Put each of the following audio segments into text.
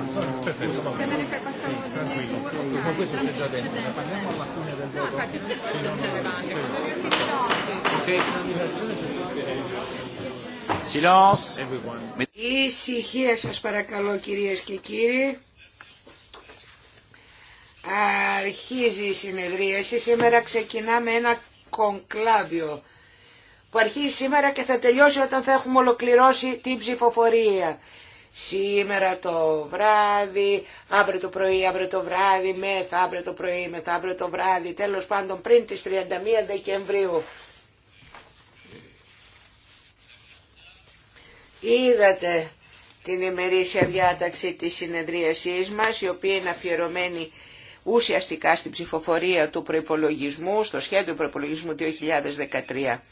Se Ησυχία σας παρακαλώ κυρίες και κύριοι. Αρχίζει η συνεδρίαση. Σήμερα ξεκινάμε ένα κονκλάβιο που αρχίζει σήμερα και θα τελειώσει όταν θα έχουμε ολοκληρώσει την ψηφοφορία σήμερα το βράδυ, αύριο το πρωί, αύριο το βράδυ, μεθαύριο το πρωί, μεθαύριο το βράδυ, τέλος πάντων πριν τις 31 Δεκεμβρίου. Είδατε την ημερήσια διάταξη της συνεδρίασής μας, η οποία είναι αφιερωμένη ουσιαστικά στην ψηφοφορία του προϋπολογισμού, στο σχέδιο προϋπολογισμού 2013.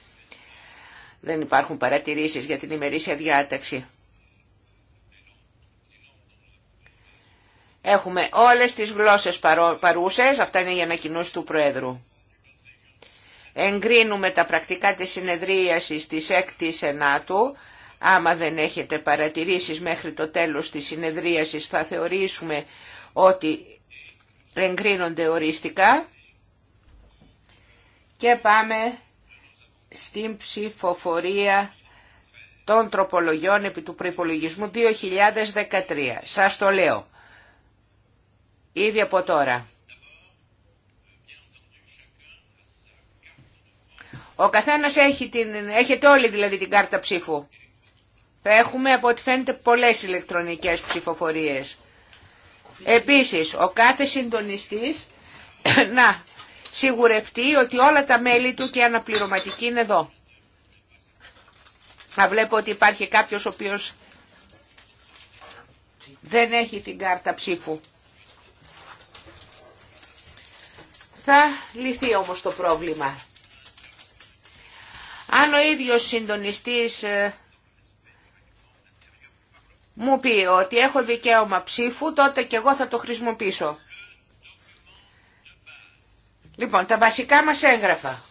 Δεν υπάρχουν παρατηρήσεις για την ημερήσια διάταξη. Έχουμε όλες τις γλώσσες παρούσες, αυτά είναι οι ανακοινώσεις του Προέδρου. Εγκρίνουμε τα πρακτικά της συνεδρίασης της 6ης Ενάτου. Άμα δεν έχετε παρατηρήσεις μέχρι το τέλος της συνεδρίασης θα θεωρήσουμε ότι εγκρίνονται οριστικά. Και πάμε στην ψηφοφορία των τροπολογιών επί του προϋπολογισμού 2013. Σας το λέω ήδη από τώρα. Ο καθένας έχει την, έχετε όλοι δηλαδή την κάρτα ψήφου. Θα έχουμε από ό,τι φαίνεται πολλές ηλεκτρονικές ψηφοφορίες. Επίσης, ο κάθε συντονιστής να σιγουρευτεί ότι όλα τα μέλη του και αναπληρωματικοί είναι εδώ. Να βλέπω ότι υπάρχει κάποιος ο οποίος δεν έχει την κάρτα ψήφου. Θα λυθεί όμως το πρόβλημα. Αν ο ίδιος συντονιστής ε, μου πει ότι έχω δικαίωμα ψήφου, τότε και εγώ θα το χρησιμοποιήσω. Λοιπόν, τα βασικά μας έγγραφα.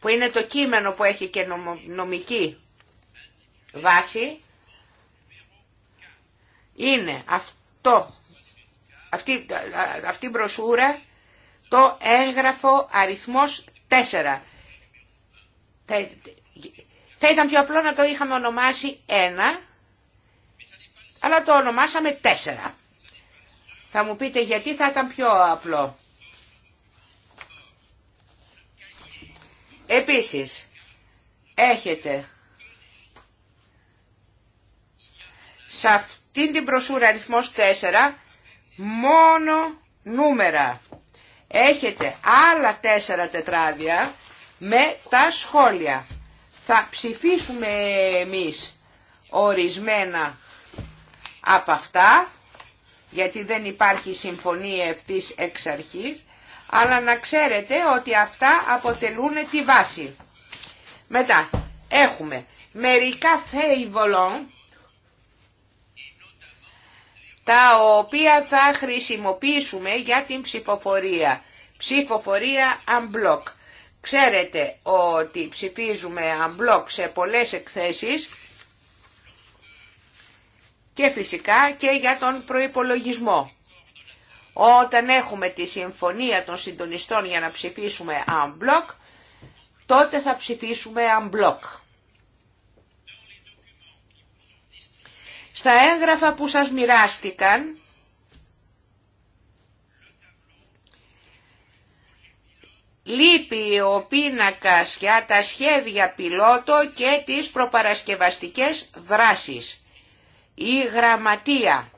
Που είναι το κείμενο που έχει και νομική βάση είναι αυτό, αυτή, αυτή η μπροσούρα το έγγραφο αριθμός 4. Θα ήταν πιο απλό να το είχαμε ονομάσει 1, αλλά το ονομάσαμε 4. Θα μου πείτε γιατί θα ήταν πιο απλό. Επίσης, έχετε σε στην την προσούρα αριθμός 4 μόνο νούμερα. Έχετε άλλα 4 τετράδια με τα σχόλια. Θα ψηφίσουμε εμείς ορισμένα από αυτά, γιατί δεν υπάρχει συμφωνία ευθύς εξ αρχής, αλλά να ξέρετε ότι αυτά αποτελούν τη βάση. Μετά, έχουμε μερικά φέιβολον τα οποία θα χρησιμοποιήσουμε για την ψηφοφορία. Ψηφοφορία unblock. Ξέρετε ότι ψηφίζουμε unblock σε πολλές εκθέσεις και φυσικά και για τον προϋπολογισμό. Όταν έχουμε τη συμφωνία των συντονιστών για να ψηφίσουμε unblock, τότε θα ψηφίσουμε unblock. Στα έγγραφα που σας μοιράστηκαν, λείπει ο πίνακας για τα σχέδια πιλότο και τις προπαρασκευαστικές δράσεις. Η γραμματεία.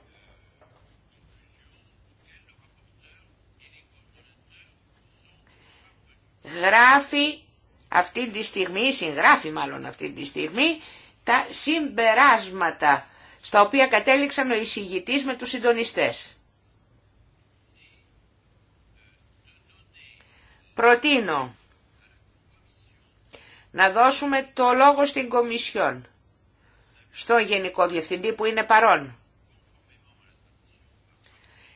Γράφει αυτή τη στιγμή, συγγράφει μάλλον αυτή τη στιγμή, τα συμπεράσματα στα οποία κατέληξαν ο εισηγητής με τους συντονιστές. Προτείνω να δώσουμε το λόγο στην Κομισιόν, στο Γενικό Διευθυντή που είναι παρόν.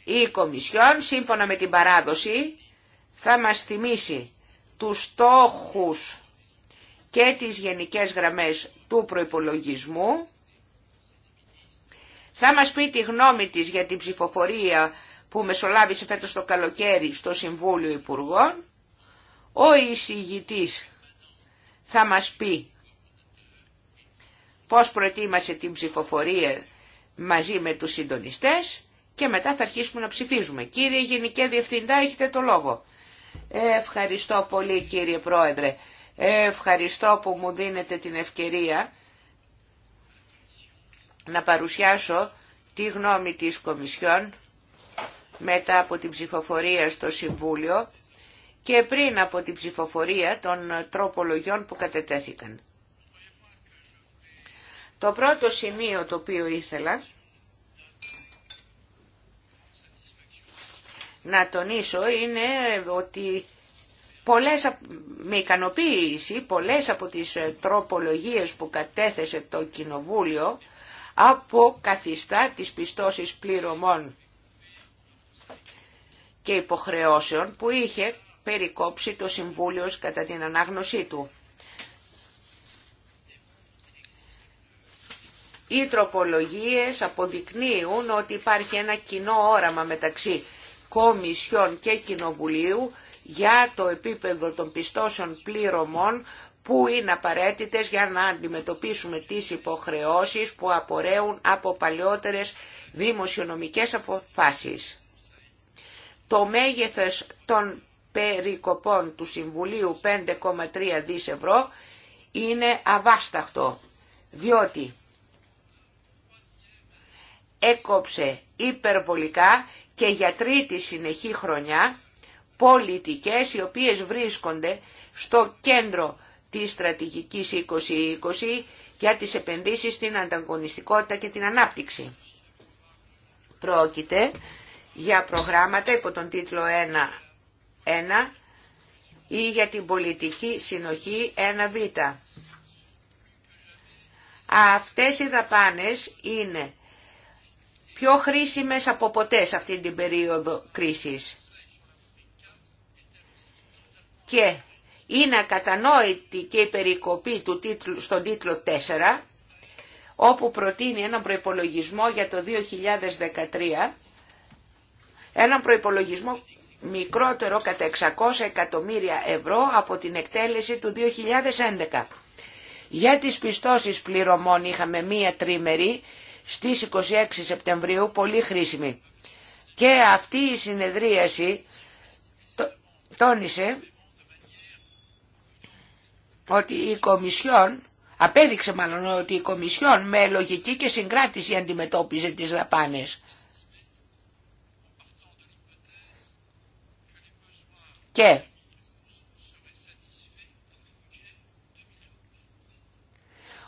Η Κομισιόν, σύμφωνα με την παράδοση, θα μας θυμίσει τους στόχους και τις γενικές γραμμές του προϋπολογισμού θα μας πει τη γνώμη της για την ψηφοφορία που μεσολάβησε φέτος το καλοκαίρι στο Συμβούλιο Υπουργών, ο εισηγητής θα μας πει πώς προετοίμασε την ψηφοφορία μαζί με τους συντονιστές και μετά θα αρχίσουμε να ψηφίζουμε. Κύριε Γενικέ Διευθυντά, έχετε το λόγο. Ευχαριστώ πολύ κύριε Πρόεδρε. Ευχαριστώ που μου δίνετε την ευκαιρία να παρουσιάσω τη γνώμη της Κομισιόν μετά από την ψηφοφορία στο Συμβούλιο και πριν από την ψηφοφορία των τροπολογιών που κατετέθηκαν. Το πρώτο σημείο το οποίο ήθελα να τονίσω είναι ότι πολλές, με ικανοποίηση πολλές από τις τροπολογίες που κατέθεσε το Κοινοβούλιο αποκαθιστά τις πιστώσεις πληρωμών και υποχρεώσεων που είχε περικόψει το Συμβούλιο κατά την ανάγνωσή του. Οι τροπολογίες αποδεικνύουν ότι υπάρχει ένα κοινό όραμα μεταξύ Κομισιών και Κοινοβουλίου για το επίπεδο των πιστώσεων πληρωμών που είναι απαραίτητες για να αντιμετωπίσουμε τις υποχρεώσεις που απορρέουν από παλαιότερες δημοσιονομικές αποφάσεις. Το μέγεθος των περικοπών του Συμβουλίου 5,3 δις ευρώ είναι αβάσταχτο, διότι έκοψε υπερβολικά και για τρίτη συνεχή χρονιά πολιτικές οι οποίες βρίσκονται στο κέντρο της στρατηγικής 2020 για τις επενδύσεις στην ανταγωνιστικότητα και την ανάπτυξη. Πρόκειται για προγράμματα υπό τον τίτλο 1 ή για την πολιτική συνοχή 1β. Αυτές οι δαπάνες είναι πιο χρήσιμες από ποτέ σε αυτή την περίοδο κρίσης. Και είναι ακατανόητη και η περικοπή του τίτλου, στον τίτλο 4, όπου προτείνει έναν προϋπολογισμό για το 2013, έναν προϋπολογισμό μικρότερο κατά 600 εκατομμύρια ευρώ από την εκτέλεση του 2011. Για τις πιστώσεις πληρωμών είχαμε μία τρίμερη στις 26 Σεπτεμβρίου, πολύ χρήσιμη. Και αυτή η συνεδρίαση τόνισε ότι η Κομισιόν, απέδειξε μάλλον ότι η Κομισιόν με λογική και συγκράτηση αντιμετώπιζε τις δαπάνες. Και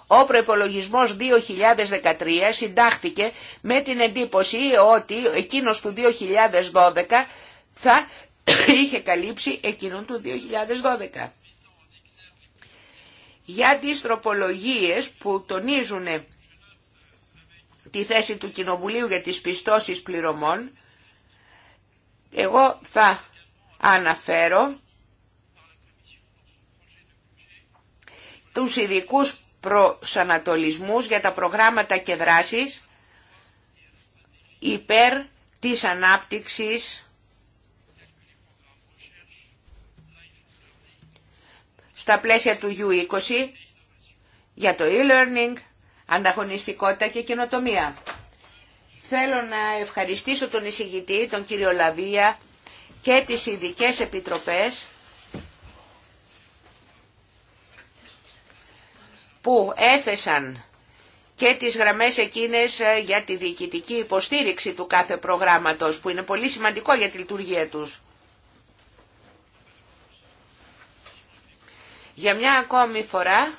Ο προπολογισμό 2013 συντάχθηκε με την εντύπωση ότι εκείνος του 2012 θα είχε καλύψει εκείνον του 2012 για τις τροπολογίες που τονίζουν τη θέση του Κοινοβουλίου για τις πιστώσεις πληρωμών, εγώ θα αναφέρω τους ειδικού προσανατολισμούς για τα προγράμματα και δράσεις υπέρ της ανάπτυξης στα πλαίσια του U20 για το e-learning, ανταγωνιστικότητα και καινοτομία. Θέλω να ευχαριστήσω τον εισηγητή, τον κύριο Λαβία και τις ειδικέ επιτροπές που έθεσαν και τις γραμμές εκείνες ε, για τη διοικητική υποστήριξη του κάθε προγράμματος που είναι πολύ σημαντικό για τη λειτουργία τους. Για μια ακόμη φορά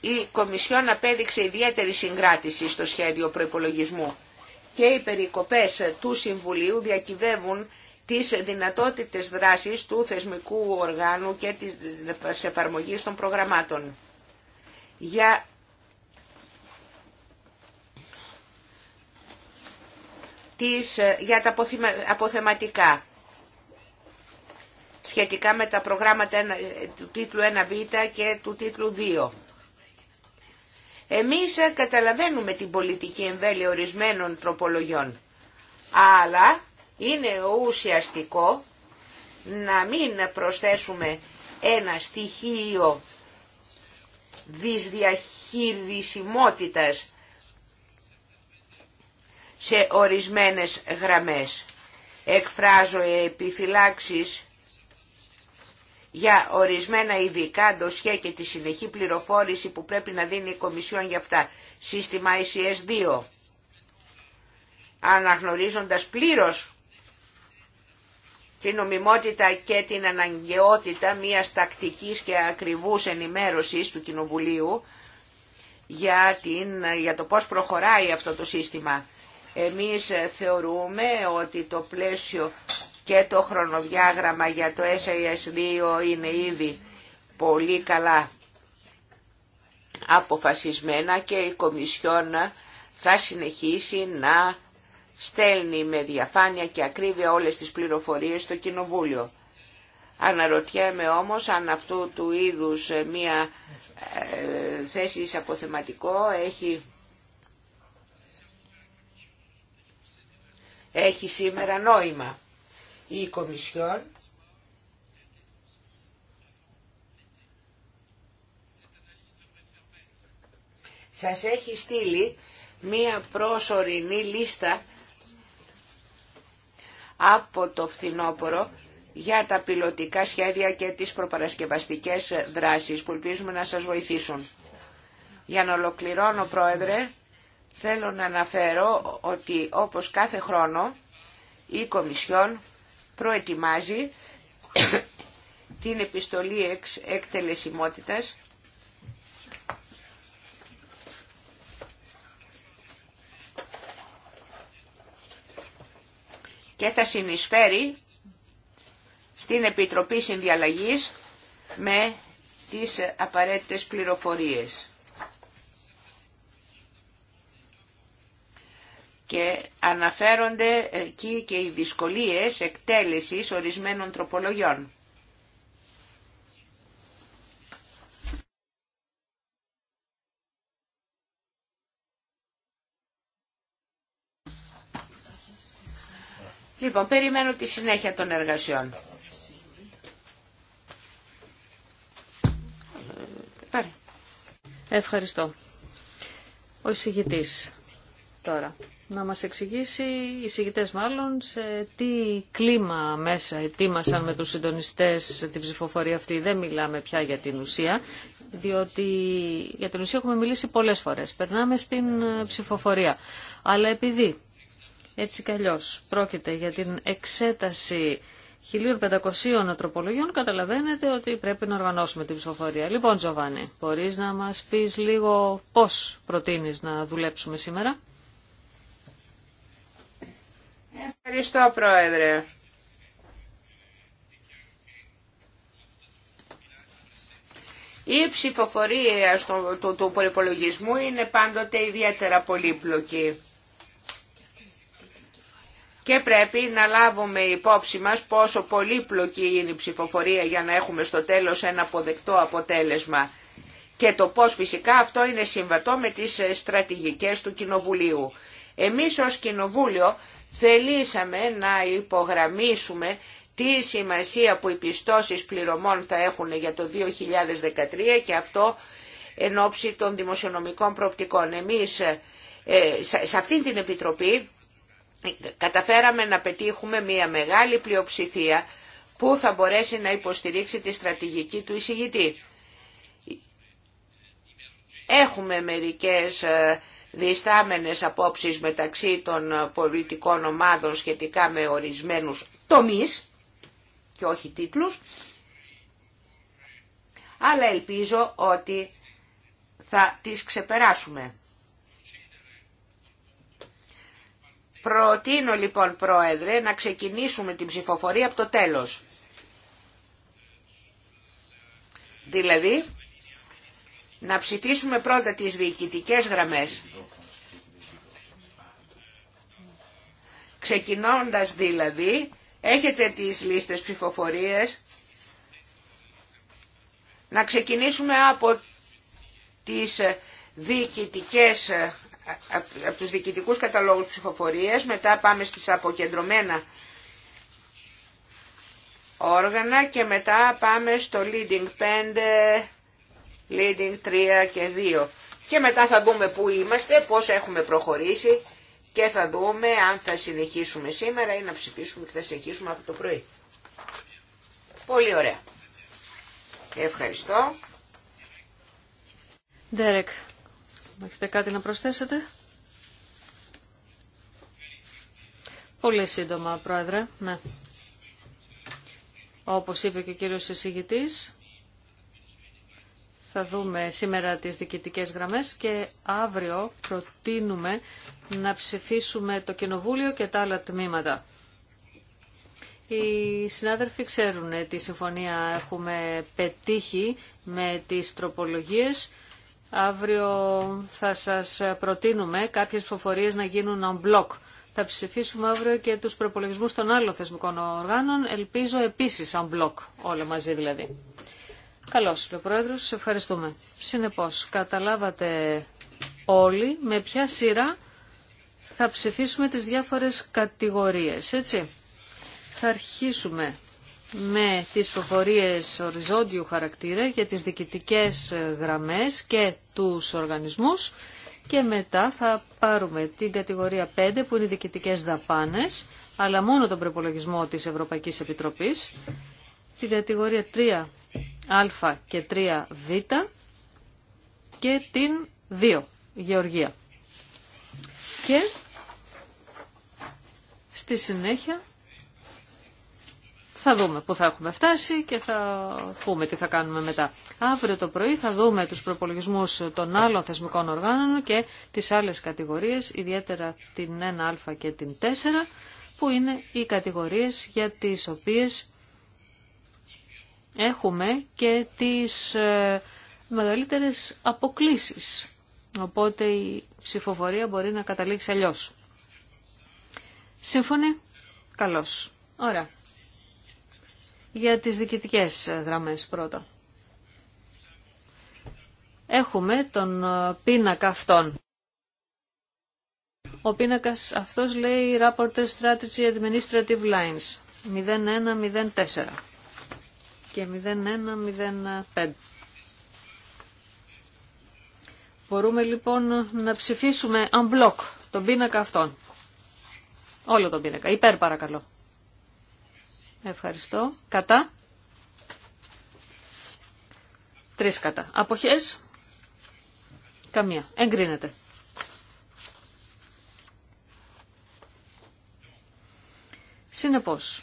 η Κομισιόν απέδειξε ιδιαίτερη συγκράτηση στο σχέδιο προϋπολογισμού και οι περικοπές του Συμβουλίου διακυβεύουν τις δυνατότητες δράσης του θεσμικού οργάνου και της εφαρμογή των προγραμμάτων. Για για τα αποθεματικά σχετικά με τα προγράμματα του τίτλου 1β και του τίτλου 2. Εμείς καταλαβαίνουμε την πολιτική εμβέλεια ορισμένων τροπολογιών, αλλά είναι ουσιαστικό να μην προσθέσουμε ένα στοιχείο δυσδιαχειρισιμότητας σε ορισμένες γραμμές. Εκφράζω επιφυλάξεις για ορισμένα ειδικά ντοσιέ και τη συνεχή πληροφόρηση που πρέπει να δίνει η Κομισιόν για αυτά. Σύστημα ICS2. Αναγνωρίζοντας πλήρως την νομιμότητα και την αναγκαιότητα μιας τακτικής και ακριβούς ενημέρωσης του Κοινοβουλίου για, την, για το πώς προχωράει αυτό το σύστημα. Εμείς θεωρούμε ότι το πλαίσιο και το χρονοδιάγραμμα για το SAS2 είναι ήδη πολύ καλά αποφασισμένα και η Κομισιόν θα συνεχίσει να στέλνει με διαφάνεια και ακρίβεια όλες τις πληροφορίες στο Κοινοβούλιο. Αναρωτιέμαι όμως αν αυτού του είδους μία ε, θέση αποθεματικό έχει, έχει σήμερα νόημα η Κομισιόν σας έχει στείλει μία προσωρινή λίστα από το φθινόπωρο για τα πιλωτικά σχέδια και τις προπαρασκευαστικές δράσεις που ελπίζουμε να σας βοηθήσουν. Για να ολοκληρώνω, Πρόεδρε, θέλω να αναφέρω ότι όπως κάθε χρόνο η Κομισιόν προετοιμάζει την επιστολή εξ, εκτελεσιμότητας και θα συνεισφέρει στην Επιτροπή Συνδιαλλαγής με τις απαραίτητες πληροφορίες. και αναφέρονται εκεί και οι δυσκολίες εκτέλεσης ορισμένων τροπολογιών. Λοιπόν, περιμένω τη συνέχεια των εργασιών. Ε, Ευχαριστώ. Ο εισηγητής τώρα. Να μας εξηγήσει οι συγκητές μάλλον σε τι κλίμα μέσα ετοίμασαν με τους συντονιστές την ψηφοφορία αυτή. Δεν μιλάμε πια για την ουσία, διότι για την ουσία έχουμε μιλήσει πολλές φορές. Περνάμε στην ε, ψηφοφορία. Αλλά επειδή έτσι κι πρόκειται για την εξέταση 1500 τροπολογιών, καταλαβαίνετε ότι πρέπει να οργανώσουμε την ψηφοφορία. Λοιπόν, Τζοβάνι, μπορείς να μας πεις λίγο πώς προτείνεις να δουλέψουμε σήμερα. Ευχαριστώ Πρόεδρε. Η ψηφοφορία του, του προπολογισμού είναι πάντοτε ιδιαίτερα πολύπλοκη. Και πρέπει να λάβουμε υπόψη μας πόσο πολύπλοκη είναι η ψηφοφορία για να έχουμε στο τέλος ένα αποδεκτό αποτέλεσμα. Και το πώς φυσικά αυτό είναι συμβατό με τις στρατηγικές του Κοινοβουλίου. Εμείς ως Κοινοβούλιο θελήσαμε να υπογραμμίσουμε τι σημασία που οι πιστώσεις πληρωμών θα έχουν για το 2013 και αυτό εν ώψη των δημοσιονομικών προοπτικών. Εμείς ε, σε αυτή την Επιτροπή καταφέραμε να πετύχουμε μια μεγάλη πλειοψηφία που θα μπορέσει να υποστηρίξει τη στρατηγική του εισηγητή. Έχουμε μερικές ε, διστάμενες απόψεις μεταξύ των πολιτικών ομάδων σχετικά με ορισμένους τομείς και όχι τίτλους, αλλά ελπίζω ότι θα τις ξεπεράσουμε. Προτείνω λοιπόν, Πρόεδρε, να ξεκινήσουμε την ψηφοφορία από το τέλος. Δηλαδή, να ψηφίσουμε πρώτα τις διοικητικές γραμμές Ξεκινώντας δηλαδή, έχετε τις λίστες ψηφοφορίες. Να ξεκινήσουμε από τις ε, διοικητικές, ε, από τους διοικητικούς καταλόγους ψηφοφορίες, μετά πάμε στις αποκεντρωμένα όργανα και μετά πάμε στο leading 5, leading 3 και 2. Και μετά θα δούμε πού είμαστε, πώς έχουμε προχωρήσει και θα δούμε αν θα συνεχίσουμε σήμερα ή να ψηφίσουμε και θα συνεχίσουμε από το πρωί. Πολύ ωραία. Ευχαριστώ. Ντέρεκ, έχετε κάτι να προσθέσετε. Πολύ σύντομα, Πρόεδρε. Ναι. Όπως είπε και ο κύριος εισηγητής, θα δούμε σήμερα τις διοικητικές γραμμές και αύριο προτείνουμε να ψηφίσουμε το Κοινοβούλιο και τα άλλα τμήματα. Οι συνάδελφοι ξέρουν τι συμφωνία έχουμε πετύχει με τις τροπολογίες. Αύριο θα σας προτείνουμε κάποιες προφορίες να γίνουν on block. Θα ψηφίσουμε αύριο και τους προπολογισμούς των άλλων θεσμικών οργάνων, ελπίζω επίσης on block, όλα μαζί δηλαδή. Καλώς, λέει ο Πρόεδρος, σε ευχαριστούμε. Συνεπώς, καταλάβατε όλοι με ποια σειρά θα ψηφίσουμε τις διάφορες κατηγορίες, έτσι. Θα αρχίσουμε με τις προφορίες οριζόντιου χαρακτήρα για τις διοικητικές γραμμές και τους οργανισμούς και μετά θα πάρουμε την κατηγορία 5 που είναι οι διοικητικές δαπάνες αλλά μόνο τον προπολογισμό της Ευρωπαϊκής Επιτροπής την κατηγορία 3 α και 3β και την 2, Γεωργία. Και στη συνέχεια θα δούμε που θα έχουμε φτάσει και θα πούμε τι θα κάνουμε μετά. Αύριο το πρωί θα δούμε τους προπολογισμούς των άλλων θεσμικών οργάνων και τις άλλες κατηγορίες, ιδιαίτερα την 1α και την 4, που είναι οι κατηγορίες για τις οποίες έχουμε και τις ε, μεγαλύτερες αποκλίσεις. Οπότε η ψηφοφορία μπορεί να καταλήξει αλλιώς. Σύμφωνοι. Καλώς. Ωραία. Για τις διοικητικές γραμμές πρώτα. Έχουμε τον ε, πίνακα αυτόν. Ο πίνακας αυτός λέει Rapporteur Strategy Administrative Lines 0104 και 0105. Μπορούμε λοιπόν να ψηφίσουμε αμπλόκ, τον πίνακα αυτόν. Όλο τον πίνακα. Υπέρ παρακαλώ. Ευχαριστώ. Κατά. Τρεις κατά. Αποχές. Καμία. Εγκρίνεται. Συνεπώς,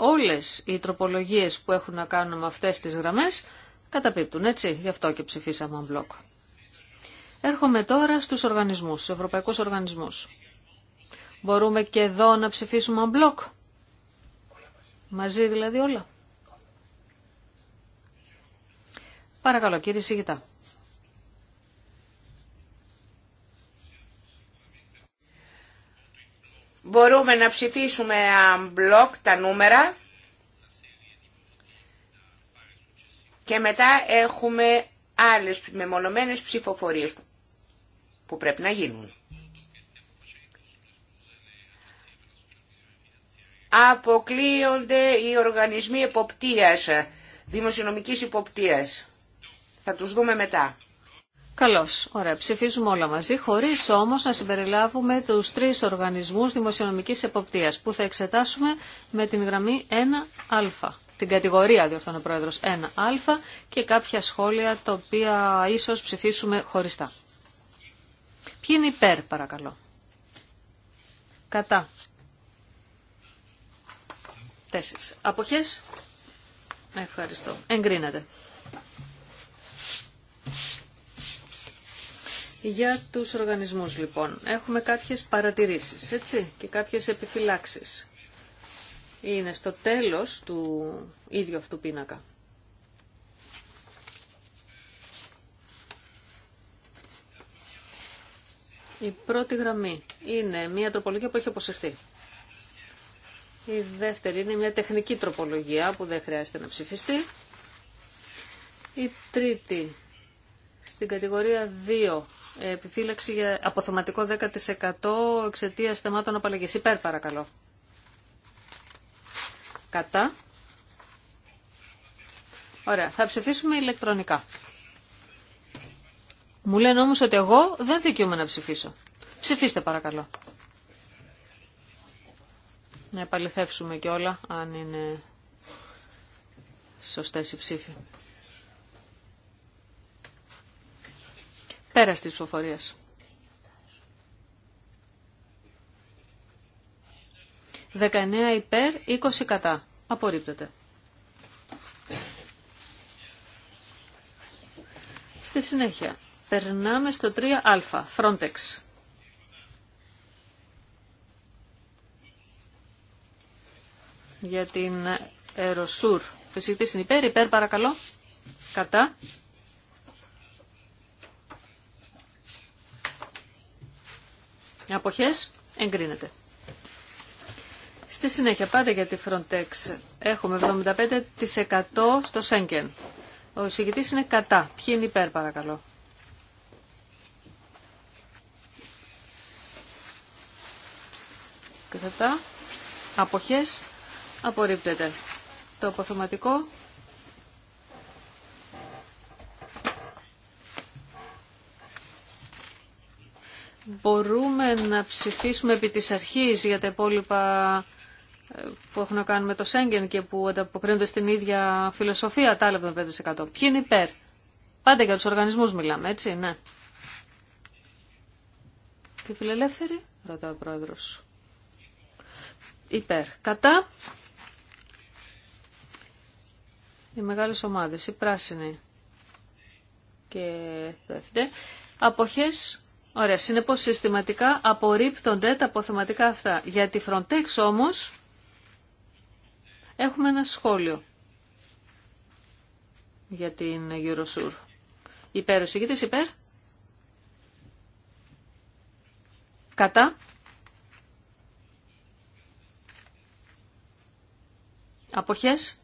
όλες οι τροπολογίες που έχουν να κάνουν με αυτές τις γραμμές καταπίπτουν, έτσι, γι' αυτό και ψηφίσαμε on block. Έρχομαι τώρα στους οργανισμούς, στους ευρωπαϊκούς οργανισμούς. Μπορούμε και εδώ να ψηφίσουμε on block. Μαζί δηλαδή όλα. Παρακαλώ κύριε Σιγητά. Μπορούμε να ψηφίσουμε μπλοκ τα νούμερα και μετά έχουμε άλλες μεμονωμένες ψηφοφορίες που πρέπει να γίνουν. Αποκλείονται οι οργανισμοί εποπτείας, δημοσιονομικής υποπτείας. Θα τους δούμε μετά. Καλώς. Ωραία. Ψηφίζουμε όλα μαζί, χωρίς όμως να συμπεριλάβουμε τους τρεις οργανισμούς δημοσιονομικής εποπτείας που θα εξετάσουμε με την γραμμή 1α. Την κατηγορία, διορθώνει ο Πρόεδρος, 1α και κάποια σχόλια τα οποία ίσως ψηφίσουμε χωριστά. Ποιοι είναι υπέρ, παρακαλώ. Κατά. Τέσσερι. Αποχέ. Ευχαριστώ. Εγκρίνεται. Για τους οργανισμούς λοιπόν έχουμε κάποιες παρατηρήσεις έτσι, και κάποιες επιφυλάξεις. Είναι στο τέλος του ίδιου αυτού πίνακα. Η πρώτη γραμμή είναι μια τροπολογία που έχει αποσυρθεί. Η δεύτερη είναι μια τεχνική τροπολογία που δεν χρειάζεται να ψηφιστεί. Η τρίτη στην κατηγορία 2 επιφύλαξη για αποθεματικό 10% εξαιτία θεμάτων απαλλαγή. Υπέρ παρακαλώ. Κατά. Ωραία, θα ψηφίσουμε ηλεκτρονικά. Μου λένε όμως ότι εγώ δεν δικαιούμαι να ψηφίσω. Ψηφίστε παρακαλώ. Να επαληθεύσουμε κιόλα αν είναι σωστές οι ψήφοι. Πέρας της ψηφοφορίας. 19 υπέρ, 20 κατά. Απορρίπτεται. Στη συνέχεια, περνάμε στο 3α, Frontex. Για την Εροσούρ. Φυσικτή είναι υπέρ, υπέρ παρακαλώ. Κατά. Αποχές εγκρίνεται. Στη συνέχεια πάτε για τη Frontex έχουμε 75% στο Σέγγεν. Ο εισηγητής είναι κατά. Ποιοι είναι υπέρ παρακαλώ. Κατά. Αποχές απορρίπτεται. Το αποθεματικό μπορούμε να ψηφίσουμε επί της αρχής για τα υπόλοιπα ε, που έχουν να κάνουν με το Σέγγεν και που ανταποκρίνονται στην ίδια φιλοσοφία, τα άλλα 75%. Ποιοι είναι υπέρ. Πάντα για τους οργανισμούς μιλάμε, έτσι, ναι. Και φιλελεύθεροι, ρωτά ο πρόεδρος. Υπέρ. Κατά. Οι μεγάλες ομάδες, οι πράσινοι και δεύτεροι. Αποχές Ωραία, συνεπώς συστηματικά απορρίπτονται τα αποθεματικά αυτά. Για τη Frontex όμως έχουμε ένα σχόλιο για την Eurosur. Υπέρ, εισηγήτης υπέρ. Κατά. Αποχές.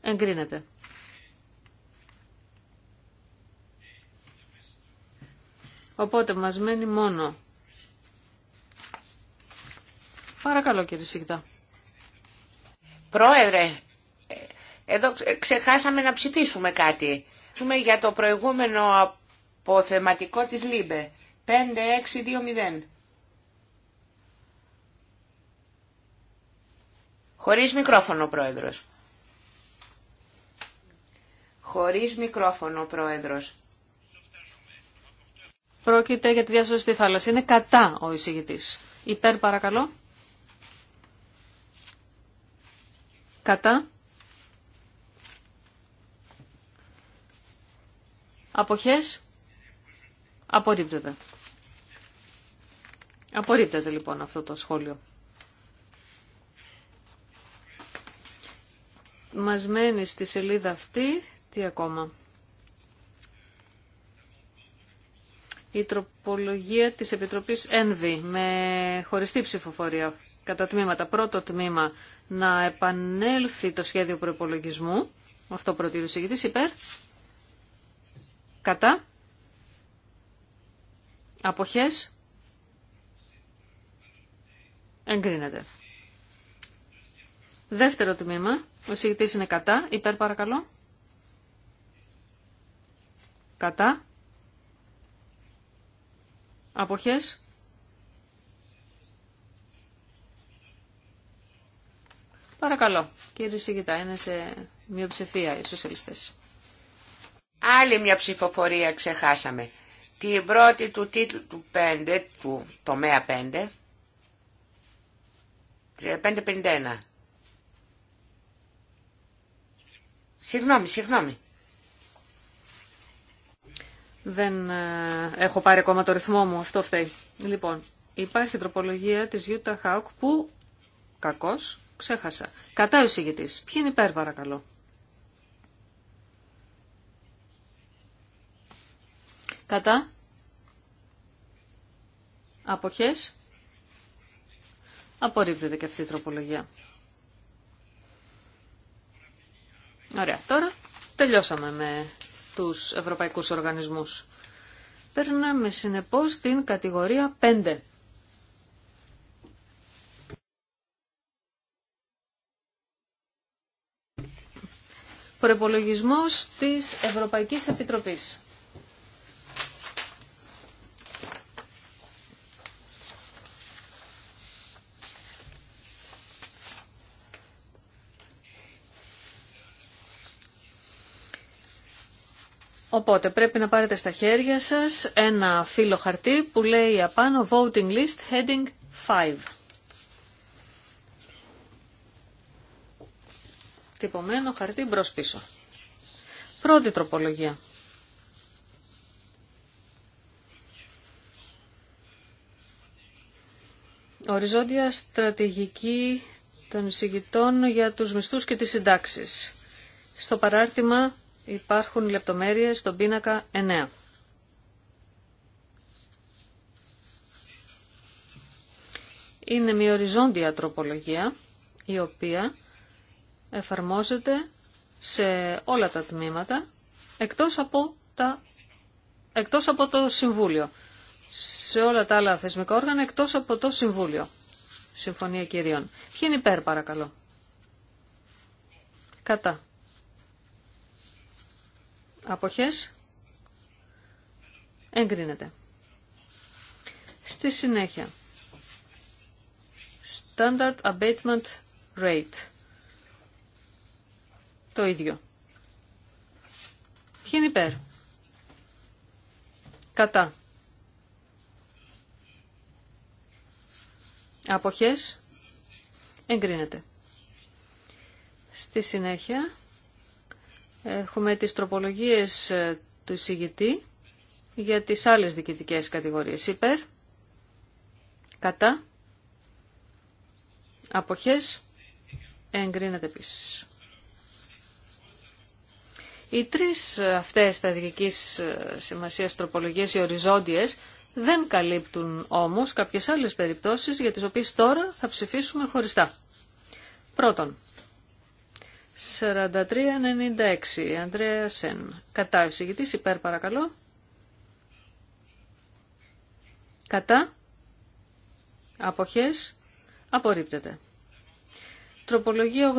Εγκρίνεται. Οπότε μας μένει μόνο. Παρακαλώ κύριε Σίγδα. Πρόεδρε, εδώ ξεχάσαμε να ψηφίσουμε κάτι. Ψηφίσουμε για το προηγούμενο αποθεματικό της ΛΥΜΠΕ. 5-6-2-0. Χωρίς μικρόφωνο, Πρόεδρος. Χωρίς μικρόφωνο, Πρόεδρος. Πρόκειται για τη διάσωση στη θάλασσα. Είναι κατά ο εισηγητή. Υπέρ παρακαλώ. Κατά. Αποχές. Απορρίπτεται. Απορρίπτεται λοιπόν αυτό το σχόλιο. Μας μένει στη σελίδα αυτή τι ακόμα. η τροπολογία της Επιτροπής ΕΝΒΗ με χωριστή ψηφοφορία κατά τμήματα. Πρώτο τμήμα να επανέλθει το σχέδιο προπολογισμού. Αυτό προτείνει ο συγκητής. υπέρ. Κατά. Αποχές. Εγκρίνεται. Δεύτερο τμήμα. Ο συγκητής είναι κατά. Υπέρ παρακαλώ. Κατά. Αποχές. Παρακαλώ, κύριε Σιγητά, είναι σε μειοψηφία οι σοσιαλιστές. Άλλη μια ψηφοφορία ξεχάσαμε. Την πρώτη του τίτλου του 5, του τομέα 5, 3551. Συγγνώμη, συγγνώμη. Δεν ε, έχω πάρει ακόμα το ρυθμό μου, αυτό φταίει. Λοιπόν, υπάρχει τροπολογία της Utah Hawk που, κακός, ξέχασα. Κατά ο εισηγητής. Ποιο είναι υπέρ παρακαλώ. Κατά. Αποχές. Απορρίπτεται και αυτή η τροπολογία. Ωραία, τώρα τελειώσαμε με στους ευρωπαϊκούς οργανισμούς. Περνάμε συνεπώς στην κατηγορία 5. Προπολογισμό της Ευρωπαϊκής Επιτροπής. Οπότε πρέπει να πάρετε στα χέρια σας ένα φύλλο χαρτί που λέει απάνω Voting List Heading 5. Τυπωμένο χαρτί μπρος πίσω. Πρώτη τροπολογία. Οριζόντια στρατηγική των εισηγητών για τους μισθούς και τις συντάξεις. Στο παράρτημα Υπάρχουν λεπτομέρειες στον πίνακα 9. Είναι μια οριζόντια τροπολογία η οποία εφαρμόζεται σε όλα τα τμήματα εκτός από, τα... εκτός από το Συμβούλιο. Σε όλα τα άλλα θεσμικά όργανα εκτός από το Συμβούλιο. Συμφωνία κυρίων. Ποιοι είναι υπέρ παρακαλώ. Κατά αποχές εγκρίνεται. Στη συνέχεια, Standard Abatement Rate. Το ίδιο. Ποιοι είναι υπέρ. Κατά. Αποχές εγκρίνεται. Στη συνέχεια, Έχουμε τις τροπολογίες ε, του εισηγητή για τις άλλες διοικητικές κατηγορίες. Υπέρ, κατά, αποχές, εγκρίνεται επίση. Οι τρεις αυτές στρατηγικής ε, σημασίας τροπολογίες, οι οριζόντιες, δεν καλύπτουν όμως κάποιες άλλες περιπτώσεις για τις οποίες τώρα θα ψηφίσουμε χωριστά. Πρώτον, 43-96, Ανδρέα Σεν. Κατά εισηγητής, υπέρ παρακαλώ. Κατά. Αποχές. Απορρίπτεται. Τροπολογία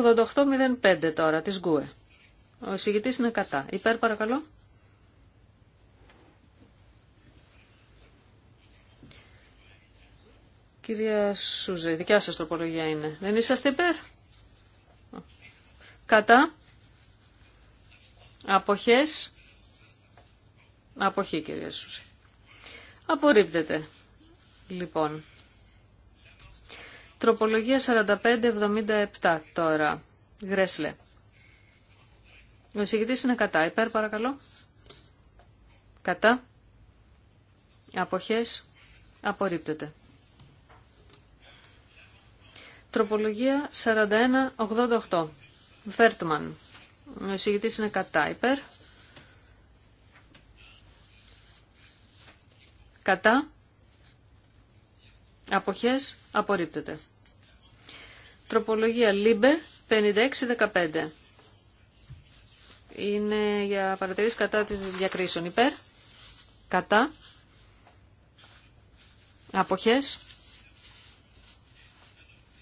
8805 τώρα, της Γκουε. Ο εισηγητής είναι κατά. Υπέρ παρακαλώ. Κυρία Σούζε, δικιά σας τροπολογία είναι. Δεν είσαστε υπέρ κατά αποχές αποχή κυρία Σούση. Απορρίπτεται λοιπόν. 4577 τώρα. Γρέσλε. Ο εισηγητής είναι κατά. Υπέρ παρακαλώ. Κατά. Αποχές. Απορρίπτεται. 4188 Βέρτμαν. Ο εισηγητη ειναι είναι κατά υπέρ. Κατά, Αποχές απορρίπτεται. Τροπολογία Λίμπε 56-15. Είναι για παρατηρήσεις κατά της διακρίσεων υπέρ. Κατά. Αποχές.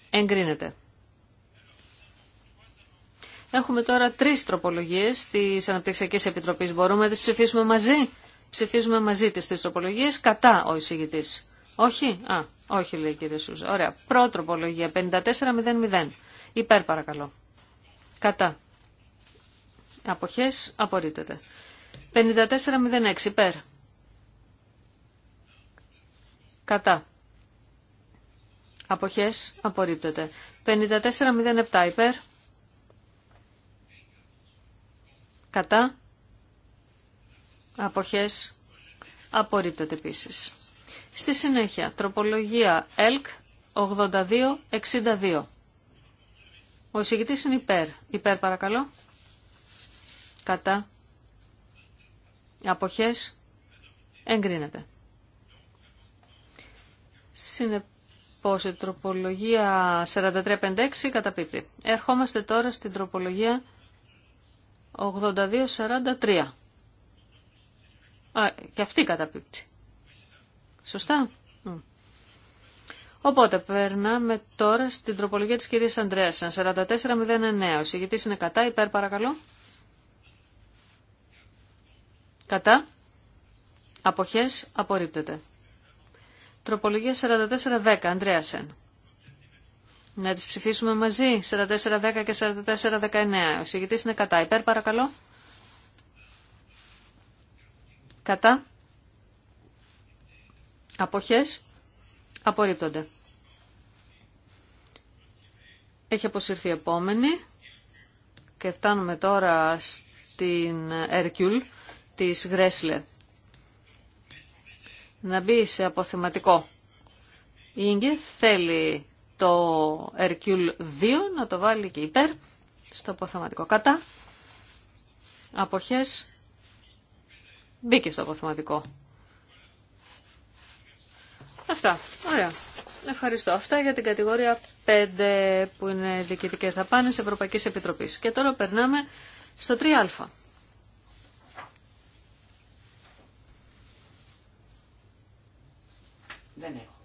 Εγκρίνεται. Έχουμε τώρα τρει τροπολογίες τη αναπτυξιακή Επιτροπής. Μπορούμε να τις ψηφίσουμε μαζί. Ψηφίζουμε μαζί τις τρει τροπολογίες κατά ο εισηγητή. Όχι. Α, όχι λέει η κυρία Σούζα. Ωραία. Πρώτη τροπολογία 5400. Υπέρ παρακαλώ. Κατά. Αποχές Απορρίπτεται. 5406 υπέρ. Κατά. Αποχές απορρίπτεται. 5407 υπέρ. κατά, αποχές, απορρίπτεται επίση. Στη συνέχεια, τροπολογία ΕΛΚ 8262. Ο εισηγητής είναι υπέρ. Υπέρ παρακαλώ. Κατά. Αποχές. Εγκρίνεται. Συνεπώς η τροπολογια 4356 καταπίπτει. Ερχόμαστε τώρα στην τροπολογία 82-43. Α, και αυτή καταπίπτει. Σωστά. Οπότε περνάμε τώρα στην τροπολογία της κυρίας Αντρέας. 4409. Ο συγητής είναι κατά, υπέρ παρακαλώ. Κατά. Αποχές απορρίπτεται. Τροπολογία 4410, Ανδρέασεν. Να τις ψηφίσουμε μαζί, 4410 και 4419. Ο συγητής είναι κατά. Υπέρ παρακαλώ. Κατά. Αποχές. Απορρίπτονται. Έχει αποσυρθεί η επόμενη. Και φτάνουμε τώρα στην Ερκιούλ της Γρέσλε. Να μπει σε αποθεματικό. Η Ίγκε θέλει το Hercule 2 να το βάλει και υπέρ στο αποθεματικό κατά. Αποχές μπήκε στο αποθεματικό. Αυτά. Ωραία. Ευχαριστώ. Αυτά για την κατηγορία 5 που είναι διοικητικές δαπάνες Ευρωπαϊκής Επιτροπής. Και τώρα περνάμε στο 3α. Δεν έχω.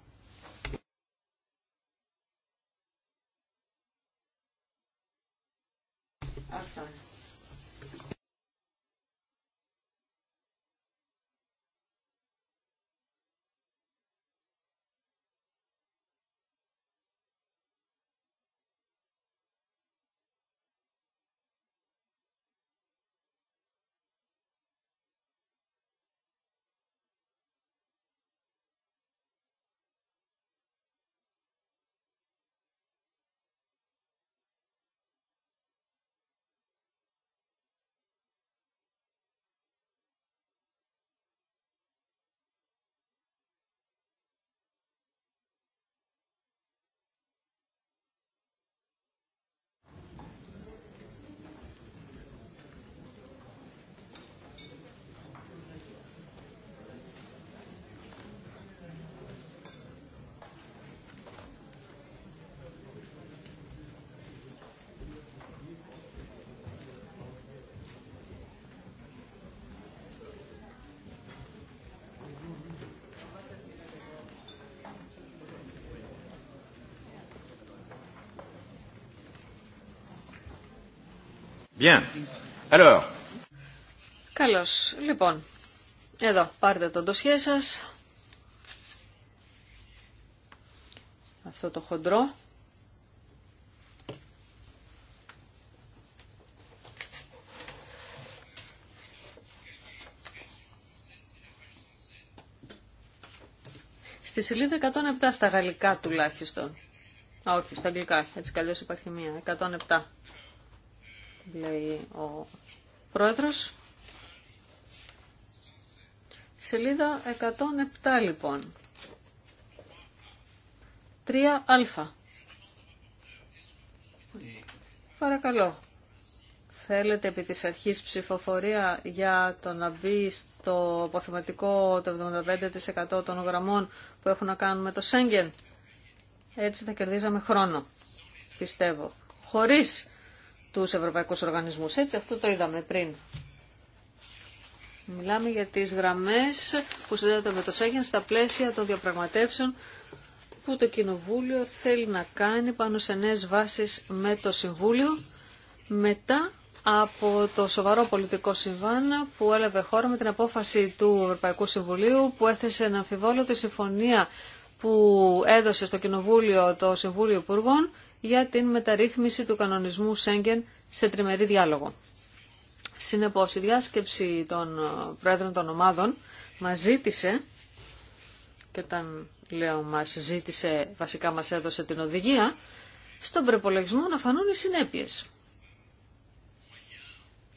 Bien. Alors. Καλώς. Λοιπόν, εδώ πάρτε το ντοσιέ σας. Αυτό το χοντρό. Στη σελίδα 107 στα γαλλικά τουλάχιστον. Α, όχι, στα αγγλικά. Έτσι καλώς υπάρχει μία. 107 λέει ο πρόεδρος. Σελίδα 107 λοιπόν. 3α. Παρακαλώ. Θέλετε επί της αρχής ψηφοφορία για το να μπει στο αποθεματικό το 75% των γραμμών που έχουν να κάνουν με το Σέγγεν. Έτσι θα κερδίζαμε χρόνο, πιστεύω. Χωρίς τους ευρωπαϊκούς οργανισμούς. Έτσι, αυτό το είδαμε πριν. Μιλάμε για τις γραμμές που συνδέονται με το Σέγγεν στα πλαίσια των διαπραγματεύσεων που το Κοινοβούλιο θέλει να κάνει πάνω σε νέες βάσεις με το Συμβούλιο μετά από το σοβαρό πολιτικό συμβάν που έλαβε χώρα με την απόφαση του Ευρωπαϊκού Συμβουλίου που έθεσε να αμφιβόλο τη συμφωνία που έδωσε στο Κοινοβούλιο το Συμβούλιο Υπουργών για την μεταρρύθμιση του κανονισμού Σέγγεν σε τριμερή διάλογο. Συνεπώς, η διάσκεψη των ε, πρόεδρων των ομάδων μας ζήτησε, και όταν λέω μας ζήτησε, βασικά μας έδωσε την οδηγία, στον προπολογισμό να φανούν οι συνέπειες.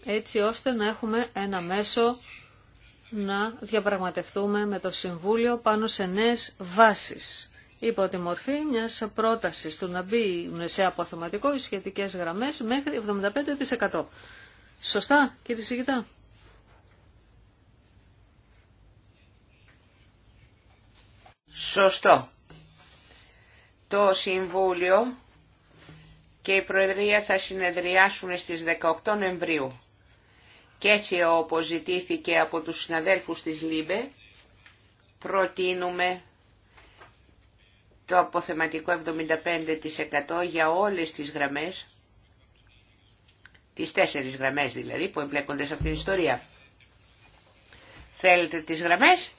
Έτσι ώστε να έχουμε ένα μέσο να διαπραγματευτούμε με το Συμβούλιο πάνω σε νέες βάσεις υπό τη μορφή μιας πρόταση του να μπει σε αποθεματικό οι σχετικέ γραμμές μέχρι 75%. Σωστά κύριε Σιγητά. Σωστό. Το Συμβούλιο και η Προεδρία θα συνεδριάσουν στις 18 Νοεμβρίου. Και έτσι όπως ζητήθηκε από τους συναδέλφους της ΛΥΜΠΕ, προτείνουμε το αποθεματικό 75% για όλες τις γραμμές, τις τέσσερις γραμμές δηλαδή που εμπλέκονται σε αυτήν την ιστορία. Θέλετε τις γραμμές,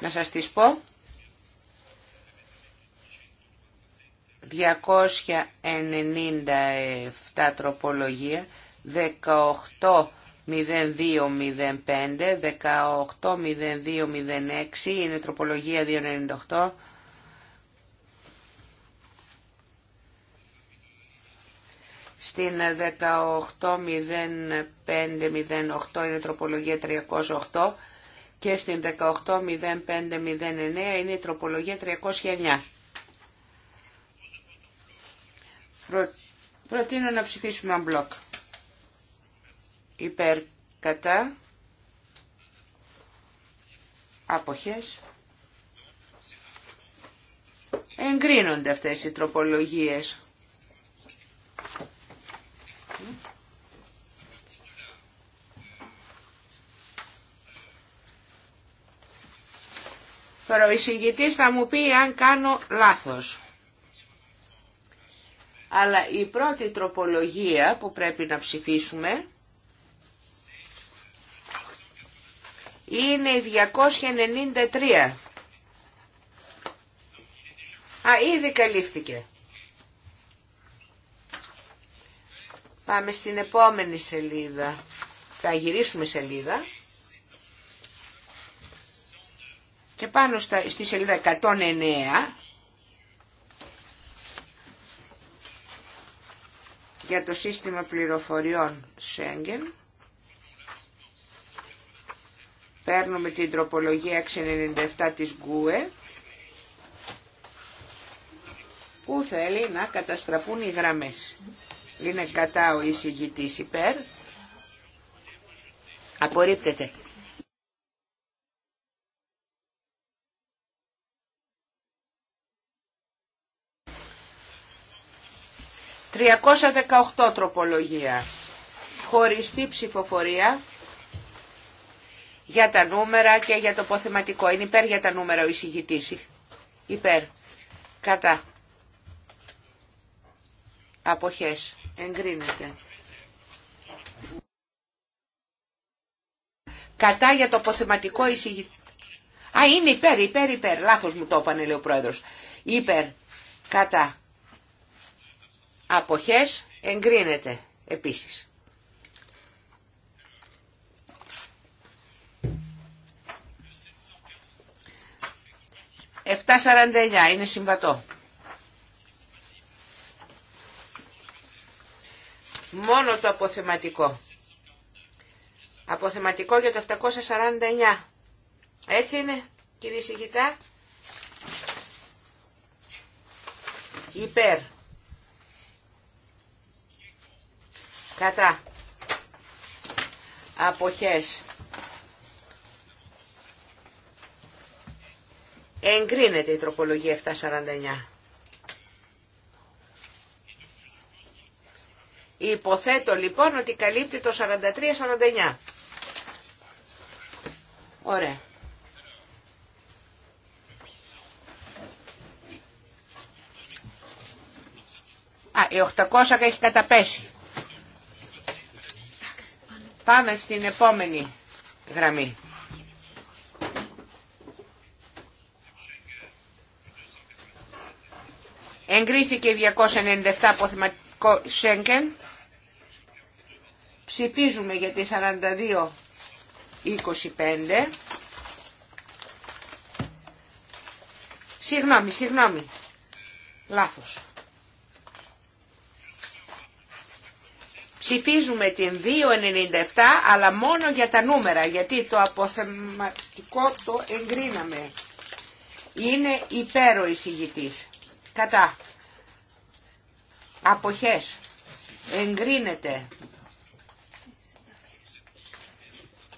να σας τις πω. 297 τροπολογία, 18 0205, 18 είναι τροπολογία 298, Στην 18.05.08 είναι η τροπολογία 308 και στην 18.05.09 είναι η τροπολογία 309. Προ... Προτείνω να ψηφίσουμε ένα μπλοκ. Υπέρ κατά άποχες. Εγκρίνονται αυτές οι τροπολογίες. Τώρα ο εισηγητής θα μου πει αν κάνω λάθος. Αλλά η πρώτη τροπολογία που πρέπει να ψηφίσουμε είναι η 293. Α, ήδη καλύφθηκε. Πάμε στην επόμενη σελίδα. Θα γυρίσουμε σελίδα. Και πάνω στα, στη σελίδα 109 για το σύστημα πληροφοριών Schengen παίρνουμε την τροπολογία 697 της Γκουε που θέλει να καταστραφούν οι γραμμές είναι κατά ο εισηγητής υπέρ. Απορρίπτεται. «318 τροπολογία, χωριστή ψηφοφορία για τα νούμερα και για το ποθεματικό. Είναι υπέρ για τα νούμερα ο εισηγητής. Υπέρ. Κατά. Αποχές. Εγκρίνεται. Κατά για το αποθεματικό εισηγητή. Α, είναι υπέρ, υπέρ, υπέρ. Λάθος μου το έπανε, λέει ο πρόεδρος. Υπέρ, κατά. Αποχές εγκρίνεται επίσης. «7.49 είναι συμβατό». μόνο το αποθεματικό. Αποθεματικό για το 749. Έτσι είναι, κύριε Σιγητά. Υπέρ. Κατά. Αποχές. Εγκρίνεται η τροπολογία 749. Υποθέτω λοιπόν ότι καλύπτει το 43-49. Ωραία. Α, η 800 έχει καταπέσει. Πάμε στην επόμενη γραμμή. Εγκρίθηκε η 297 αποθυματικό Σέγγεν. Ψηφίζουμε για τη 42-25. Συγγνώμη, συγγνώμη. Λάθος. Ψηφίζουμε την 2.97 αλλά μόνο για τα νούμερα γιατί το αποθεματικό το εγκρίναμε. Είναι υπέρο εισηγητής. Κατά. Αποχές. Εγκρίνεται.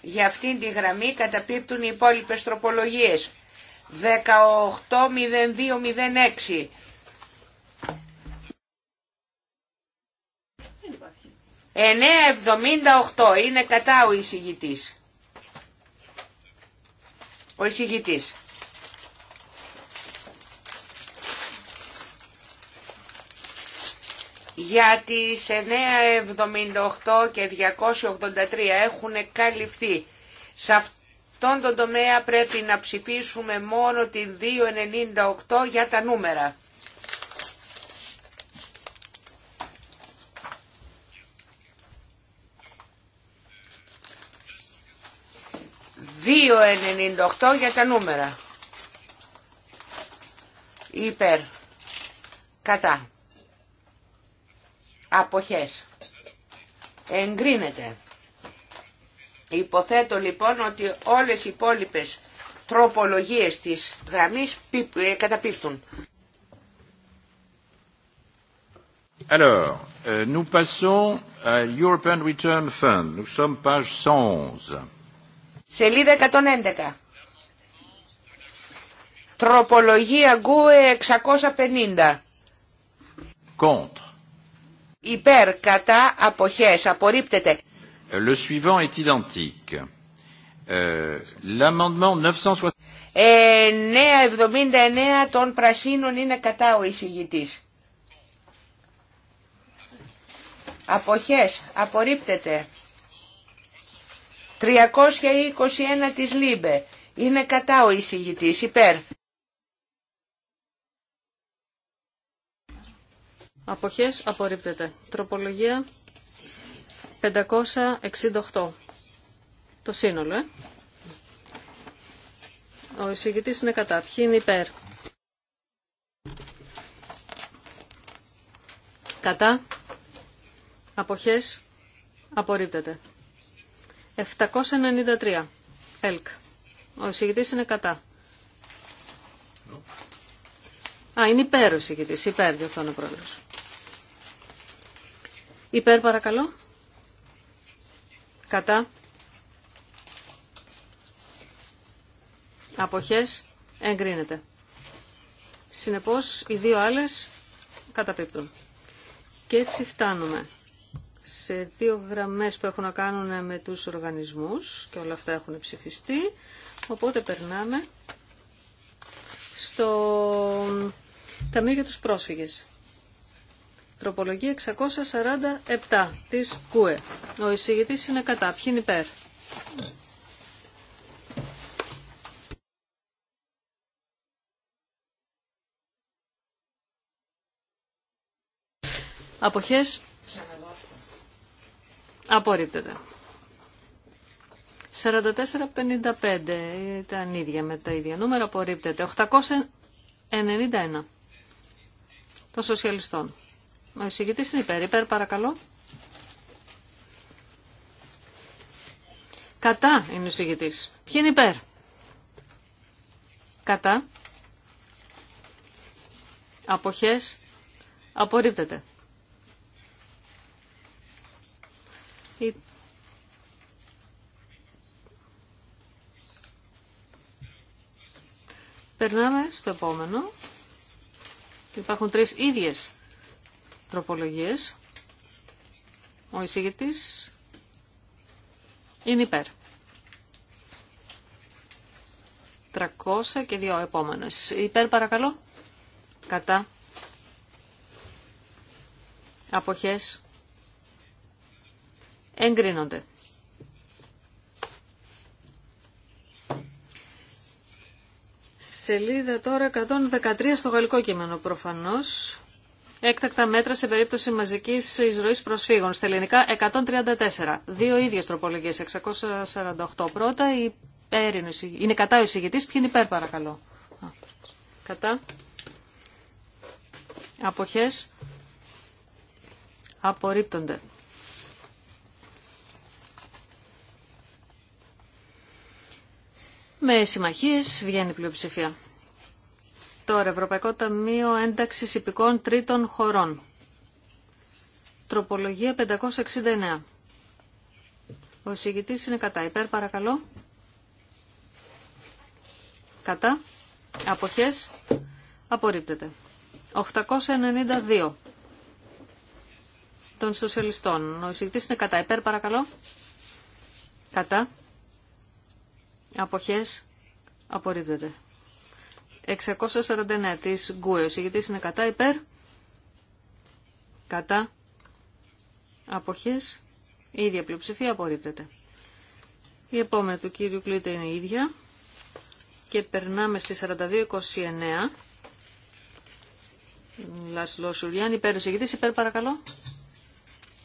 Για αυτήν τη γραμμή καταπίπτουν οι υπόλοιπες τροπολογίες. 18.02.06 9.78 είναι κατά ο εισηγητής. Ο εισηγητής. για τις 978 και 283 έχουν καλυφθεί. Σε αυτόν τον τομέα πρέπει να ψηφίσουμε μόνο την 298 για τα νούμερα. 298 για τα νούμερα. Υπέρ. Κατά. Αποχές. Εγκρίνεται. Υποθέτω λοιπόν ότι όλες οι υπόλοιπες τροπολογίες της γραμμής ε, καταπίπτουν. Alors, euh, nous passons à European Return Fund. Nous sommes page 111. Σελίδα 111. Τροπολογία ΓΚΟΕ 650. Contre. Υπέρ, κατά, αποχές, απορρίπτεται. Le suivant est identique. Euh, L'amendement 960... 979 ε, των πρασίνων είναι κατά ο εισηγητής. Αποχές, απορρίπτεται. 321 της Λίμπε. Είναι κατά ο εισηγητής, υπέρ. Αποχές απορρίπτεται. Τροπολογία 568. Το σύνολο, ε. Ο εισηγητής είναι κατά. Ποιοι είναι υπέρ. Κατά. Αποχές απορρίπτεται. 793. Ελκ. Ο εισηγητής είναι κατά. Α, είναι υπέρ ο εισηγητής. Υπέρ, διορθώνει ο πρόεδρος. Υπέρ παρακαλώ. Κατά. Αποχές εγκρίνεται. Συνεπώς οι δύο άλλες καταπίπτουν. Και έτσι φτάνουμε σε δύο γραμμές που έχουν να κάνουν με τους οργανισμούς και όλα αυτά έχουν ψηφιστεί. Οπότε περνάμε στο Ταμείο για τους Πρόσφυγες. Τροπολογία 647 της ΚΟΕ. Ο εισηγητής είναι κατά. Ποιοι είναι υπέρ. Αποχές. Απορρίπτεται. 44-55 ήταν ίδια με τα ίδια νούμερα. Απορρίπτεται. 891 των σοσιαλιστών. Ο εισηγητή είναι υπέρ. Υπέρ παρακαλώ. Κατά είναι ο εισηγητής. Ποιοι είναι υπέρ. Κατά. αποχέ Απορρίπτεται. Περνάμε στο επόμενο. Υπάρχουν τρεις ίδιες τροπολογίες. Ο εισηγητής είναι υπέρ. 300 και δύο επόμενες. Υπέρ παρακαλώ. Κατά. Αποχές. Εγκρίνονται. σελίδα τώρα 113 στο γαλλικό κείμενο προφανώς. Έκτακτα μέτρα σε περίπτωση μαζική εισρωή προσφύγων. Στα ελληνικά 134. Δύο ίδιε τροπολογίε. 648. Πρώτα η Είναι κατά ο εισηγητή. Ποιοι είναι υπέρ, παρακαλώ. Κατά. Αποχέ. Απορρίπτονται. Με συμμαχίε βγαίνει η πλειοψηφία. Τώρα, Ευρωπαϊκό Ταμείο Ένταξης Υπηκών Τρίτων Χωρών. Τροπολογία 569. Ο εισηγητής είναι κατά. Υπέρ, παρακαλώ. Κατά. Αποχές. Απορρίπτεται. 892 των σοσιαλιστών. Ο εισηγητής είναι κατά. Υπέρ, παρακαλώ. Κατά. Αποχές. Απορρίπτεται. 649 της Γκουέ. Ο συγητής είναι κατά υπέρ. Κατά. Αποχές. Η ίδια πλειοψηφία απορρίπτεται. Η επόμενη του κύριου Κλήτα είναι η ίδια. Και περνάμε στη 4229. Λάσλο Σουριάν, υπέρ ο συγητής, υπέρ παρακαλώ.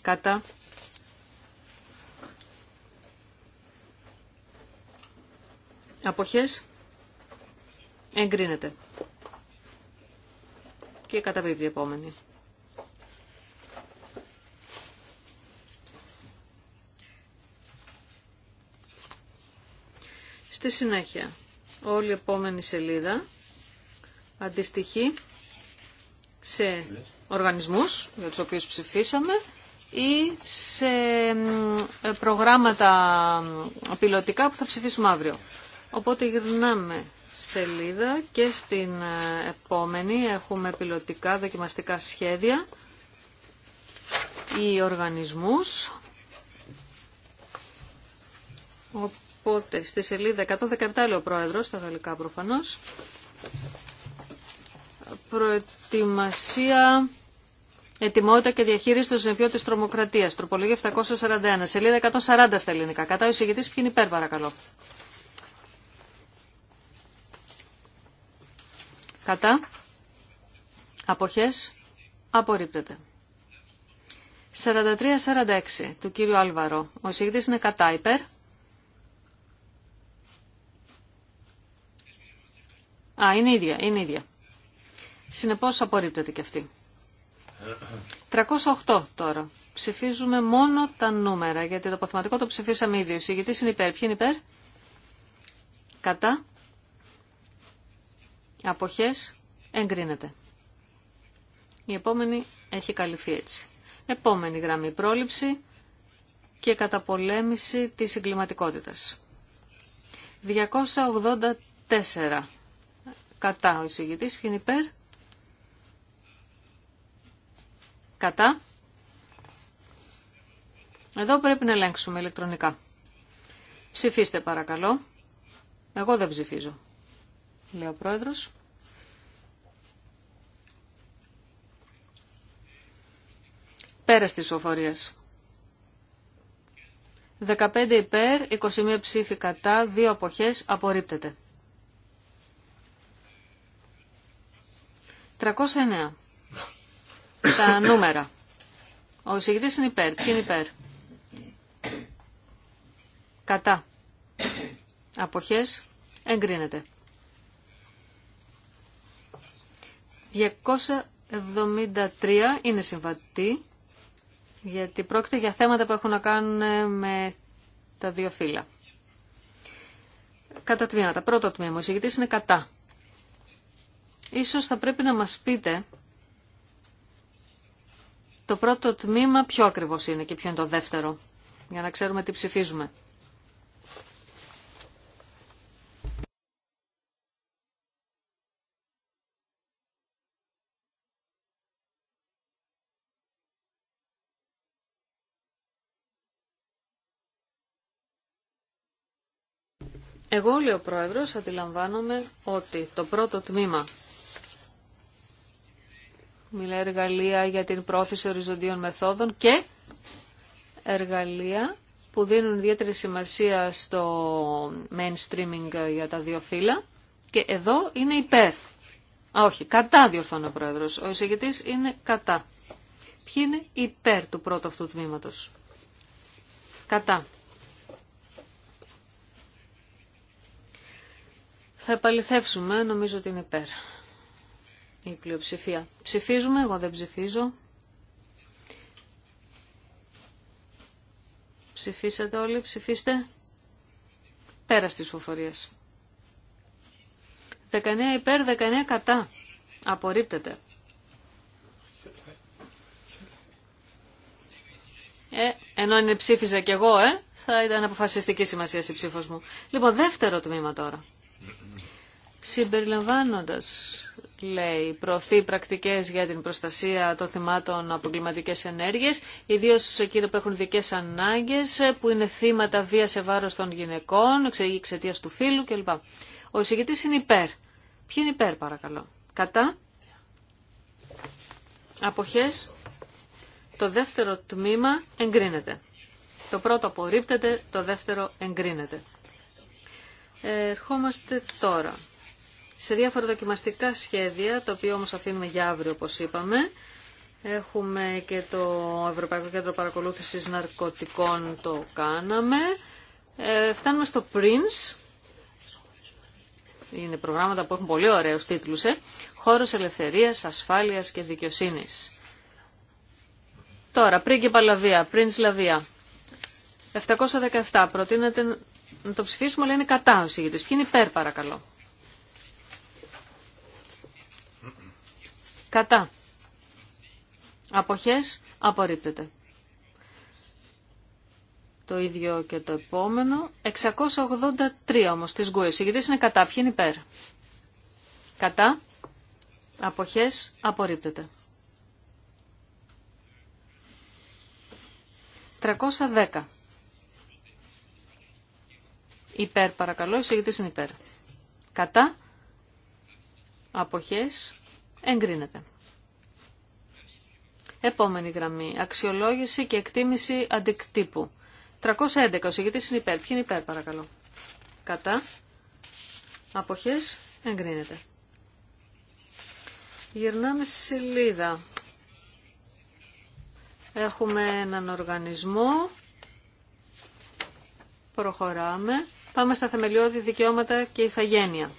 Κατά. Αποχές. Εγκρίνεται. Και καταβίβει η επόμενη. Στη συνέχεια, όλη η επόμενη σελίδα αντιστοιχεί σε οργανισμούς για τους οποίους ψηφίσαμε ή σε προγράμματα πιλωτικά που θα ψηφίσουμε αύριο. Οπότε γυρνάμε σελίδα και στην ε, επόμενη έχουμε πιλωτικά δοκιμαστικά σχέδια ή οργανισμούς. Οπότε στη σελίδα 117 λέει ο πρόεδρος, στα γαλλικά προφανώς, προετοιμασία... Ετοιμότητα και διαχείριση των συνεπειών τη τρομοκρατία. Τροπολογία 741. Σελίδα 140 στα ελληνικά. Κατά ο εισηγητή, ποιοι είναι υπέρ, παρακαλώ. Κατά. Αποχές. Απορρίπτεται. 43-46 του κύριου Άλβαρο. Ο εισηγητής είναι κατά υπέρ. Α, είναι ίδια, είναι ίδια. Συνεπώς απορρίπτεται και αυτή. 308 τώρα. Ψηφίζουμε μόνο τα νούμερα, γιατί το αποθεματικό το ψηφίσαμε ήδη. Ο είναι υπέρ. Ποιοι είναι υπέρ? Κατά. Αποχές εγκρίνεται. Η επόμενη έχει καλυφθεί έτσι. Επόμενη γραμμή πρόληψη και καταπολέμηση της εγκληματικότητας. 284. Κατά ο εισηγητής. Ποιοι είναι υπέρ. Κατά. Εδώ πρέπει να ελέγξουμε ηλεκτρονικά. Ψηφίστε παρακαλώ. Εγώ δεν ψηφίζω λέει ο πρόεδρος. Πέρα στις ψηφοφορίες. 15 υπέρ, 21 ψήφοι κατά, 2 αποχές, απορρίπτεται. 309. Τα νούμερα. Ο εισηγητής είναι υπέρ. Ποιοι είναι υπέρ. Κατά. Αποχές εγκρίνεται. 273 είναι συμβατή, γιατί πρόκειται για θέματα που έχουν να κάνουν με τα δύο φύλλα. Κατά τμήματα. Πρώτο τμήμα, ο εισηγητής είναι κατά. Ίσως θα πρέπει να μας πείτε το πρώτο τμήμα ποιο ακριβώς είναι και ποιο είναι το δεύτερο, για να ξέρουμε τι ψηφίζουμε. Εγώ, λέει ο Πρόεδρος, αντιλαμβάνομαι ότι το πρώτο τμήμα μιλάει εργαλεία για την πρόθεση οριζοντίων μεθόδων και εργαλεία που δίνουν ιδιαίτερη σημασία στο mainstreaming για τα δύο φύλλα και εδώ είναι υπέρ. Α, όχι, κατά διορθώνει ο Πρόεδρος. Ο εισηγητής είναι κατά. Ποιοι είναι υπέρ του πρώτου αυτού τμήματος. Κατά. Θα επαληθεύσουμε, νομίζω ότι είναι υπέρ η πλειοψηφία. Ψηφίζουμε, εγώ δεν ψηφίζω. Ψηφίσατε όλοι, ψηφίστε. Πέρα στις φοφορίες. 19 υπέρ, 19 κατά. Απορρίπτεται. Ε, ενώ είναι ψήφιζα κι εγώ, ε, θα ήταν αποφασιστική σημασία η ψήφος μου. Λοιπόν, δεύτερο τμήμα τώρα συμπεριλαμβάνοντας λέει, προωθεί πρακτικές για την προστασία των θυμάτων από κλιματικές ενέργειες, ιδίως εκείνοι που έχουν δικές ανάγκες, που είναι θύματα βία σε βάρος των γυναικών, εξαιτία του φίλου κλπ. Ο εισηγητής είναι υπέρ. Ποιοι είναι υπέρ παρακαλώ. Κατά. Αποχές. Το δεύτερο τμήμα εγκρίνεται. Το πρώτο απορρίπτεται, το δεύτερο εγκρίνεται. Ερχόμαστε τώρα σε διάφορα δοκιμαστικά σχέδια, το οποίο όμως αφήνουμε για αύριο όπως είπαμε. Έχουμε και το Ευρωπαϊκό Κέντρο Παρακολούθησης Ναρκωτικών, το κάναμε. Ε, φτάνουμε στο Prince. Είναι προγράμματα που έχουν πολύ ωραίους τίτλους. Ε. Χώρος ελευθερίας, ασφάλειας και δικαιοσύνης. Τώρα, πρίγκιπα Λαβία, Prince Λαβία. 717 προτείνεται να το ψηφίσουμε, αλλά είναι κατά ο Ποιοι είναι υπέρ, παρακαλώ. Κατά. Αποχές απορρίπτεται. Το ίδιο και το επόμενο. 683 όμως της ΓΚΟΕΣ. Οι είναι κατά. Ποιοι είναι υπέρ. Κατά. Αποχές απορρίπτεται. 310. Υπέρ παρακαλώ. Οι είναι υπέρ. Κατά. Αποχές Εγκρίνεται. Επόμενη γραμμή. Αξιολόγηση και εκτίμηση αντικτύπου. 311. Ο συγγητής είναι υπέρ. Ποιοι είναι υπέρ παρακαλώ. Κατά. Αποχές. Εγκρίνεται. Γυρνάμε στη σελίδα. Έχουμε έναν οργανισμό. Προχωράμε. Πάμε στα θεμελιώδη δικαιώματα και ηθαγένεια.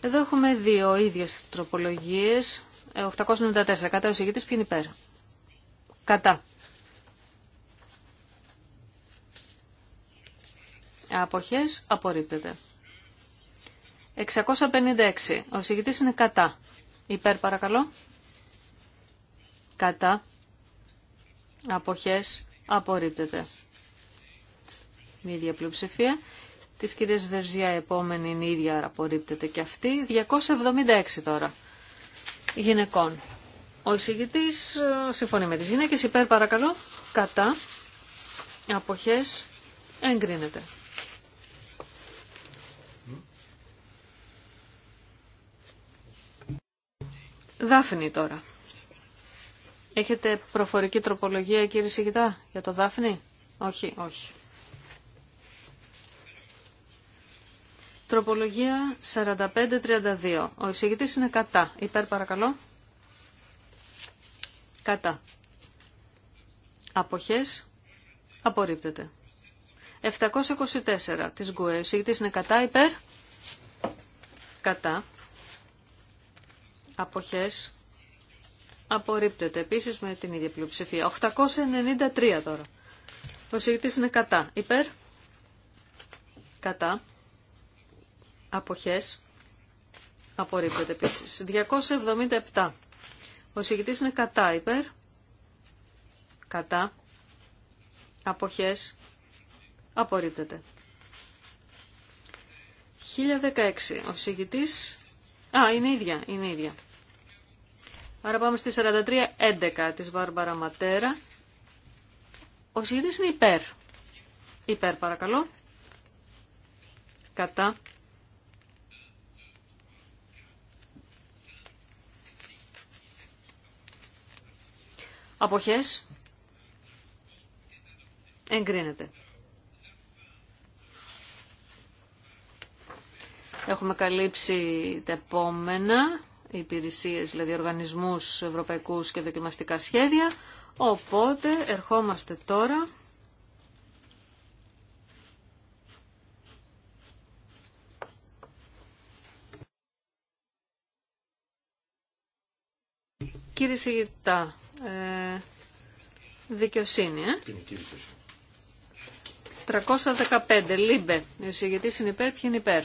Εδώ έχουμε δύο ίδιες τροπολογίες. 894. Ε, κατά ο συγκητής ποιοι είναι υπέρ. Κατά. Αποχές απορρίπτεται. 656. Ο συγκητής είναι κατά. Υπέρ παρακαλώ. Κατά. Αποχές απορρίπτεται. Με ίδια της κυρίας Βερζιά επόμενη είναι η ίδια, απορρίπτεται και αυτή. 276 τώρα γυναικών. Ο εισηγητής ε, συμφωνεί με τις γυναίκες, υπέρ παρακαλώ, κατά, αποχές, εγκρίνεται. Δάφνη τώρα. Έχετε προφορική τροπολογία κύριε Σιγητά για το Δάφνη. Όχι, όχι. Τροπολογία 45-32. Ο εισηγητής είναι κατά. Υπέρ παρακαλώ. Κατά. Αποχές. Απορρίπτεται. 724 της ΓΚΟΕ. Ο εισηγητής είναι κατά. Υπέρ. Κατά. Αποχές. Απορρίπτεται. Επίσης με την ίδια πλειοψηφία. 893 τώρα. Ο εισηγητής είναι κατά. Υπέρ. Κατά. Αποχές. Απορρίπτεται επίσης. 277. Ο εισηγητής είναι κατά υπέρ. Κατά. Αποχές. Απορρίπτεται. 1016. Ο εισηγητής... Α, είναι ίδια. Είναι ίδια. Άρα πάμε στη 4311 της Βάρμπαρα Ματέρα. Ο εισηγητής είναι υπέρ. Υπέρ παρακαλώ. Κατά. Αποχές. Εγκρίνεται. Έχουμε καλύψει τα επόμενα υπηρεσίες, δηλαδή οργανισμούς ευρωπαϊκούς και δοκιμαστικά σχέδια. Οπότε ερχόμαστε τώρα... Κύριε Σιγητά, ε, δικαιοσύνη, ε. 315, λίμπε. Ο εισηγητής είναι υπέρ, ποιοι είναι υπέρ.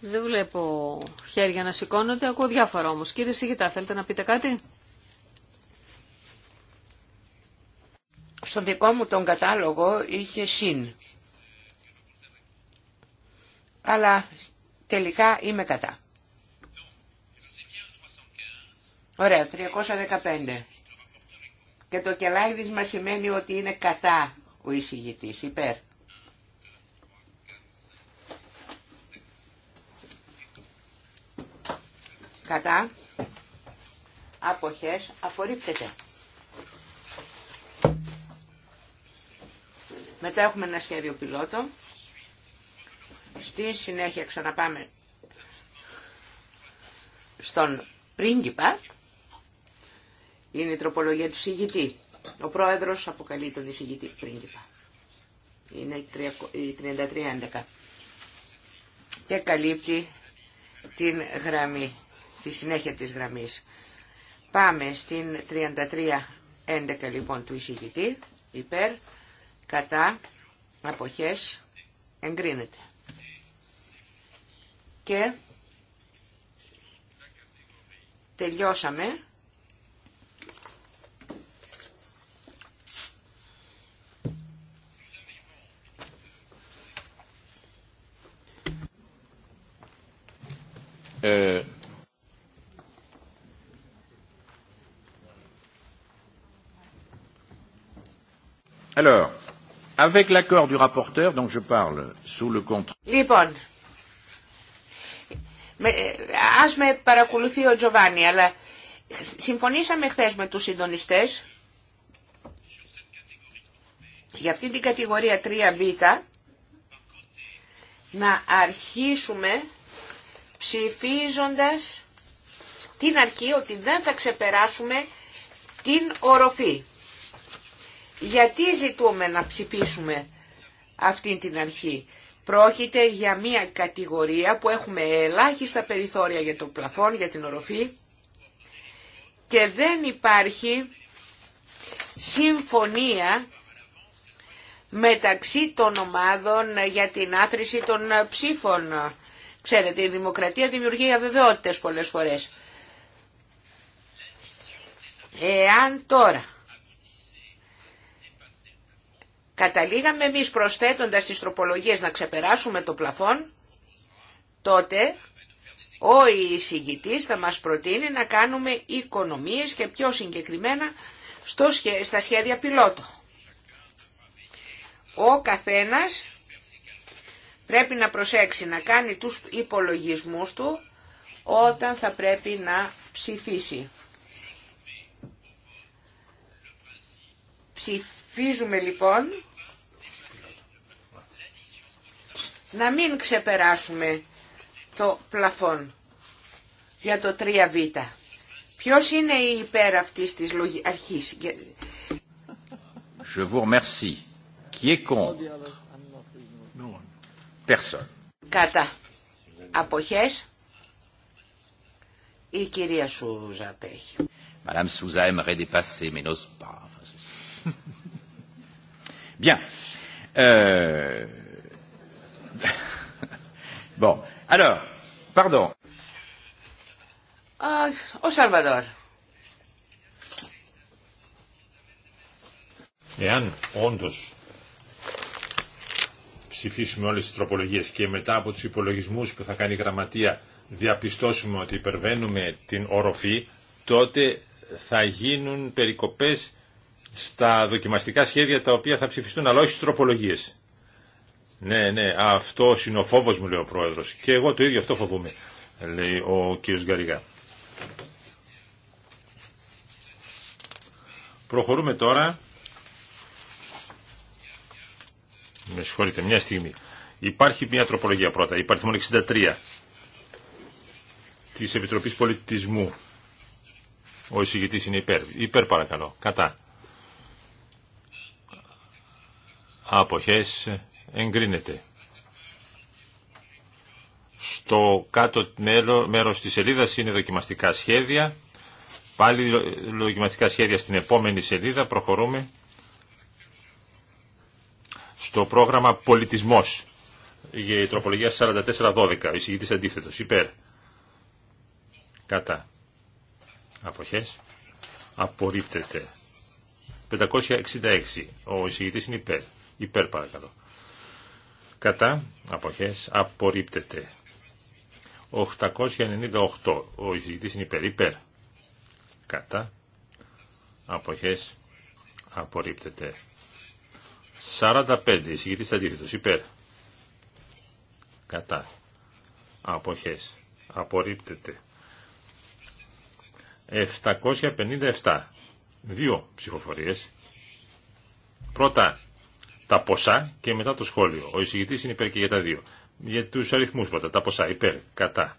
Δεν βλέπω χέρια να σηκώνονται, ακούω διάφορα όμως. Κύριε Σιγητά, θέλετε να πείτε κάτι? Στον δικό μου τον κατάλογο είχε συν αλλά τελικά είμαι κατά. Ωραία, 315. Και το μας σημαίνει ότι είναι κατά ο εισηγητής, υπέρ. Κατά αποχές απορρίπτεται. Μετά έχουμε ένα σχέδιο πιλότο. Στη συνέχεια ξαναπάμε στον πρίγκιπα. Είναι η τροπολογία του συγητή. Ο πρόεδρος αποκαλεί τον εισηγητή πρίγκιπα. Είναι η 3311. Και καλύπτει την γραμμή, τη συνέχεια της γραμμής. Πάμε στην 3311 λοιπόν του εισηγητή, υπέρ, κατά, αποχές, εγκρίνεται και τελειώσαμε. Ε... Alors, avec l'accord du rapporteur, donc je parle sous le contrôle. Με, ε, ας με παρακολουθεί ο Τζοβάνι, αλλά συμφωνήσαμε χθε με τους συντονιστές για αυτή την κατηγορία 3β να αρχίσουμε ψηφίζοντας την αρχή ότι δεν θα ξεπεράσουμε την οροφή. Γιατί ζητούμε να ψηφίσουμε αυτή την αρχή. Πρόκειται για μια κατηγορία που έχουμε ελάχιστα περιθώρια για το πλαφόν, για την οροφή και δεν υπάρχει συμφωνία μεταξύ των ομάδων για την άθρηση των ψήφων. Ξέρετε, η δημοκρατία δημιουργεί αβεβαιότητες πολλές φορές. Εάν τώρα καταλήγαμε εμείς προσθέτοντας τις τροπολογίες να ξεπεράσουμε το πλαφόν, τότε ο εισηγητής θα μας προτείνει να κάνουμε οικονομίες και πιο συγκεκριμένα στο, στα σχέδια πιλότο. Ο καθένας πρέπει να προσέξει να κάνει τους υπολογισμούς του όταν θα πρέπει να Ψηφίσει Ψηφίζουμε λοιπόν να μην ξεπεράσουμε το πλαφόν για το 3β. Ποιος είναι η υπέρ αυτής της αρχής. Je vous remercie. Qui est contre? Personne. Κατά. Αποχές. Η κυρία Σούζα απέχει. Madame Souza aimerait dépasser, mais n'ose pas. Bien. Euh, ah, Εάν όντως ψηφίσουμε όλε τι τροπολογίε και μετά από του υπολογισμού που θα κάνει η γραμματεία διαπιστώσουμε ότι υπερβαίνουμε την οροφή, τότε θα γίνουν περικοπές στα δοκιμαστικά σχέδια τα οποία θα ψηφιστούν, αλλά όχι στι τροπολογίες. Ναι, ναι, αυτό είναι ο φόβο μου, λέει ο πρόεδρος. Και εγώ το ίδιο αυτό φοβούμαι, λέει ο κ. Γκαριγά. Προχωρούμε τώρα. Με συγχωρείτε, μια στιγμή. Υπάρχει μια τροπολογία πρώτα, υπάρχει μόνο 63 της Επιτροπής Πολιτισμού. Ο εισηγητής είναι υπέρ. Υπέρ παρακαλώ. Κατά. αποχές εγκρίνεται. Στο κάτω μέρος της σελίδας είναι δοκιμαστικά σχέδια. Πάλι δοκιμαστικά σχέδια στην επόμενη σελίδα. Προχωρούμε στο πρόγραμμα πολιτισμός. Η τροπολογία 4412, ο εισηγητής αντίθετος, υπέρ. Κατά. Αποχές. Απορρίπτεται. 566, ο εισηγητής είναι υπέρ. Υπέρ παρακαλώ. Κατά αποχές απορρίπτεται. 898. Ο εισηγητής είναι υπέρ. Υπέρ. Κατά αποχές απορρίπτεται. 45. Εισηγητής αντίθετος. Υπέρ. Κατά αποχές απορρίπτεται. 757. Δύο ψηφοφορίες. Πρώτα τα ποσά και μετά το σχόλιο. Ο εισηγητής είναι υπέρ και για τα δύο. Για τους αριθμούς πρώτα, τα ποσά, υπέρ, κατά.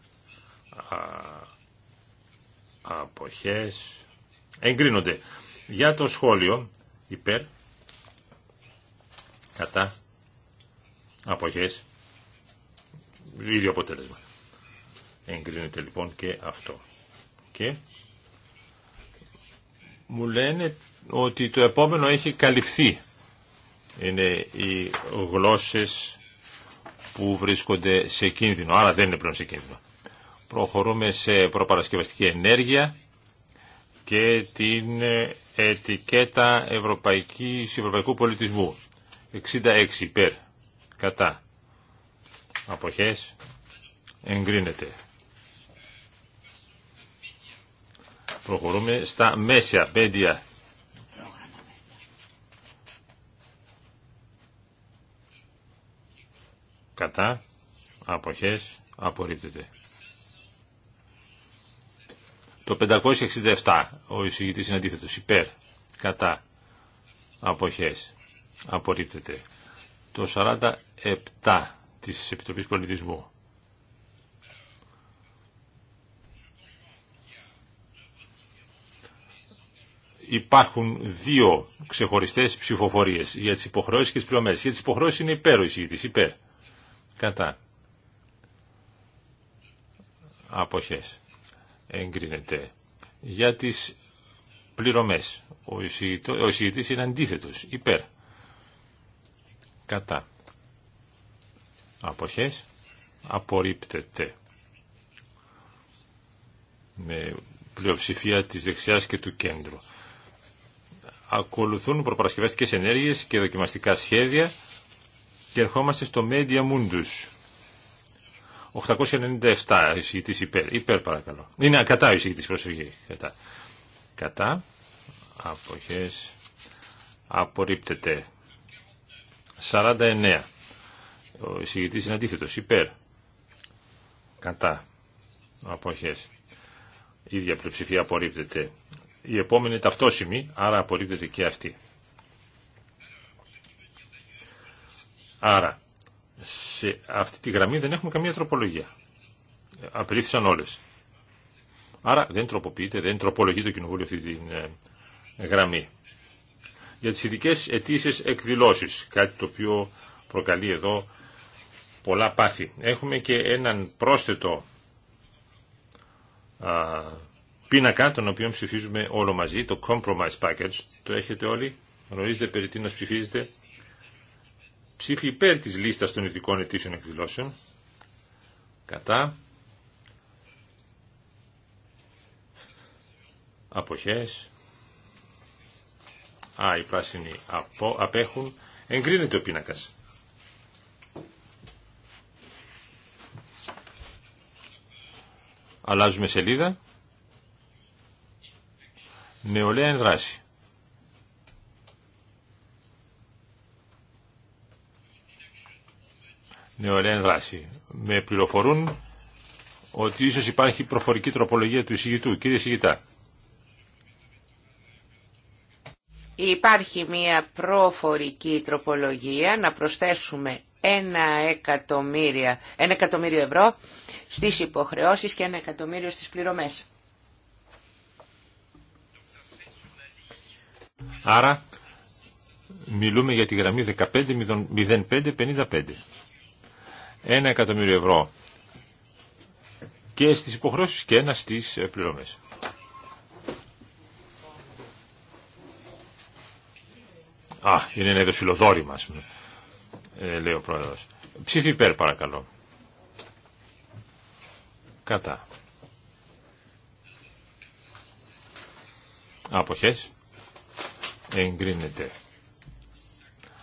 Α, αποχές. Εγκρίνονται. Για το σχόλιο, υπέρ, κατά, αποχές. Ίδιο αποτέλεσμα. Εγκρίνεται λοιπόν και αυτό. Και μου λένε ότι το επόμενο έχει καλυφθεί είναι οι γλώσσες που βρίσκονται σε κίνδυνο, άρα δεν είναι πλέον σε κίνδυνο. Προχωρούμε σε προπαρασκευαστική ενέργεια και την ετικέτα ευρωπαϊκής, ευρωπαϊκού πολιτισμού. 66 υπέρ, κατά. Αποχές, εγκρίνεται. Προχωρούμε στα μέσα πέντια κατά, αποχές, απορρίπτεται. Το 567, ο εισηγητής είναι αντίθετος, υπέρ, κατά, αποχές, απορρίπτεται. Το 47 της Επιτροπής Πολιτισμού. Υπάρχουν δύο ξεχωριστές ψηφοφορίες για τις υποχρεώσεις και τις πληρωμές. Για τις υποχρεώσεις είναι υπέρ ο εισηγητής, υπέρ κατά αποχές εγκρίνεται για τις πληρωμές ο εισηγητής είναι αντίθετος υπέρ κατά αποχές απορρίπτεται με πλειοψηφία της δεξιάς και του κέντρου. Ακολουθούν προπαρασκευαστικές ενέργειες και δοκιμαστικά σχέδια και ερχόμαστε στο Media Mundus. 897 εισηγητή υπέρ. Υπέρ παρακαλώ. Είναι κατά ο προσοχή. Κατά. Κατά. Αποχές. Απορρίπτεται. 49. Ο εισηγητής είναι αντίθετο. Υπέρ. Κατά. αποχέ. ίδια πλειοψηφία απορρίπτεται. Η επόμενη ταυτόσημη, άρα απορρίπτεται και αυτή. Άρα, σε αυτή τη γραμμή δεν έχουμε καμία τροπολογία. Απερίφθησαν όλες. Άρα δεν τροποποιείται, δεν τροπολογεί το κοινοβούλιο αυτή τη ε, γραμμή. Για τις ειδικέ αιτήσει εκδηλώσεις, κάτι το οποίο προκαλεί εδώ πολλά πάθη. Έχουμε και έναν πρόσθετο α, πίνακα, τον οποίο ψηφίζουμε όλο μαζί, το Compromise Package. Το έχετε όλοι, γνωρίζετε περί τίνος ψηφίζετε. Ψήφι υπέρ της λίστας των ειδικών αιτήσεων εκδηλώσεων. Κατά. Αποχές. Α, οι πράσινοι απο, απέχουν. Εγκρίνεται ο πίνακας. Αλλάζουμε σελίδα. Νεολαία ενδράση. νεολαία ναι, δράση. Με πληροφορούν ότι ίσως υπάρχει προφορική τροπολογία του εισηγητού. Κύριε εισηγητά. Υπάρχει μια προφορική τροπολογία να προσθέσουμε ένα εκατομμύριο, ένα εκατομμύριο ευρώ στις υποχρεώσεις και ένα εκατομμύριο στις πληρωμές. Άρα μιλούμε για τη γραμμή 15-05-55 ένα εκατομμύριο ευρώ και στις υποχρεώσεις και ένα στις ε, πληρώμες. Α, είναι ένα είδος μας, ε, λέει ο πρόεδρος. Ψήφι υπέρ, παρακαλώ. Κατά. Αποχές. Εγκρίνεται.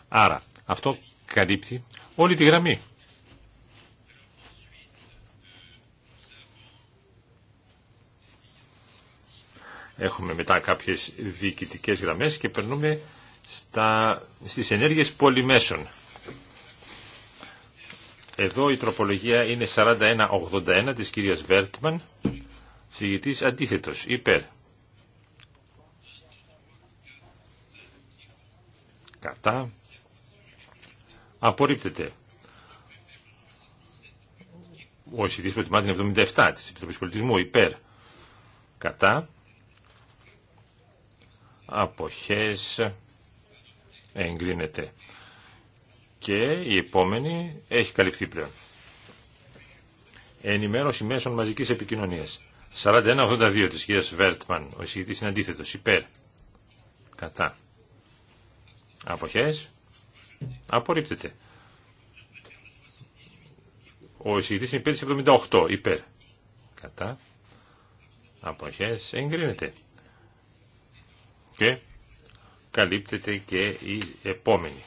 Άρα, αυτό καλύπτει όλη τη γραμμή. Έχουμε μετά κάποιες διοικητικές γραμμές και περνούμε στα, στις ενέργειες πολυμέσων. Εδώ η τροπολογία είναι 4181 της κυρίας Βέρτμαν, συγητής αντίθετος, υπέρ. Κατά. Απορρίπτεται. Ο εισηγητής προτιμά την 77 της Επιτροπής Πολιτισμού, υπέρ. Κατά αποχές εγκρίνεται. Και η επόμενη έχει καλυφθεί πλέον. Ενημέρωση μέσων μαζικής επικοινωνίας. 4182 της κυρίας Βέρτμαν. Ο εισηγητής είναι αντίθετος. Υπέρ. Κατά. Αποχές. Απορρίπτεται. Ο εισηγητής είναι υπέρ της 78. Υπέρ. Κατά. Αποχές. Εγκρίνεται και καλύπτεται και η επόμενη.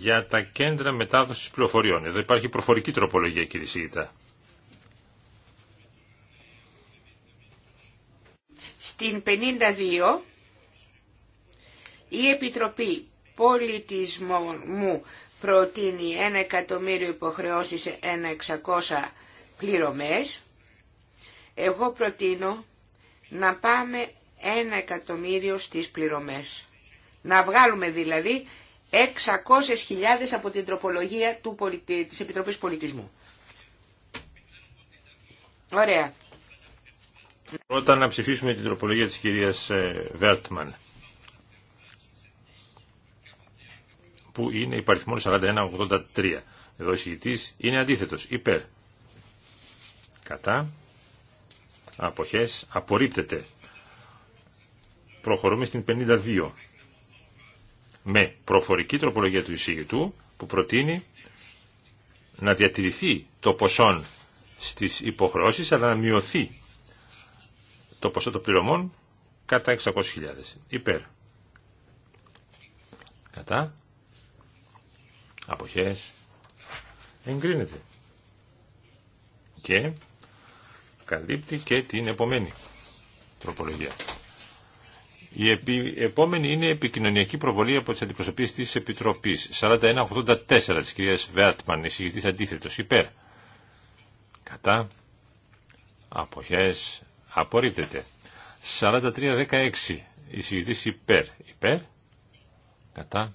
Για τα κέντρα μετάδοσης πληροφοριών. Εδώ υπάρχει προφορική τροπολογία κύριε Σίγητα. Στην 52 η Επιτροπή Πολιτισμού προτείνει ένα εκατομμύριο υποχρεώσεις, ένα εξακόσα πληρωμές. Εγώ προτείνω να πάμε ένα εκατομμύριο στις πληρωμές. Να βγάλουμε δηλαδή 600.000 από την τροπολογία του, της Επιτροπής Πολιτισμού. Ωραία. Πρώτα να ψηφίσουμε την τροπολογία της κυρίας ε, Βέρτμαν που είναι υπαριθμόν 41-83. Εδώ ο συγητής είναι αντίθετος, υπέρ. Κατά, αποχές, απορρίπτεται. Προχωρούμε στην 52 με προφορική τροπολογία του εισηγητού που προτείνει να διατηρηθεί το ποσό στις υποχρεώσεις αλλά να μειωθεί το ποσό των πληρωμών κατά 600.000. Υπέρ. Κατά. Αποχές. Εγκρίνεται. Και καλύπτει και την επομένη τροπολογία. Η επόμενη είναι επικοινωνιακή προβολή από τις τη Επιτροπή. 41-84 τη κυρία Βέρτμαν, αντίθετο υπέρ. Κατά. Κατά. Απορρίπτεται. 43-16 εισηγητη υπέρ. Υπέρ. Κατά.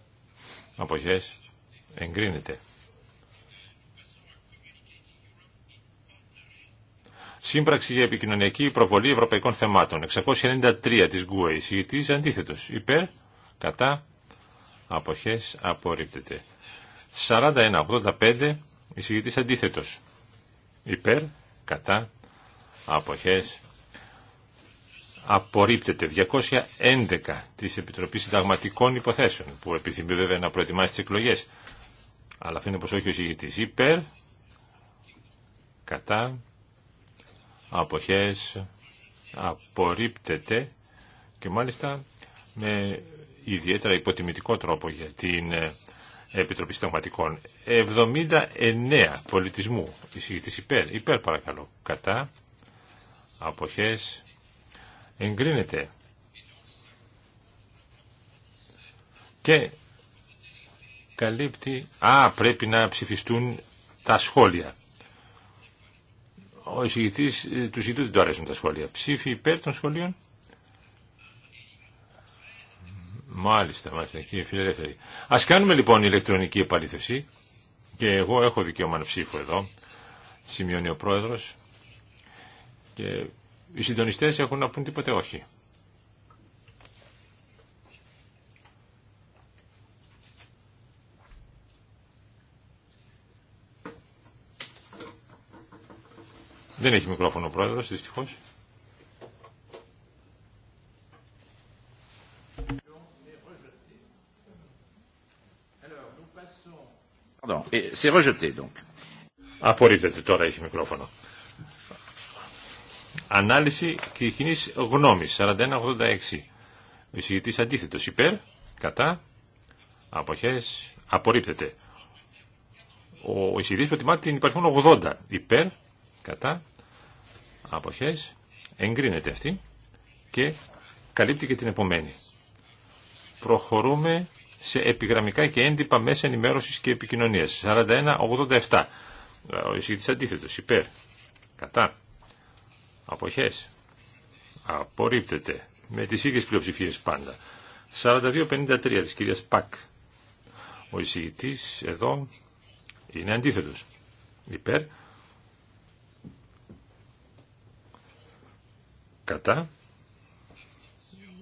αποχέ. Εγκρίνεται. Σύμπραξη για επικοινωνιακή προβολή ευρωπαϊκών θεμάτων. 693 της ΓΚΟΕ. Εισηγητής αντίθετος. Υπέρ, κατά, αποχές, απορρίπτεται. 41-85. Εισηγητής αντίθετος. Υπέρ, κατά, αποχές, απορρίπτεται 211 της Επιτροπής Συνταγματικών Υποθέσεων που επιθυμεί βέβαια να προετοιμάσει τις εκλογές αλλά φαίνεται πω όχι ο συγητής υπέρ κατά αποχές απορρίπτεται και μάλιστα με ιδιαίτερα υποτιμητικό τρόπο για την ε, Επιτροπή Συνταγματικών. 79 πολιτισμού, εισηγητής υπέρ, υπέρ παρακαλώ, κατά, αποχές, εγκρίνεται. Και καλύπτει, α, πρέπει να ψηφιστούν τα σχόλια ο εισηγητή ε, του ζητού δεν του αρέσουν τα σχόλια. Ψήφι υπέρ των σχολείων. Μάλιστα, μάλιστα, κύριε Φιλελεύθερη. Ας κάνουμε λοιπόν ηλεκτρονική επαλήθευση και εγώ έχω δικαίωμα να ψήφω εδώ, σημειώνει ο πρόεδρος και οι συντονιστές έχουν να πούν τίποτε όχι. Δεν έχει μικρόφωνο ο πρόεδρος, δυστυχώς. Απορρίπτεται τώρα, έχει μικρόφωνο. Ανάλυση και κοινή γνώμη 4186. Ο εισηγητή αντίθετο υπέρ, κατά, αποχέ, απορρίπτεται. Ο εισηγητή προτιμά την υπαρχόν 80 υπέρ, κατά, αποχές εγκρίνεται αυτή και καλύπτει και την επομένη. Προχωρούμε σε επιγραμμικά και έντυπα μέσα ενημέρωσης και επικοινωνίας. 41-87. Ο εισηγητής αντίθετος, υπέρ, κατά, αποχές, απορρίπτεται, με τις ίδιες πλειοψηφίες πάντα. 42-53 της κυρίας Πακ. Ο εισηγητής εδώ είναι αντίθετος, υπέρ, κατά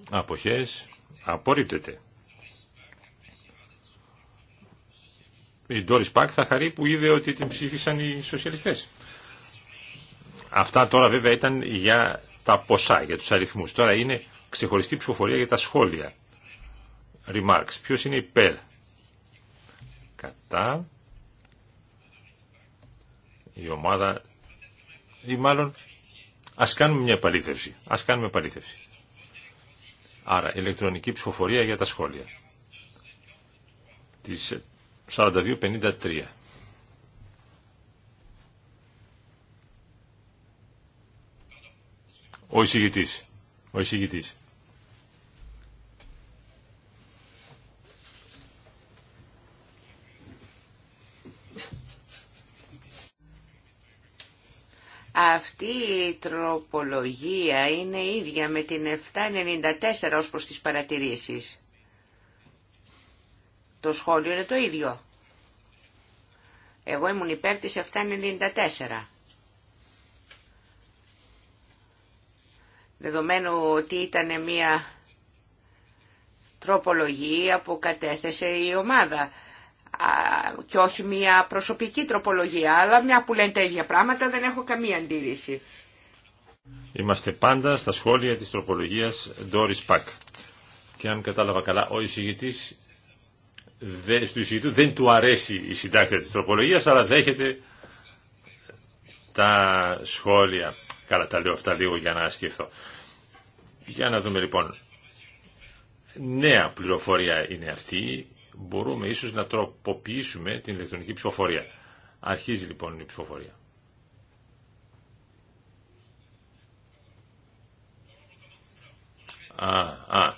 αποχές απορρίπτεται. Η Ντόρις Πακ θα χαρεί που είδε ότι την ψήφισαν οι σοσιαλιστές. Αυτά τώρα βέβαια ήταν για τα ποσά, για τους αριθμούς. Τώρα είναι ξεχωριστή ψηφοφορία για τα σχόλια. Remarks. Ποιος είναι υπέρ. Κατά. Η ομάδα ή μάλλον Ας κάνουμε μια επαλήθευση. Ας κάνουμε επαλήθευση. Άρα, ηλεκτρονική ψηφοφορία για τα σχόλια. Της 4253. Ο εισηγητής. Ο εισηγητής. Αυτή η τροπολογία είναι ίδια με την 794 ως προς τις παρατηρήσεις. Το σχόλιο είναι το ίδιο. Εγώ ήμουν υπέρ της 794. Δεδομένου ότι ήταν μια τροπολογία που κατέθεσε η ομάδα και όχι μια προσωπική τροπολογία, αλλά μια που λένε τα ίδια πράγματα δεν έχω καμία αντίρρηση. Είμαστε πάντα στα σχόλια της τροπολογίας Doris Pack. Και αν κατάλαβα καλά, ο εισηγητής δε, του δεν του αρέσει η συντάκτρια της τροπολογίας, αλλά δέχεται τα σχόλια. Καλά τα λέω αυτά λίγο για να ασκηθώ. Για να δούμε λοιπόν. Νέα πληροφορία είναι αυτή μπορούμε ίσως να τροποποιήσουμε την ηλεκτρονική ψηφοφορία. Αρχίζει λοιπόν η ψηφοφορία. Α, α,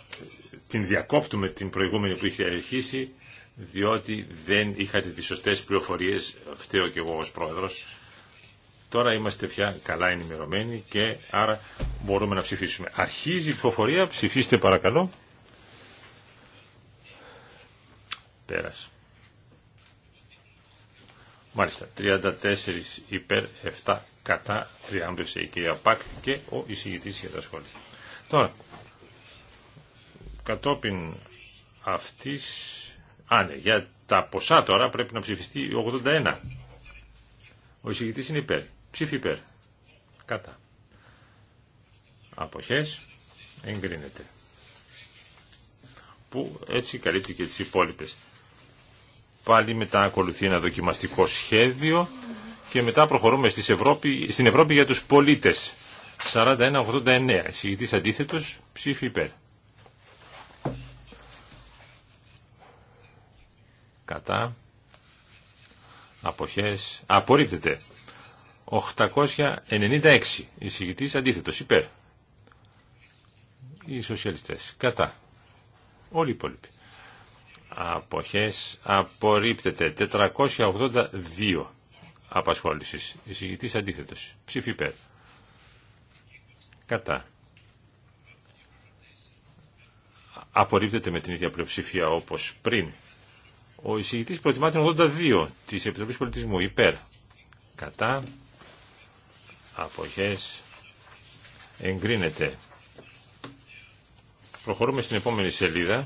την διακόπτουμε την προηγούμενη που είχε αρχίσει, διότι δεν είχατε τις σωστές πληροφορίες, φταίω και εγώ ως πρόεδρος. Τώρα είμαστε πια καλά ενημερωμένοι και άρα μπορούμε να ψηφίσουμε. Αρχίζει η ψηφοφορία, ψηφίστε παρακαλώ. Μάλιστα, 34 υπέρ 7 κατά θριάμβευσε η κυρία Πακ και ο εισηγητής για τα σχόλια. Τώρα, κατόπιν αυτής, α, ναι, για τα ποσά τώρα πρέπει να ψηφιστεί η 81. Ο εισηγητής είναι υπέρ. Ψήφι υπέρ. Κατά. Αποχές εγκρίνεται. Που έτσι καλύπτει και τις υπόλοιπες. Πάλι μετά ακολουθεί ένα δοκιμαστικό σχέδιο και μετά προχωρούμε στις Ευρώπη, στην Ευρώπη για τους πολίτες. 41-89. Συγητής αντίθετος, ψήφι υπέρ. Κατά. Αποχές. Απορρίπτεται. 896. Εισηγητής αντίθετος. Υπέρ. Οι σοσιαλιστές. Κατά. Όλοι οι υπόλοιποι αποχές απορρίπτεται 482 απασχόλησης εισηγητής αντίθετος ψήφι υπέρ κατά απορρίπτεται με την ίδια πλειοψηφία όπως πριν ο εισηγητής προτιμά την 82 της Επιτροπής Πολιτισμού υπέρ κατά αποχές εγκρίνεται προχωρούμε στην επόμενη σελίδα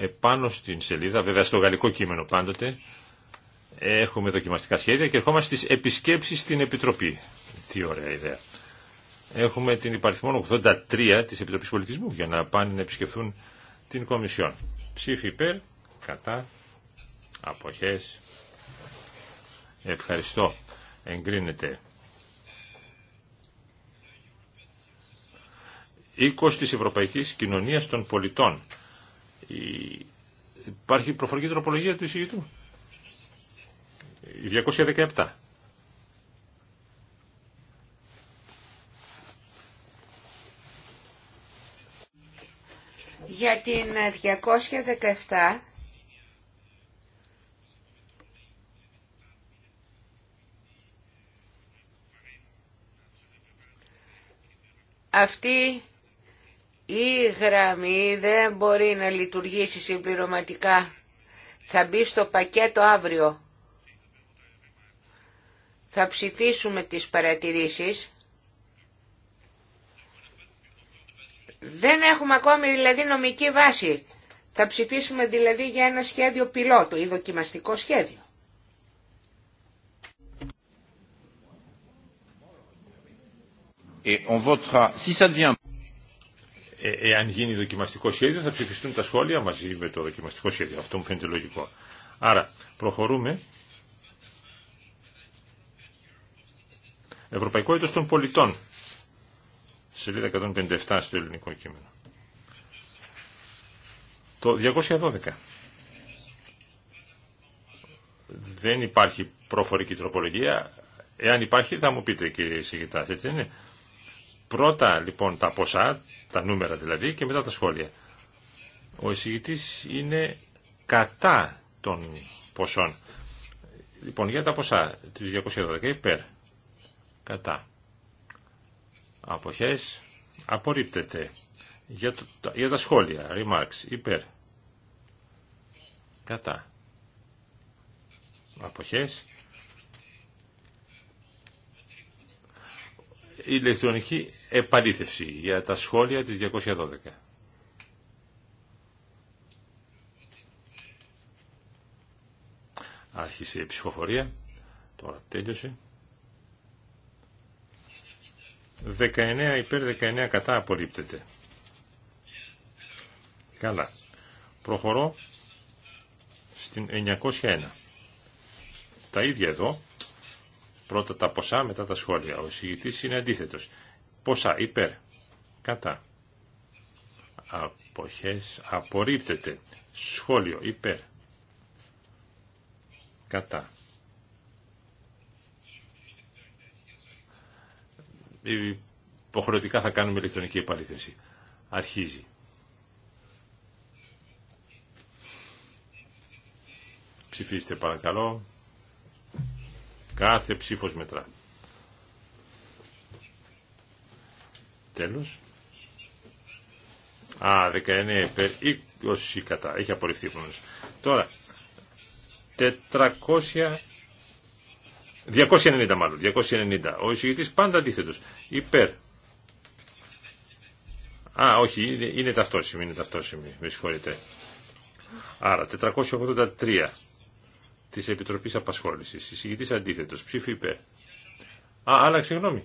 επάνω στην σελίδα, βέβαια στο γαλλικό κείμενο πάντοτε, έχουμε δοκιμαστικά σχέδια και ερχόμαστε στις επισκέψεις στην Επιτροπή. Τι ωραία ιδέα. Έχουμε την υπαριθμόν 83 της Επιτροπής Πολιτισμού για να πάνε να επισκεφθούν την Κομισιόν. Ψήφι υπέρ, κατά, αποχές. Ευχαριστώ. Εγκρίνεται. 20 της Ευρωπαϊκής Κοινωνίας των Πολιτών. Υπάρχει προφορική τροπολογία του εισηγητού. 217. Για την 217 αυτή η γραμμή δεν μπορεί να λειτουργήσει συμπληρωματικά. Θα μπει στο πακέτο αύριο. Θα ψηφίσουμε τις παρατηρήσεις. Δεν έχουμε ακόμη δηλαδή νομική βάση. Θα ψηφίσουμε δηλαδή για ένα σχέδιο πιλότου ή δοκιμαστικό σχέδιο. Ε, εάν γίνει δοκιμαστικό σχέδιο θα ψηφιστούν τα σχόλια μαζί με το δοκιμαστικό σχέδιο. Αυτό μου φαίνεται λογικό. Άρα προχωρούμε. Ευρωπαϊκό έτος των πολιτών. Σελίδα 157 στο ελληνικό κείμενο. Το 212. Δεν υπάρχει προφορική τροπολογία. Εάν υπάρχει θα μου πείτε κύριε Σιγητά, έτσι είναι. Πρώτα λοιπόν τα ποσά τα νούμερα δηλαδή και μετά τα σχόλια. Ο εισηγητής είναι κατά των ποσών. Λοιπόν, για τα ποσά, 212 υπέρ, κατά. Αποχές, απορρίπτεται. Για, τα σχόλια, remarks, υπέρ, κατά. Αποχές, ηλεκτρονική επαλήθευση για τα σχόλια της 212. Άρχισε η ψηφοφορία. Τώρα τέλειωσε. 19 υπέρ 19 κατά απορρίπτεται. Καλά. Προχωρώ στην 901. Τα ίδια εδώ. Πρώτα τα ποσά, μετά τα σχόλια. Ο εισηγητής είναι αντίθετος. Ποσά, υπέρ, κατά. Αποχές, απορρίπτεται. Σχόλιο, υπέρ, κατά. Ε, υποχρεωτικά θα κάνουμε ηλεκτρονική επαλήθευση. Αρχίζει. Ψηφίστε παρακαλώ. Κάθε ψήφος μετρά. Τέλος. Α, 19 υπέρ 20 κατά. Έχει απορριφθεί Τώρα, 400... 290 μάλλον, 290. Ο εισηγητής πάντα αντίθετος. Υπέρ. Α, όχι, είναι, είναι ταυτόσιμη, είναι ταυτόσιμη, με συγχωρείτε. Άρα, 483 Τη επιτροπή Απασχόλησης. Συγητή αντίθετο. Ψήφι υπέρ. Α, άλλαξε γνώμη.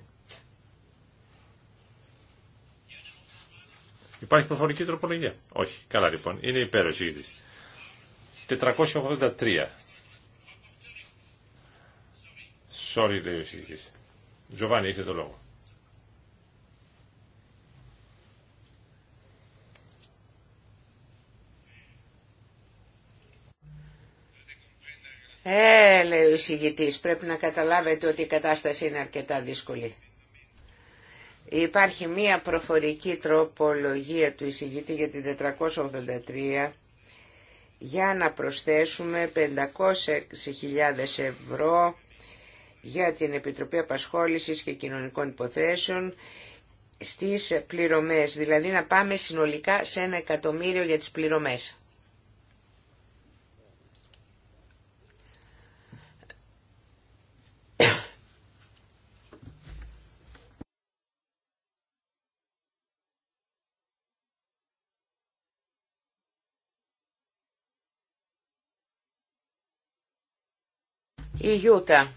Υπάρχει προφορική τροπολογία. Όχι. Καλά λοιπόν. Είναι υπέρ ο Συγητή. 483. Sorry λέει ο Σύγητης. Τζοβάνι, έχετε το λόγο. Ε, λέει ο εισηγητής, πρέπει να καταλάβετε ότι η κατάσταση είναι αρκετά δύσκολη. Υπάρχει μία προφορική τροπολογία του εισηγητή για την 483 για να προσθέσουμε 500.000 ευρώ για την Επιτροπή Απασχόλησης και Κοινωνικών Υποθέσεων στις πληρωμές, δηλαδή να πάμε συνολικά σε ένα εκατομμύριο για τις πληρωμές. Η Γιούτα.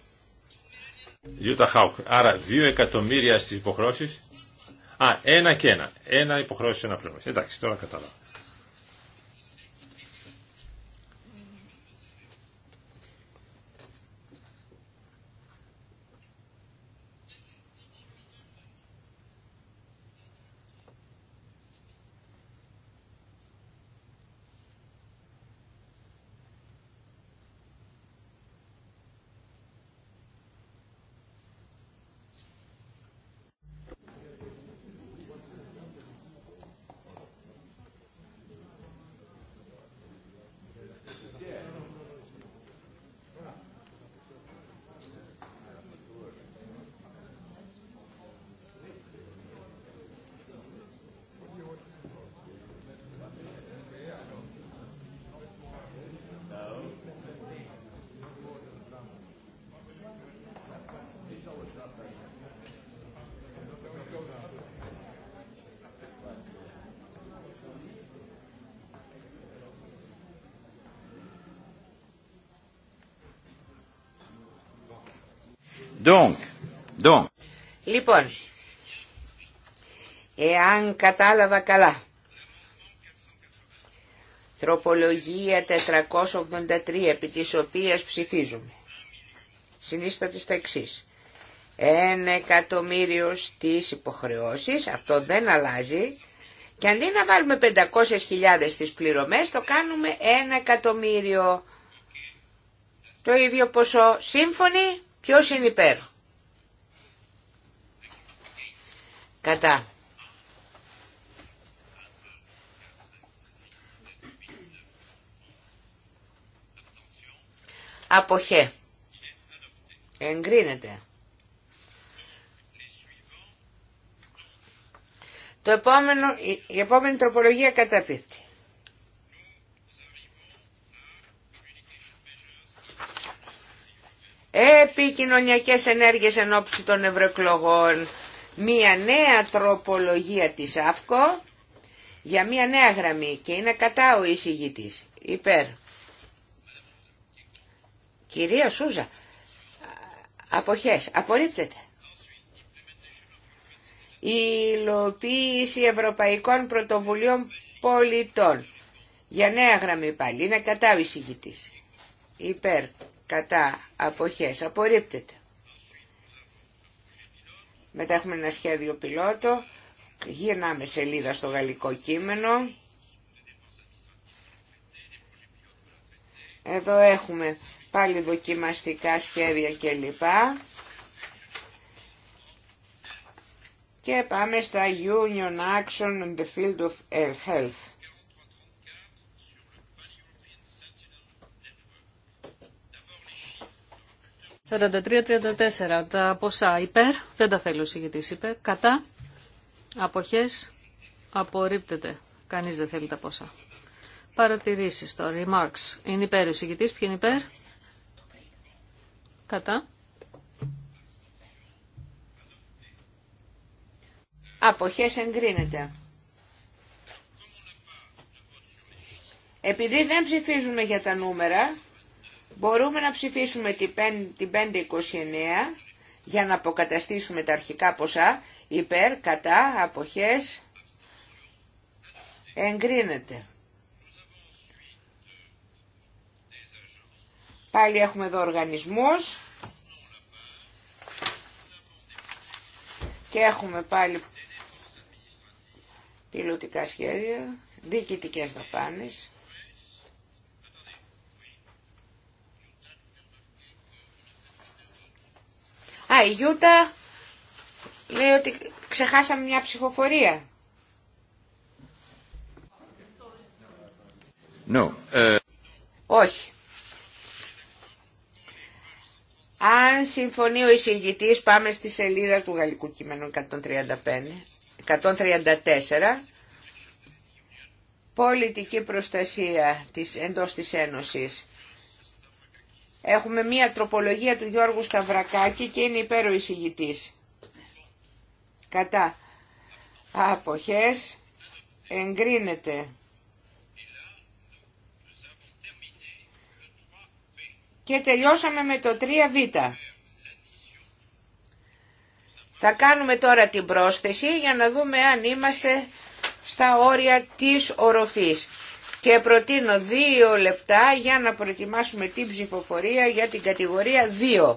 Γιούτα Χάουκ. Άρα δύο εκατομμύρια στις υποχρώσεις. Α, ένα και ένα. Ένα υποχρώσεις, ένα πλέον. Εντάξει, τώρα κατάλαβα. Λοιπόν, εάν κατάλαβα καλά, τροπολογία 483 επί της οποίας ψηφίζουμε, συνίσταται στα εξής. Ένα εκατομμύριο στις υποχρεώσεις, αυτό δεν αλλάζει, και αντί να βάλουμε 500.000 στις πληρωμές, το κάνουμε ένα εκατομμύριο. Το ίδιο ποσό. Σύμφωνοι. Ποιος είναι υπέρ. Κατά. Αποχέ. Εγκρίνεται. Το επόμενο, η επόμενη τροπολογία καταπίπτει. επικοινωνιακές ενέργειες εν ώψη των ευρωεκλογών, μία νέα τροπολογία της ΑΦΚΟ για μία νέα γραμμή και είναι κατά ο εισηγητής. Υπέρ. Κυρία Σούζα, αποχές, απορρίπτεται. Η υλοποίηση ευρωπαϊκών πρωτοβουλίων πολιτών. Για νέα γραμμή πάλι, είναι κατά ο εισηγητής. Υπέρ κατά αποχές απορρίπτεται. Μετά έχουμε ένα σχέδιο πιλότο, γυρνάμε σελίδα στο γαλλικό κείμενο. Εδώ έχουμε πάλι δοκιμαστικά σχέδια κλπ. Και πάμε στα Union Action in the Field of Health. 43-34 τα ποσά υπέρ, δεν τα θέλει ο είπε; υπέρ, κατά, αποχέ. απορρίπτεται. Κανεί δεν θέλει τα ποσά. Παρατηρήσει τώρα, remarks. Είναι υπέρ ο συγητής, ποιο είναι υπέρ, κατά. Αποχέ εγκρίνεται. Επειδή δεν ψηφίζουμε για τα νούμερα, Μπορούμε να ψηφίσουμε την 529 για να αποκαταστήσουμε τα αρχικά ποσά υπέρ, κατά, αποχές, εγκρίνεται. Πάλι έχουμε εδώ οργανισμός και έχουμε πάλι πιλωτικά σχέδια, διοικητικές δαπάνες. η Γιούτα λέει ότι ξεχάσαμε μια ψηφοφορία. No. Ε, Όχι. Αν συμφωνεί ο εισηγητής, πάμε στη σελίδα του γαλλικού κείμενου 135, 134, πολιτική προστασία της, εντός της Ένωσης Έχουμε μία τροπολογία του Γιώργου Σταυρακάκη και είναι υπέρο Κατά. Αποχές. Εγκρίνεται. Και τελειώσαμε με το 3β. Θα κάνουμε τώρα την πρόσθεση για να δούμε αν είμαστε στα όρια της οροφής και προτείνω δύο λεπτά για να προετοιμάσουμε την ψηφοφορία για την κατηγορία 2.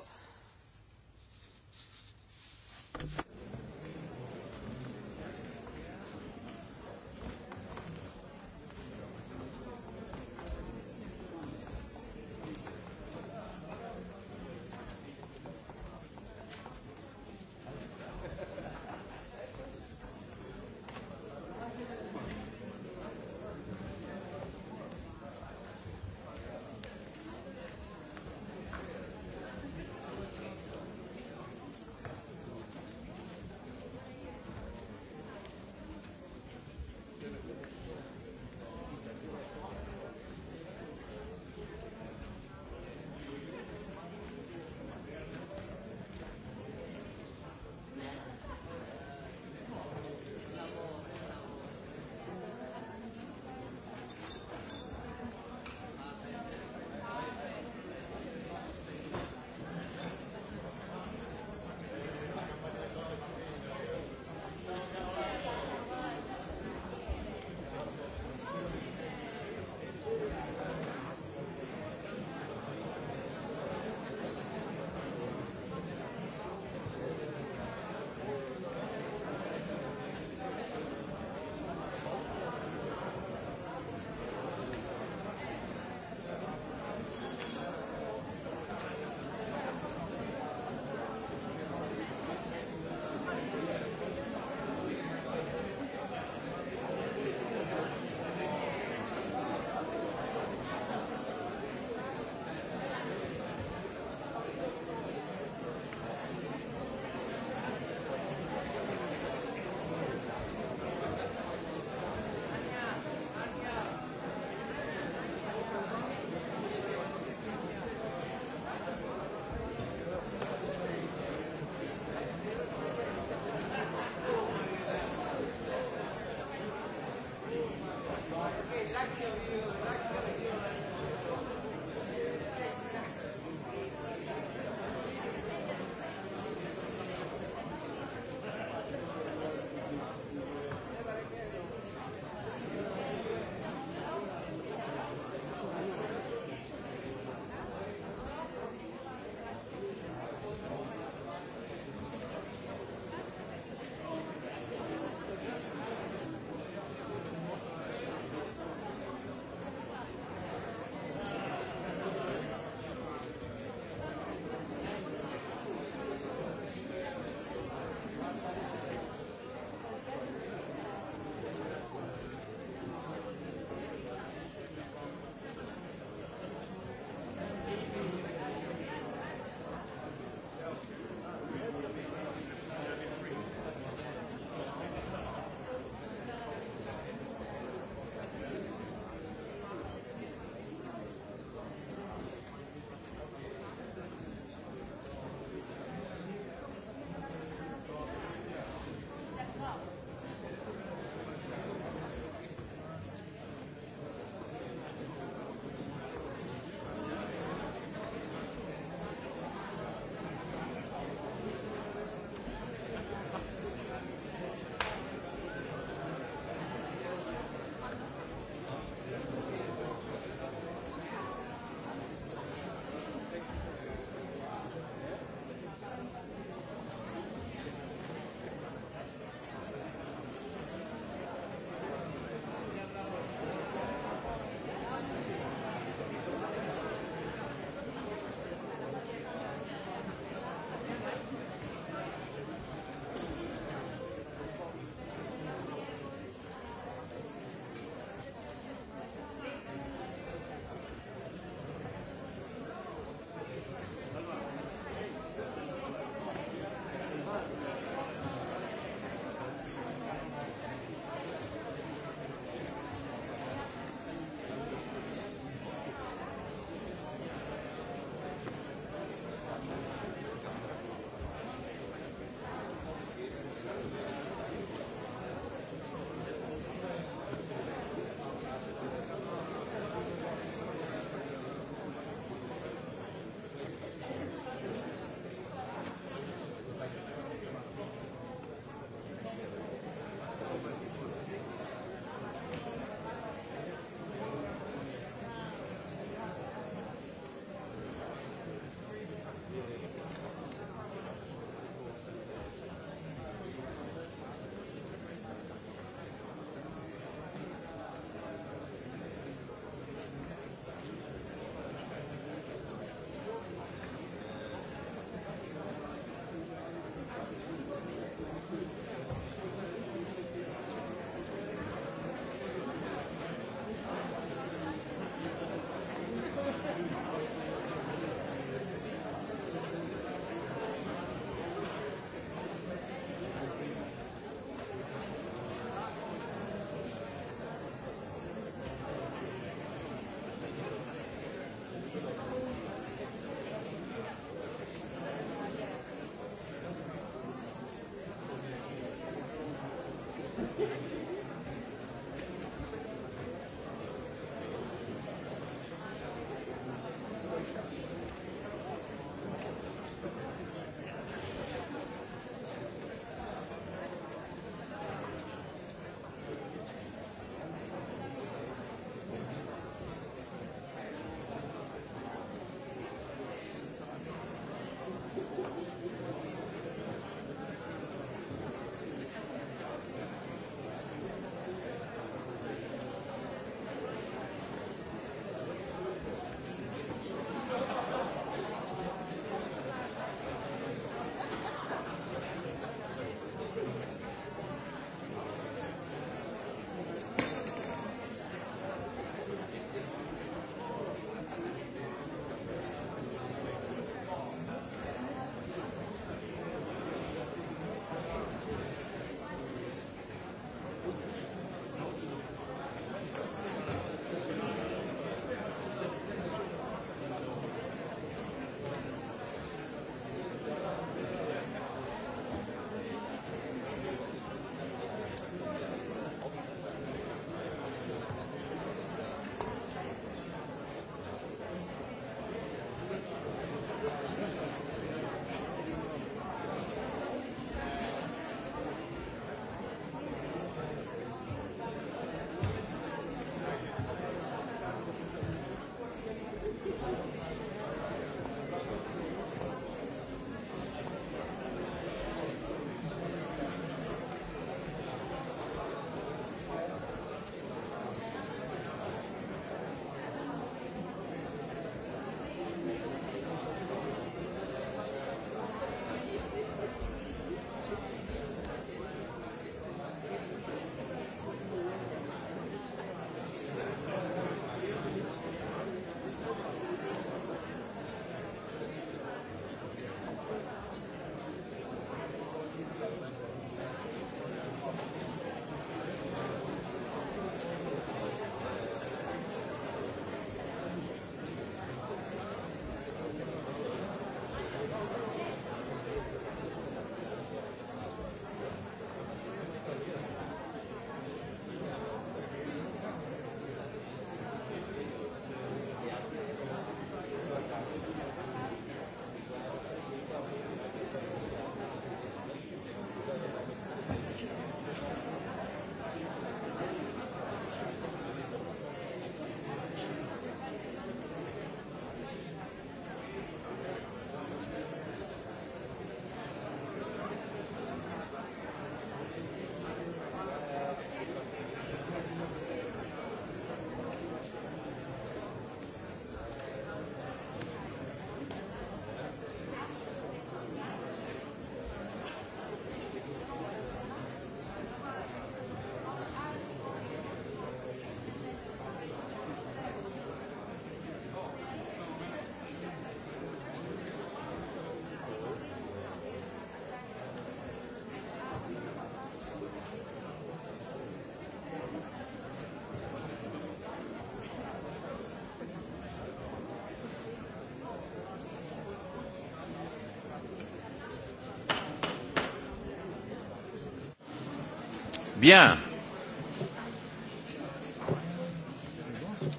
Bien.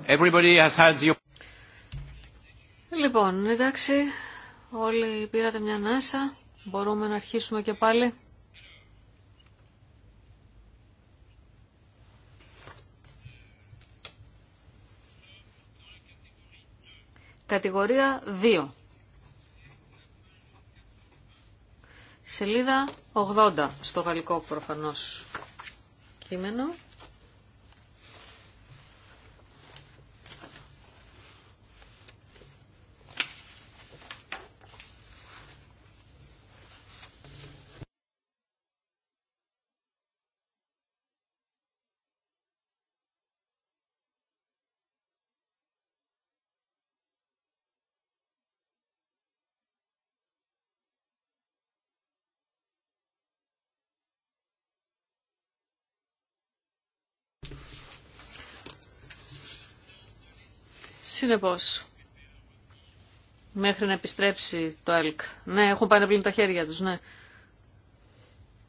Everybody has had Λοιπόν, εντάξει, όλοι πήρατε μια ανάσα. Μπορούμε να αρχίσουμε και πάλι. Κατηγορία 2. Σελίδα 80, στο γαλλικό προφανώς αντικείμενο. Συνεπώς, μέχρι να επιστρέψει το ΕΛΚ. Ναι, έχουν πάει να πλύνουν τα χέρια τους, ναι.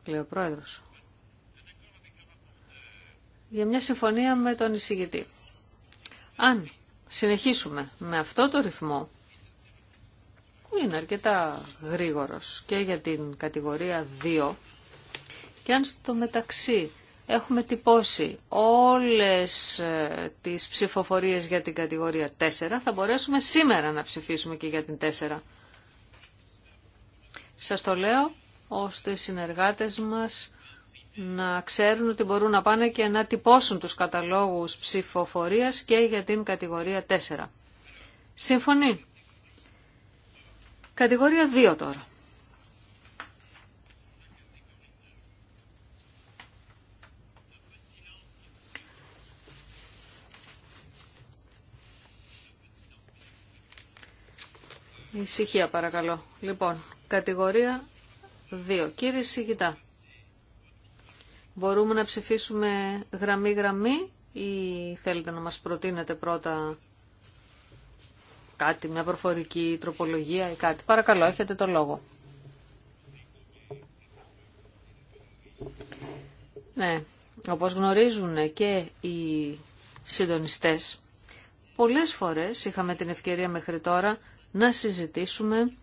Λέει ο Πρόεδρος. Για μια συμφωνία με τον εισηγητή. Αν συνεχίσουμε με αυτό το ρυθμό, που είναι αρκετά γρήγορος και για την κατηγορία 2, και αν στο μεταξύ έχουμε τυπώσει όλες ε, τις ψηφοφορίες για την κατηγορία 4. Θα μπορέσουμε σήμερα να ψηφίσουμε και για την 4. Σας το λέω ώστε οι συνεργάτες μας να ξέρουν ότι μπορούν να πάνε και να τυπώσουν τους καταλόγους ψηφοφορίας και για την κατηγορία 4. Συμφωνεί. Κατηγορία 2 τώρα. Ησυχία παρακαλώ. Λοιπόν, κατηγορία 2. Κύριε Σιγητά, μπορούμε να ψηφίσουμε γραμμή-γραμμή ή θέλετε να μας προτείνετε πρώτα κάτι, μια προφορική τροπολογία ή κάτι. Παρακαλώ, έχετε το λόγο. Ναι, όπως γνωρίζουν και οι συντονιστές, πολλές φορές είχαμε την ευκαιρία μέχρι τώρα να συζητήσουμε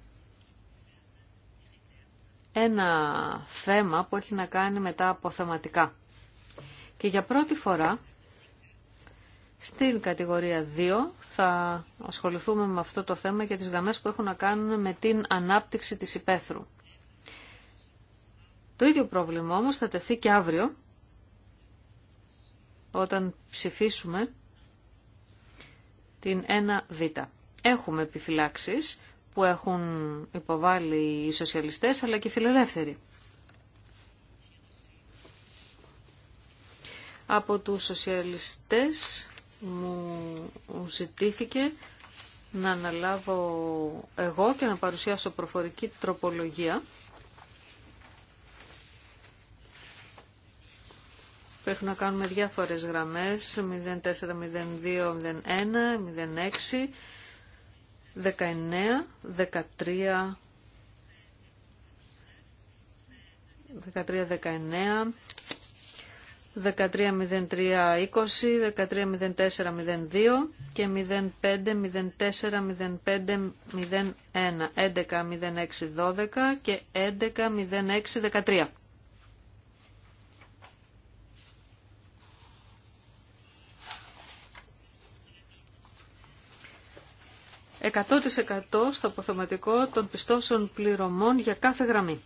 ένα θέμα που έχει να κάνει μετά τα αποθεματικά. Και για πρώτη φορά στην κατηγορία 2 θα ασχοληθούμε με αυτό το θέμα για τις γραμμές που έχουν να κάνουν με την ανάπτυξη της υπαίθρου. Το ίδιο πρόβλημα όμως θα τεθεί και αύριο όταν ψηφίσουμε την 1β. Έχουμε επιφυλάξεις που έχουν υποβάλει οι σοσιαλιστές αλλά και οι φιλελεύθεροι. Από τους σοσιαλιστές μου ζητήθηκε να αναλάβω εγώ και να παρουσιάσω προφορική τροπολογία. Πρέπει να κάνουμε διάφορες γραμμές 04, 02, 06 19, 13, 13-19, 13-03-20, 13-04-02 και 05-04-05-01, 11-06-12 και 11-06-13. 100% στο αποθεματικό των πιστώσεων πληρωμών για κάθε γραμμή.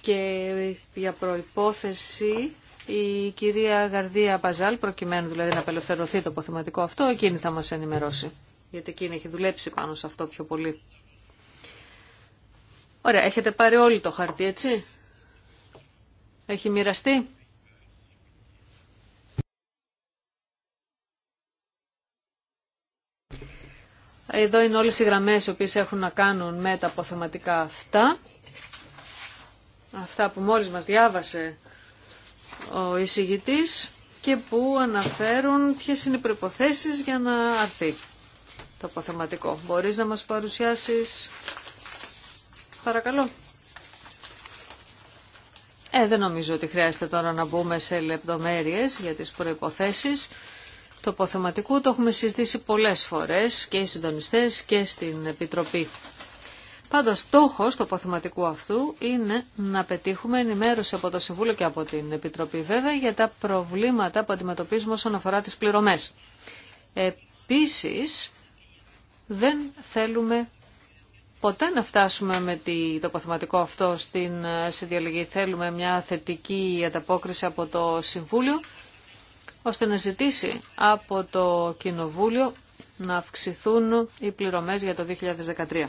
Και για προϋπόθεση η κυρία Γαρδία Μπαζάλ, προκειμένου δηλαδή να απελευθερωθεί το αποθεματικό αυτό, εκείνη θα μας ενημερώσει. Γιατί εκείνη έχει δουλέψει πάνω σε αυτό πιο πολύ. Ωραία, έχετε πάρει όλοι το χαρτί, έτσι. Έχει μοιραστεί. Εδώ είναι όλες οι γραμμές οι οποίες έχουν να κάνουν με τα αποθεματικά αυτά. Αυτά που μόλις μας διάβασε ο εισηγητής και που αναφέρουν ποιες είναι οι προϋποθέσεις για να αρθεί το αποθεματικό. Μπορείς να μας παρουσιάσεις, παρακαλώ. Ε, δεν νομίζω ότι χρειάζεται τώρα να μπούμε σε λεπτομέρειες για τις προϋποθέσεις. Το το έχουμε συζητήσει πολλές φορές και οι συντονιστές και στην Επιτροπή. Πάντως στόχος του αποθεματικού αυτού είναι να πετύχουμε ενημέρωση από το Συμβούλιο και από την Επιτροπή βέβαια για τα προβλήματα που αντιμετωπίζουμε όσον αφορά τις πληρωμές. Επίσης δεν θέλουμε ποτέ να φτάσουμε με το αποθεματικό αυτό στην ε, συνδιαλογή. Θέλουμε μια θετική ανταπόκριση από το Συμβούλιο ώστε να ζητήσει από το Κοινοβούλιο να αυξηθούν οι πληρωμές για το 2013.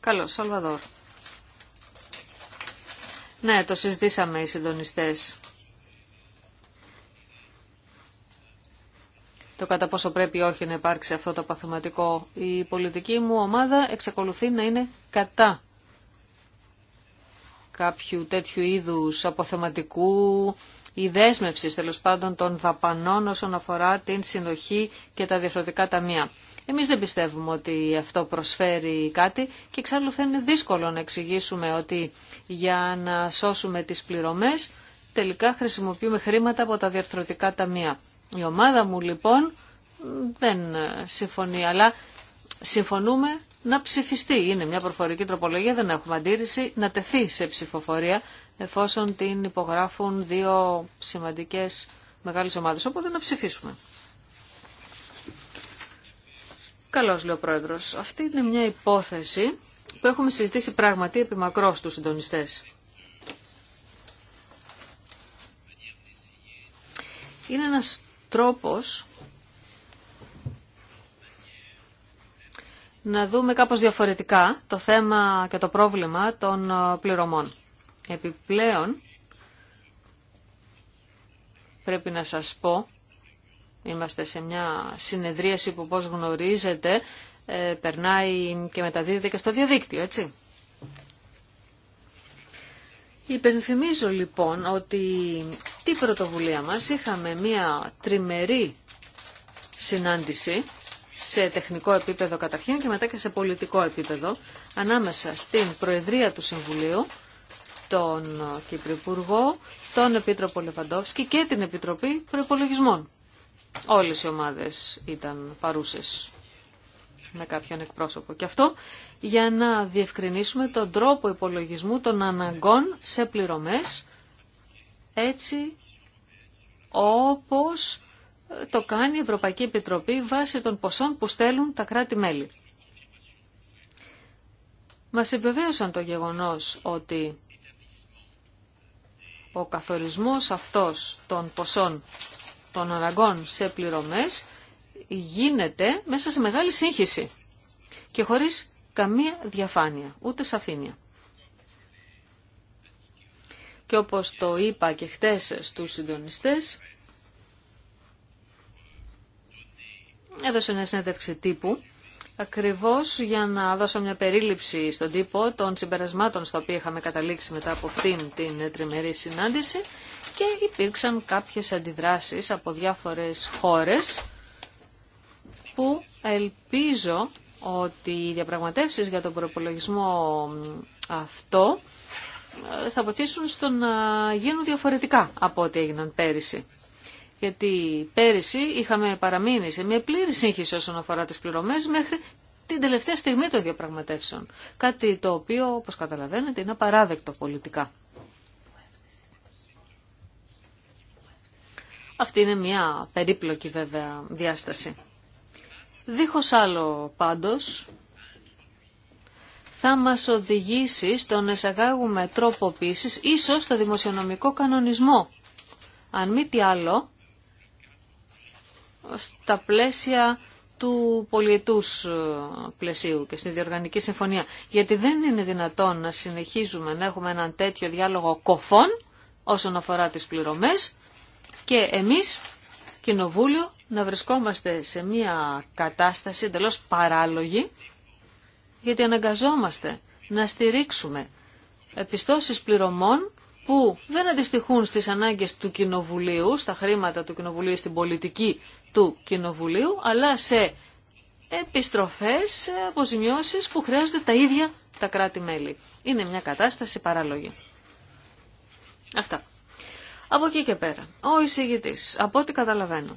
Καλώς, Σαλβαδόρ. Ναι, το συζητήσαμε οι συντονιστές. Το κατά πόσο πρέπει όχι να υπάρξει αυτό το παθηματικό. Η πολιτική μου ομάδα εξακολουθεί να είναι κατά κάποιου τέτοιου είδους αποθεματικού ή δέσμευση τέλο πάντων των δαπανών όσον αφορά την συνοχή και τα διαφορετικά ταμεία. Εμείς δεν πιστεύουμε ότι αυτό προσφέρει κάτι και εξάλλου θα είναι δύσκολο να εξηγήσουμε ότι για να σώσουμε τις πληρωμές τελικά χρησιμοποιούμε χρήματα από τα διαρθρωτικά ταμεία. Η ομάδα μου λοιπόν δεν συμφωνεί, αλλά συμφωνούμε να ψηφιστεί. Είναι μια προφορική τροπολογία, δεν έχουμε αντίρρηση, να τεθεί σε ψηφοφορία εφόσον την υπογράφουν δύο σημαντικές μεγάλες ομάδες. Οπότε να ψηφίσουμε. Καλώς, λέει ο Πρόεδρος. Αυτή είναι μια υπόθεση που έχουμε συζητήσει πράγματι επί μακρός τους συντονιστές. Είναι ένας τρόπος να δούμε κάπως διαφορετικά το θέμα και το πρόβλημα των ε, πληρωμών. Επιπλέον, πρέπει να σας πω, είμαστε σε μια συνεδρίαση που πώς γνωρίζετε, ε, περνάει και μεταδίδεται και στο διαδίκτυο, έτσι. Υπενθυμίζω λοιπόν ότι την πρωτοβουλία μας είχαμε μια τριμερή συνάντηση σε τεχνικό επίπεδο καταρχήν και μετά και σε πολιτικό επίπεδο ανάμεσα στην Προεδρία του Συμβουλίου, τον Κυπριπουργό, τον Επίτροπο Λεβαντόφσκι και την Επιτροπή Προπολογισμών. Όλες οι ομάδες ήταν παρούσες με κάποιον εκπρόσωπο. Και αυτό για να διευκρινίσουμε τον τρόπο υπολογισμού των αναγκών σε πληρωμές έτσι όπως το κάνει η Ευρωπαϊκή Επιτροπή βάσει των ποσών που στέλνουν τα κράτη-μέλη. Μας επιβεβαίωσαν το γεγονός ότι ο καθορισμός αυτός των ποσών των αναγκών σε πληρωμές γίνεται μέσα σε μεγάλη σύγχυση και χωρίς καμία διαφάνεια, ούτε σαφήνεια. Και όπως το είπα και χτες στους συντονιστές, έδωσε μια συνέντευξη τύπου ακριβώς για να δώσω μια περίληψη στον τύπο των συμπερασμάτων στα οποία είχαμε καταλήξει μετά από αυτήν την τριμερή συνάντηση και υπήρξαν κάποιες αντιδράσεις από διάφορες χώρες που ελπίζω ότι οι διαπραγματεύσεις για τον προπολογισμό αυτό ε, θα βοηθήσουν στο να γίνουν διαφορετικά από ό,τι έγιναν πέρυσι γιατί πέρυσι είχαμε παραμείνει σε μια πλήρη σύγχυση όσον αφορά τις πληρωμές μέχρι την τελευταία στιγμή των διαπραγματεύσεων. Κάτι το οποίο, όπως καταλαβαίνετε, είναι απαράδεκτο πολιτικά. Αυτή είναι μια περίπλοκη βέβαια διάσταση. Δίχως άλλο πάντως, θα μας οδηγήσει στο να εισαγάγουμε τρόπο ίσως στο δημοσιονομικό κανονισμό. Αν μη τι άλλο, στα πλαίσια του πολιετούς ε, πλαισίου και στην διοργανική συμφωνία. Γιατί δεν είναι δυνατόν να συνεχίζουμε να έχουμε έναν τέτοιο διάλογο κοφών όσον αφορά τις πληρωμές και εμείς, Κοινοβούλιο, να βρισκόμαστε σε μια κατάσταση εντελώ παράλογη γιατί αναγκαζόμαστε να στηρίξουμε επιστώσεις πληρωμών που δεν αντιστοιχούν στις ανάγκες του Κοινοβουλίου, στα χρήματα του Κοινοβουλίου, στην πολιτική του Κοινοβουλίου, αλλά σε επιστροφές, αποζημιώσεις που χρειάζονται τα ίδια τα κράτη-μέλη. Είναι μια κατάσταση παράλογη. Αυτά. Από εκεί και πέρα. Ο εισηγητής, από ό,τι καταλαβαίνω,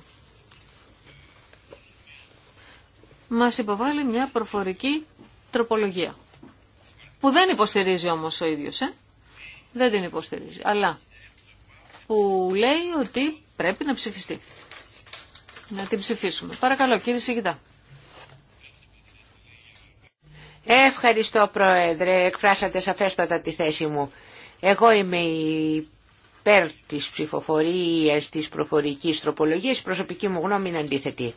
μας υποβάλλει μια προφορική τροπολογία, που δεν υποστηρίζει όμως ο ίδιος, ε? δεν την υποστηρίζει. Αλλά που λέει ότι πρέπει να ψηφιστεί. Να την ψηφίσουμε. Παρακαλώ κύριε Σιγητά. Ευχαριστώ Πρόεδρε, εκφράσατε σαφέστατα τη θέση μου. Εγώ είμαι υπέρ της ψηφοφορίας, της προφορικής τροπολογίας, η προσωπική μου γνώμη είναι αντίθετη.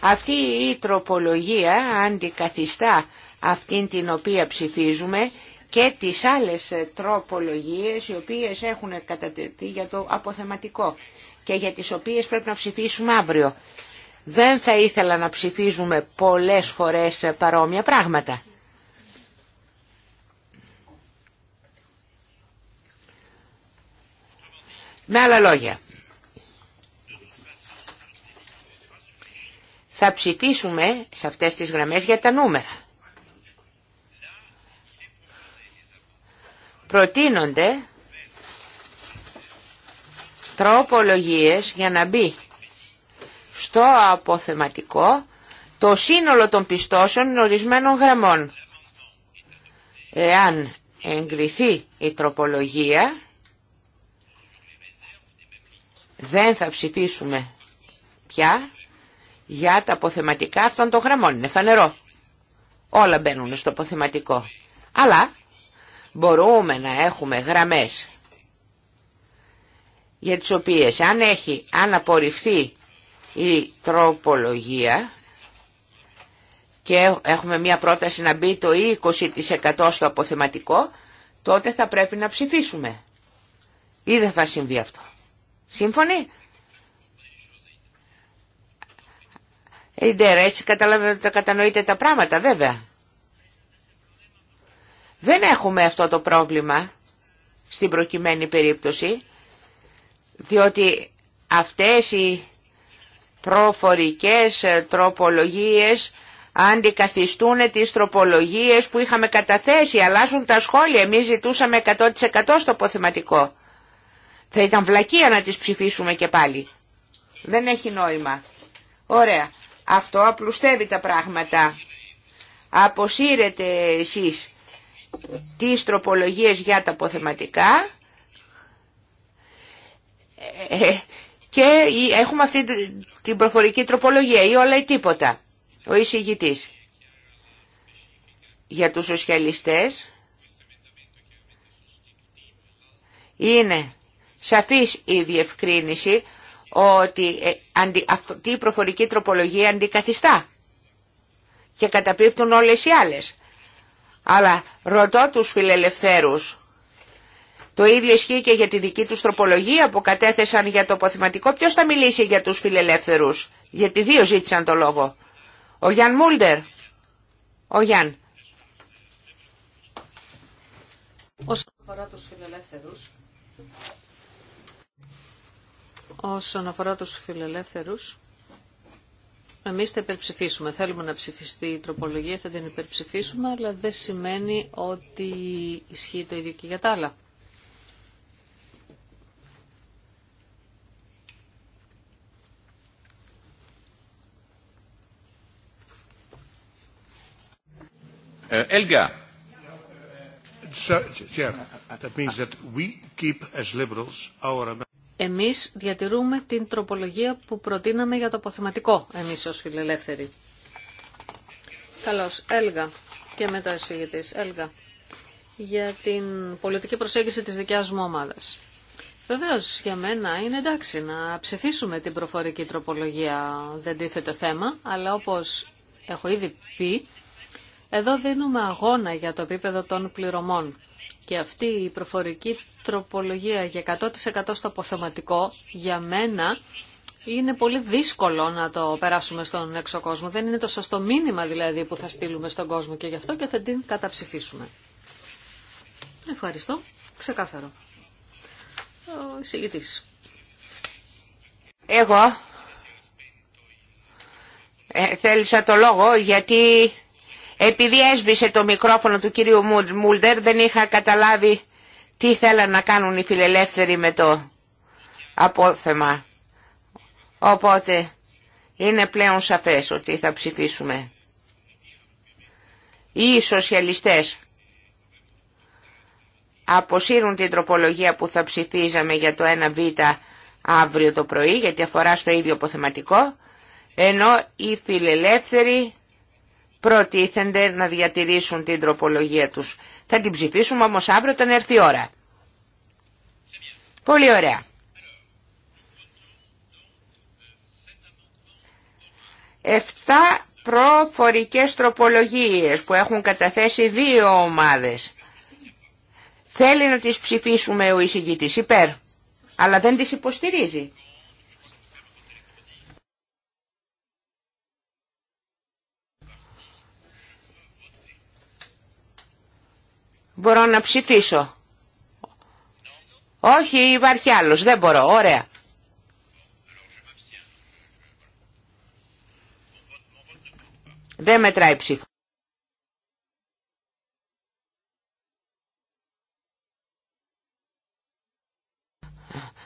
Αυτή η τροπολογία αντικαθιστά αυτήν την οποία ψηφίζουμε και τις άλλες τροπολογίες οι οποίες έχουν κατατεθεί για το αποθεματικό και για τις οποίες πρέπει να ψηφίσουμε αύριο. Δεν θα ήθελα να ψηφίζουμε πολλές φορές παρόμοια πράγματα. Με άλλα λόγια, θα ψηφίσουμε σε αυτές τις γραμμές για τα νούμερα. προτείνονται τροπολογίες για να μπει στο αποθεματικό το σύνολο των πιστώσεων ορισμένων γραμμών. Εάν εγκριθεί η τροπολογία, δεν θα ψηφίσουμε πια για τα αποθεματικά αυτών των γραμμών. Είναι φανερό. Όλα μπαίνουν στο αποθεματικό. Αλλά μπορούμε να έχουμε γραμμές για τις οποίες αν έχει αν απορριφθεί η τροπολογία και έχουμε μια πρόταση να μπει το 20% στο αποθεματικό, τότε θα πρέπει να ψηφίσουμε. Ή δεν θα συμβεί αυτό. Σύμφωνοι? Ε, Ιντερ, έτσι καταλαβαίνετε, κατανοείτε τα πράγματα βέβαια. Δεν έχουμε αυτό το πρόβλημα στην προκειμένη περίπτωση, διότι αυτές οι προφορικές ε, τροπολογίες αντικαθιστούν τις τροπολογίες που είχαμε καταθέσει, αλλάζουν τα σχόλια, εμείς ζητούσαμε 100% στο ποθηματικό. Θα ήταν βλακεία να τις ψηφίσουμε και πάλι. Δεν έχει νόημα. Ωραία. Αυτό απλουστεύει τα πράγματα. Αποσύρετε εσείς τις τροπολογίες για τα αποθεματικά ε, ε, και έχουμε αυτή την προφορική τροπολογία ή όλα ή τίποτα. Ο εισηγητής για τους σοσιαλιστές είναι σαφής η διευκρίνηση ότι ε, αυτή η προφορική τροπολογία αντικαθιστά και καταπίπτουν όλες οι άλλες. Αλλά ρωτώ τους φιλελευθέρους, το ίδιο ισχύει και για τη δική τους τροπολογία που κατέθεσαν για το αποθυματικό. Ποιος θα μιλήσει για τους φιλελεύθερους, γιατί δύο ζήτησαν το λόγο. Ο Γιάν Μούλτερ. Ο Γιάν. Όσον αφορά τους φιλελεύθερους, όσον αφορά τους φιλελεύθερους, εμείς θα υπερψηφίσουμε. Θέλουμε να ψηφιστεί η τροπολογία, θα την υπερψηφίσουμε, αλλά δεν σημαίνει ότι ισχύει το ίδιο και για τα άλλα. Ε, that means that we keep as liberals our εμείς διατηρούμε την τροπολογία που προτείναμε για το αποθεματικό, εμείς ως φιλελεύθεροι. Καλώς, Έλγα και μετά εισηγητής, Έλγα, για την πολιτική προσέγγιση της δικιάς μου ομάδας. Βεβαίω για μένα είναι εντάξει να ψηφίσουμε την προφορική τροπολογία, δεν τίθεται θέμα, αλλά όπως έχω ήδη πει, εδώ δίνουμε αγώνα για το επίπεδο των πληρωμών. Και αυτή η προφορική τροπολογία για 100% στο αποθεματικό για μένα είναι πολύ δύσκολο να το περάσουμε στον έξω κόσμο. Δεν είναι το σωστό μήνυμα δηλαδή που θα στείλουμε στον κόσμο και γι' αυτό και θα την καταψηφίσουμε. Ευχαριστώ. Ξεκάθαρο. Ο εισηγητής. Εγώ ε, θέλησα το λόγο γιατί επειδή έσβησε το μικρόφωνο του κύριου Μούλτερ δεν είχα καταλάβει τι θέλαν να κάνουν οι φιλελεύθεροι με το απόθεμα. Οπότε είναι πλέον σαφές ότι θα ψηφίσουμε. Οι σοσιαλιστές αποσύρουν την τροπολογία που θα ψηφίζαμε για το 1β αύριο το πρωί, γιατί αφορά στο ίδιο αποθεματικό, ενώ οι φιλελεύθεροι προτίθενται να διατηρήσουν την τροπολογία τους. Θα την ψηφίσουμε όμως αύριο όταν έρθει η ώρα. Πολύ ωραία. Εφτά προφορικές τροπολογίες που έχουν καταθέσει δύο ομάδες. Θέλει να τις ψηφίσουμε ο εισηγητής υπέρ, αλλά δεν τις υποστηρίζει. Μπορώ να ψηφίσω. Όχι, υπάρχει άλλος. Δεν μπορώ. Ωραία. Δεν μετράει ψήφο.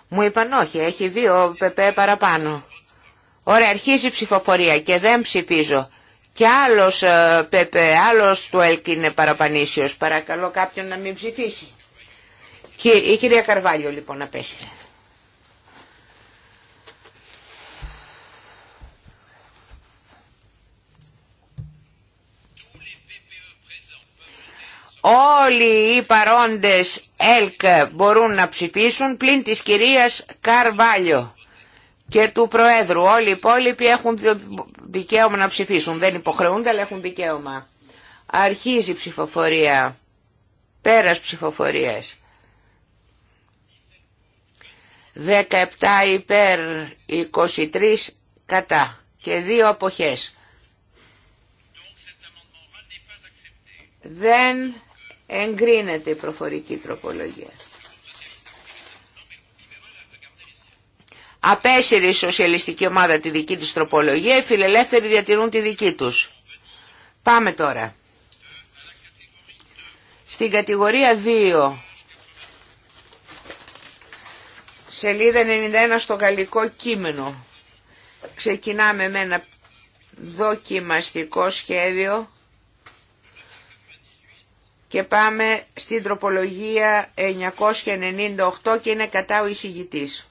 Μου είπαν όχι, έχει δύο πεπέ παραπάνω. Ωραία, αρχίζει η ψηφοφορία και δεν ψηφίζω. Και άλλος ε, Πέπε, άλλος του ΕΛΚ είναι παραπανήσιος. Παρακαλώ κάποιον να μην ψηφίσει. Η κυρία Καρβάλιο λοιπόν απέσυρε. Όλοι οι παρόντες ΕΛΚ μπορούν να ψηφίσουν πλην της κυρίας Καρβάλιο και του Προέδρου. Όλοι οι υπόλοιποι έχουν δικαίωμα να ψηφίσουν. Δεν υποχρεούνται, αλλά έχουν δικαίωμα. Αρχίζει η ψηφοφορία. Πέρας ψηφοφορίες. 17 υπέρ 23 κατά και δύο αποχές. Δεν εγκρίνεται η προφορική τροπολογία. Απέσυρε η σοσιαλιστική ομάδα τη δική της τροπολογία, οι φιλελεύθεροι διατηρούν τη δική τους. Πάμε τώρα. Στην κατηγορία 2, σελίδα 91 στο γαλλικό κείμενο, ξεκινάμε με ένα δοκιμαστικό σχέδιο και πάμε στην τροπολογία 998 και είναι κατά ο εισηγητής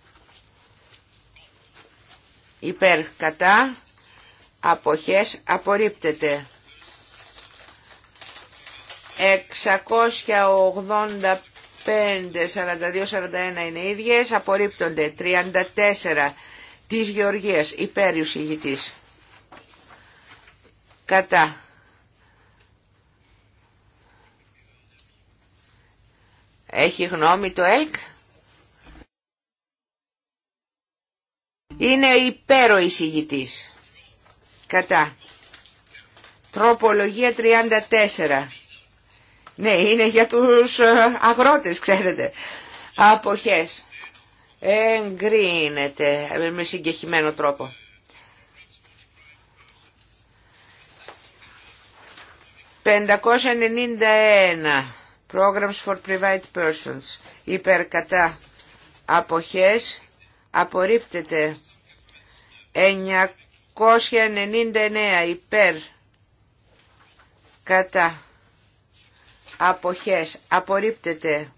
υπέρ κατά αποχές απορρίπτεται 685 42-41 είναι ίδιες απορρίπτονται 34 της Γεωργίας υπέρ ηγητής κατά έχει γνώμη το ΕΛΚ Είναι υπέρο εισηγητής. Κατά. Τροπολογία 34. Ναι, είναι για τους ε, αγρότες, ξέρετε. Αποχές. Εγκρίνεται με συγκεχημένο τρόπο. «591 Programs for Private Persons» υπερκατά αποχές απορρίπτεται 999 υπέρ κατά αποχές απορρίπτεται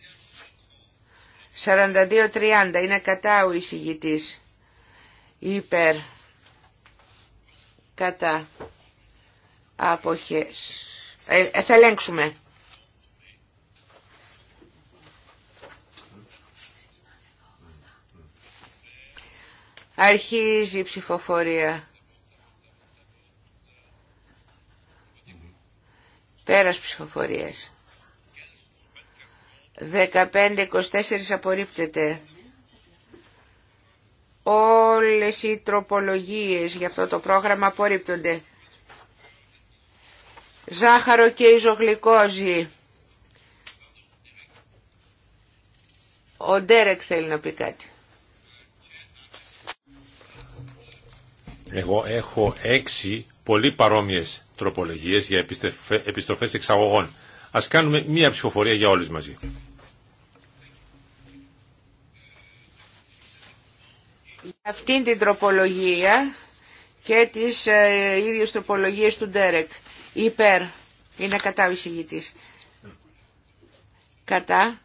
42-30 είναι κατά ο εισηγητής υπέρ κατά αποχές ε, ε θα ελέγξουμε Αρχίζει η ψηφοφορία. Πέρας ψηφοφορίας. 15-24 απορρίπτεται. Όλες οι τροπολογίες για αυτό το πρόγραμμα απορρίπτονται. Ζάχαρο και ιζογλυκόζι. Ο Ντέρεκ θέλει να πει κάτι. Εγώ έχω έξι πολύ παρόμοιε τροπολογίες για επιστροφές εξαγωγών. Ας κάνουμε μία ψηφοφορία για όλες μαζί. Αυτήν την τροπολογία και τις ε, ίδιες τροπολογίες του Ντέρεκ. Υπέρ. Είναι κατά ο εισηγητής. Κατά.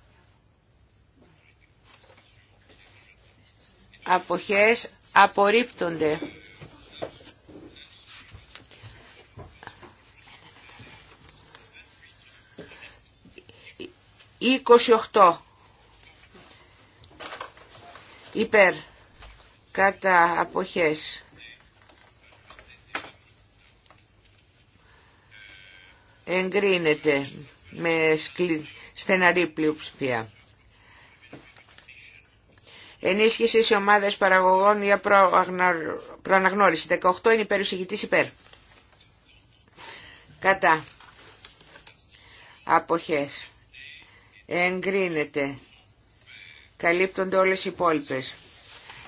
Αποχές απορρίπτονται. 28 υπέρ κατά αποχές εγκρίνεται με σκλη... στεναρή πλειοψηφία. Ενίσχυση σε ομάδες παραγωγών για προ... προαναγνώριση. 18 είναι υπερουσυγητής υπέρ. Κατά. Αποχές εγκρίνεται. Καλύπτονται όλες οι υπόλοιπες.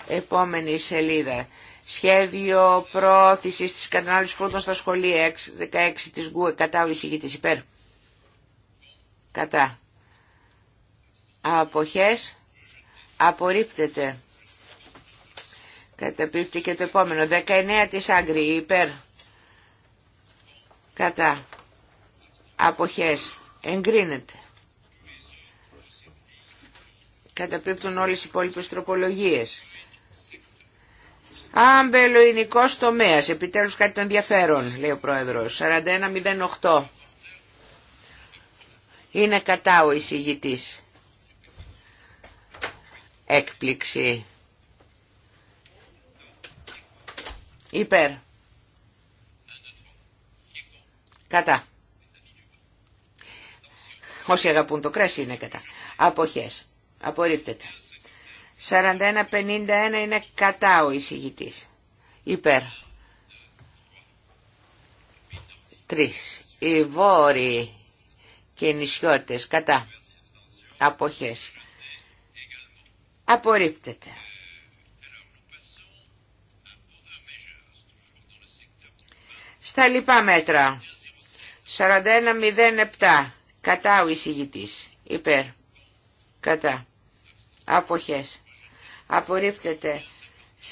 Επόμενη σελίδα. Σχέδιο πρόθεσης της κατανάλωσης φρούτων στα σχολεία 16 της ΓΚΟΕ κατά ο εισηγητής υπέρ. Κατά. Αποχές απορρίπτεται. Καταπίπτει και το επόμενο. 19 της Άγκρη υπέρ. Κατά. Αποχές εγκρίνεται. Καταπίπτουν όλες οι υπόλοιπες τροπολογίες. Αμπελοϊνικό τομέας. Επιτέλους κάτι το ενδιαφέρον, λέει ο πρόεδρος. 4108. Είναι κατά ο εισηγητής. Έκπληξη. Υπέρ. Κατά. Όσοι αγαπούν το κρέας είναι κατά. Αποχές απορριπτεται 4151 είναι κατά ο εισηγητής. Υπέρ. Τρεις. Οι βόρειοι και οι νησιώτες κατά. Αποχές. Απορρίπτεται. Στα λοιπά μέτρα. 41-07. Κατά ο εισηγητής. Υπέρ. Κατά αποχές. Απορρίπτεται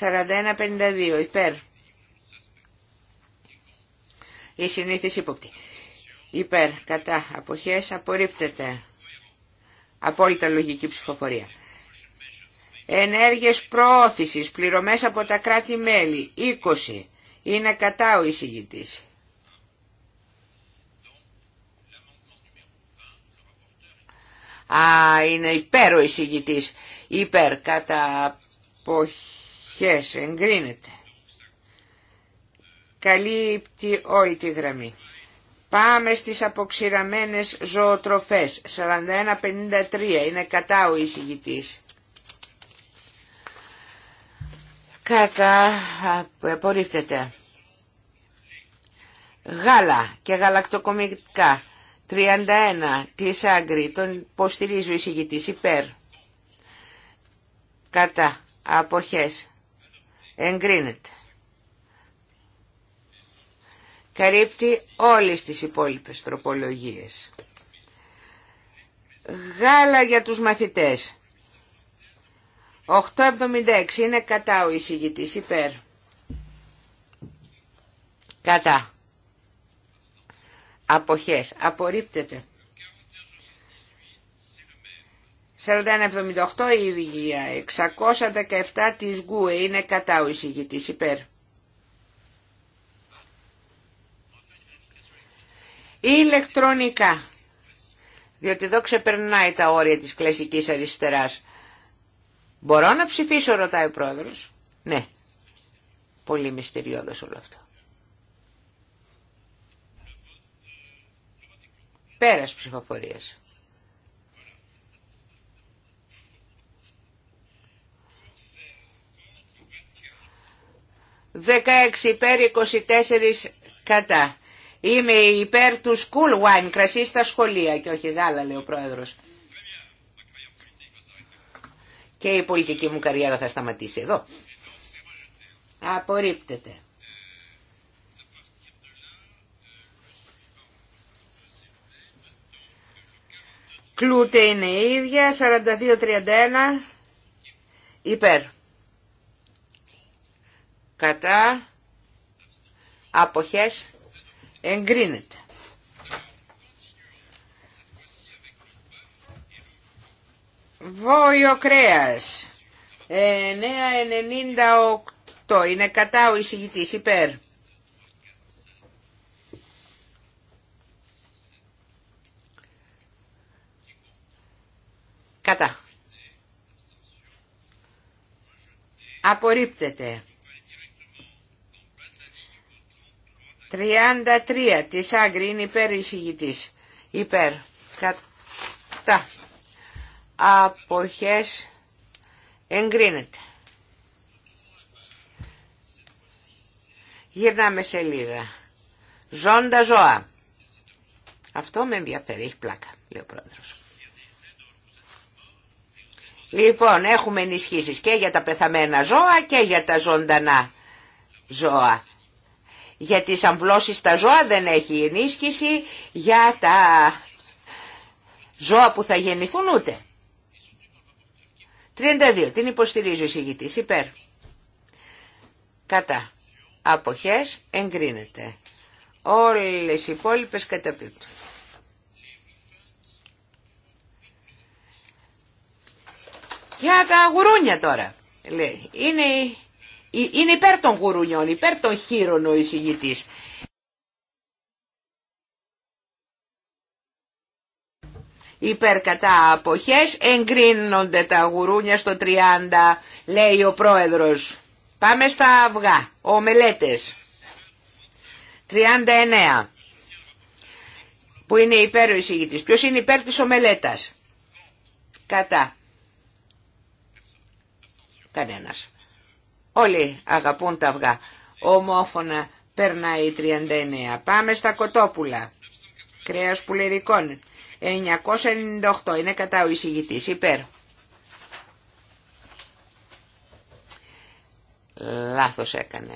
41-52 υπέρ. Η συνήθιση ύποπτη. Υπέρ, κατά, αποχές, απορρίπτεται. Απόλυτα λογική ψηφοφορία. Ενέργειες προώθησης, πληρωμές από τα κράτη-μέλη, 20. Είναι κατά ο εισηγητής. Α, είναι υπέρ ο εισηγητής. Υπέρ, κατά ποχές εγκρίνεται. Καλύπτει όλη τη γραμμή. Πάμε στις αποξηραμένες ζωοτροφές. 41-53 είναι κατά ο εισηγητής. Κατά, απορρίπτεται. Γάλα και γαλακτοκομικά. 31 της Άγκρη, τον υποστηρίζει ο εισηγητής υπέρ. Κατά. Αποχές. Εγκρίνεται. Καρύπτει όλες τις υπόλοιπες τροπολογίες. Γάλα για τους μαθητές. 876 είναι κατά ο εισηγητής υπέρ. Κατά. Αποχές. Απορρίπτεται. 4178 η Υγεία. 617 της ΓΟΥΕ, Είναι κατά ο εισηγητής. Υπέρ. Ηλεκτρονικά. Διότι εδώ ξεπερνάει τα όρια της κλασικής αριστεράς. Μπορώ να ψηφίσω ρωτάει ο πρόεδρος. Ναι. Πολύ μυστηριώδες όλο αυτό. Πέρας ψηφοφορίας. 16 υπέρ 24 κατά. Είμαι υπέρ του school wine, κρασί στα σχολεία και όχι γάλα λέει ο πρόεδρος. Και η πολιτική μου καριέρα θα σταματήσει εδώ. Απορρίπτεται. Κλούτε είναι η ίδια, 42-31 υπέρ. Κατά αποχές εγκρίνεται. Βόλιο κρέας. 9-98, ε, είναι κατά ο εισηγητής υπέρ. Κατά. Απορρίπτεται. 33 της Άγκρη είναι υπέρ εισηγητής. Υπέρ. Κατά. Αποχές εγκρίνεται. Γυρνάμε σελίδα. Ζώντα ζώα. Αυτό με ενδιαφέρει, έχει πλάκα, λέει ο πρόεδρος. Λοιπόν, έχουμε ενισχύσεις και για τα πεθαμένα ζώα και για τα ζωντανά ζώα. Για τις αμβλώσεις τα ζώα δεν έχει ενίσχυση, για τα ζώα που θα γεννηθούν ούτε. 32. Την υποστηρίζει ο εισηγητής. Υπέρ. Κατά. Αποχές εγκρίνεται. Όλες οι υπόλοιπες καταπίπτουν. Για τα γουρούνια τώρα, λέει. Είναι, είναι υπέρ των γουρούνιων, υπέρ των χείρων ο εισηγητής. Υπέρ κατά αποχές εγκρίνονται τα γουρούνια στο 30, λέει ο πρόεδρος. Πάμε στα αυγά, ο μελέτες. 39 που είναι υπέρ ο εισηγητής. Ποιος είναι υπέρ της ομελέτας. Κατά. Κανένας. Όλοι αγαπούν τα αυγά. Ομόφωνα περνάει η 39. Πάμε στα κοτόπουλα. Κρέας πουλερικών. 998 είναι κατά ο εισηγητής. Υπέρ. Λάθος έκανε.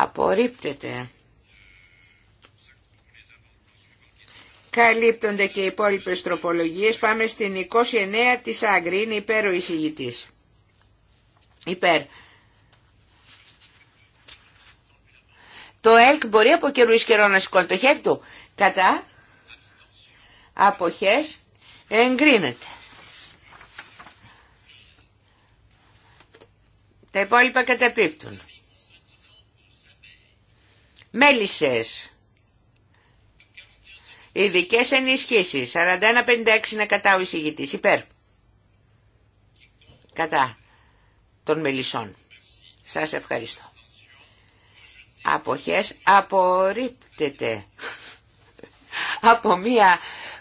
απορρίπτεται. Καλύπτονται και οι υπόλοιπε τροπολογίε. Πάμε στην 29 της Άγκρη. Είναι υπέρ ο εισηγητή. Υπέρ. Το ΕΛΚ μπορεί από καιρού ει καιρό να σηκώνει το χέρι του. Κατά. Αποχές. Εγκρίνεται. Τα υπόλοιπα καταπίπτουν. Μέλισσες ειδικε ενισχυσει ενισχύσεις. 41-56 είναι κατά ο εισηγητή. Υπέρ. Κατά των μελισσών. Σα ευχαριστώ. Αποχέ. απορρίπτεται. Από μία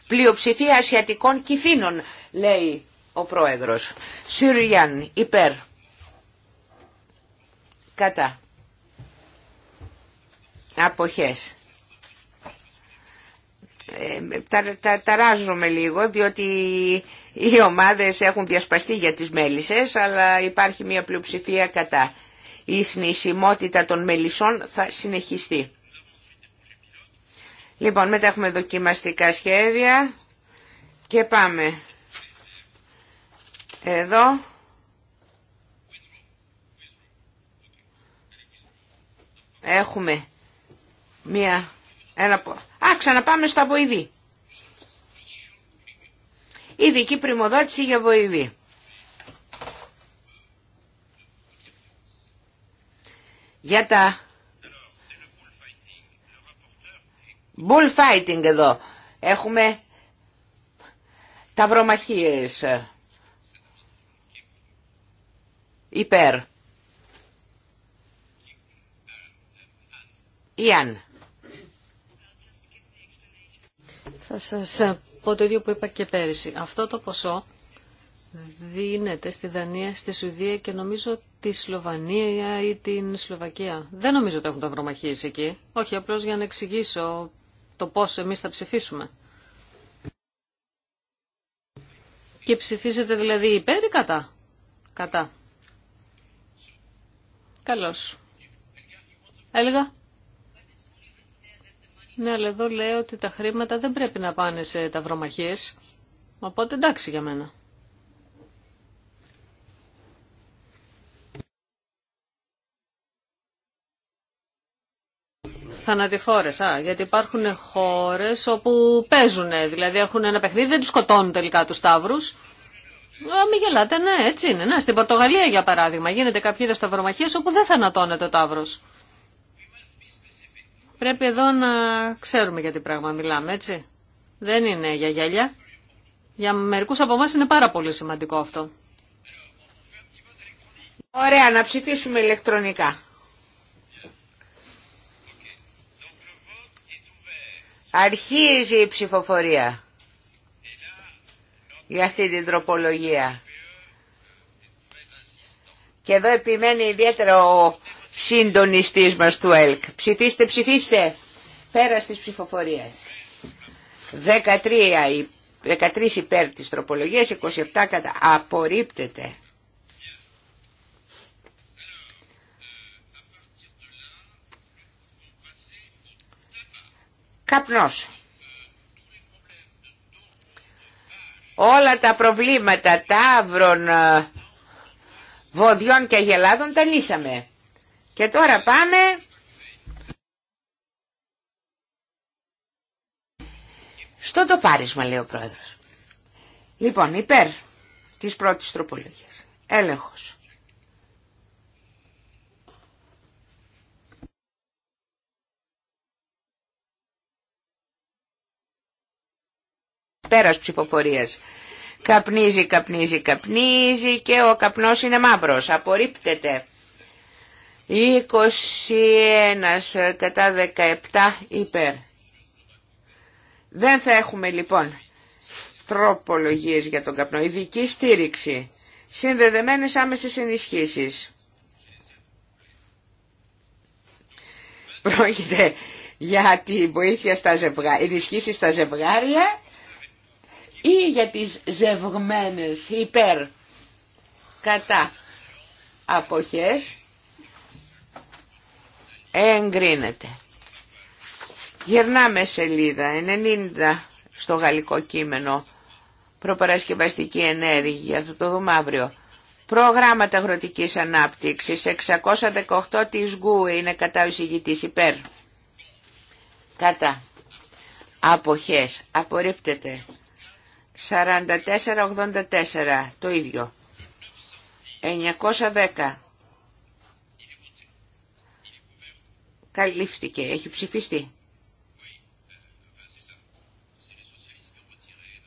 πλειοψηφία ασιατικών κυφήνων, λέει ο Πρόεδρο. Συριαν υπέρ. Κατά. Αποχές. Ε, τα, τα, λίγο διότι οι ομάδες έχουν διασπαστεί για τις μέλισσες αλλά υπάρχει μια πλειοψηφία κατά. Η θνησιμότητα των μελισσών θα συνεχιστεί. Λοιπόν, μετά έχουμε δοκιμαστικά σχέδια και πάμε εδώ. Έχουμε μία ένα... Α, ξαναπάμε στα βοηδή. Ειδική πρημοδότηση για βοηδή. Για τα bullfighting εδώ. Έχουμε ταυρομαχίες ε, υπέρ. Ιαν. Θα σας πω το ίδιο που είπα και πέρυσι. Αυτό το ποσό δίνεται στη Δανία, στη Σουηδία και νομίζω τη Σλοβανία ή την Σλοβακία. Δεν νομίζω ότι έχουν τα δρομαχίες εκεί. Όχι, απλώς για να εξηγήσω το πόσο εμείς θα ψηφίσουμε. Και ψηφίζετε δηλαδή υπέρ ή κατά. Κατά. Καλώς. Έλεγα. Ναι, αλλά εδώ λέω ότι τα χρήματα δεν πρέπει να πάνε σε ταυρομαχίες, οπότε εντάξει για μένα. θανατηφόρες. Α, γιατί υπάρχουν χώρες όπου παίζουν, δηλαδή έχουν ένα παιχνίδι, δεν τους σκοτώνουν τελικά τους τάβρους. Α, μην γελάτε, ναι, έτσι είναι. Να, στην Πορτογαλία για παράδειγμα γίνεται κάποιο είδος σταυρομαχίες όπου δεν θανατώνεται ο τάβρος. Πρέπει εδώ να ξέρουμε για τι πράγμα μιλάμε, έτσι. Δεν είναι για γυαλιά. Για μερικούς από εμάς είναι πάρα πολύ σημαντικό αυτό. Ωραία, να ψηφίσουμε ηλεκτρονικά. Αρχίζει η ψηφοφορία για αυτή την τροπολογία. Και εδώ επιμένει ιδιαίτερα ο συντονιστής μας του ΕΛΚ. Ψηφίστε, ψηφίστε. Πέρα στις ψηφοφορίες. 13, υπέρ της τροπολογίας, 27 κατά. Απορρίπτεται. Καπνός. Όλα τα προβλήματα τάβρων, ε, βοδιών και αγελάδων τα λύσαμε. Και τώρα πάμε στο τοπάρισμα λέει ο πρόεδρος. Λοιπόν, υπέρ της πρώτης τροπολογίας. Έλεγχος. Πέρας ψηφοφορίας. Καπνίζει, καπνίζει, καπνίζει και ο καπνός είναι μαύρος. Απορρίπτεται. 21 ε, κατά 17 υπέρ. Δεν θα έχουμε λοιπόν τροπολογίες για τον καπνό. Ειδική στήριξη. Συνδεδεμένες άμεσες ενισχύσεις. Πρόκειται για τη βοήθεια στα ζευγάρια, ενισχύσει στα ζευγάρια ή για τις ζευγμένες υπέρ κατά αποχές εγκρίνεται. Γυρνάμε σελίδα 90 στο γαλλικό κείμενο προπαρασκευαστική ενέργεια, θα το δούμε αύριο. Προγράμματα αγροτικής ανάπτυξης, 618 της ΓΚΟΥ είναι κατά ο υπέρ. Κατά. Αποχές. Απορρίφτεται. 4484. Το ίδιο. 910. καλύφθηκε, έχει ψηφιστεί.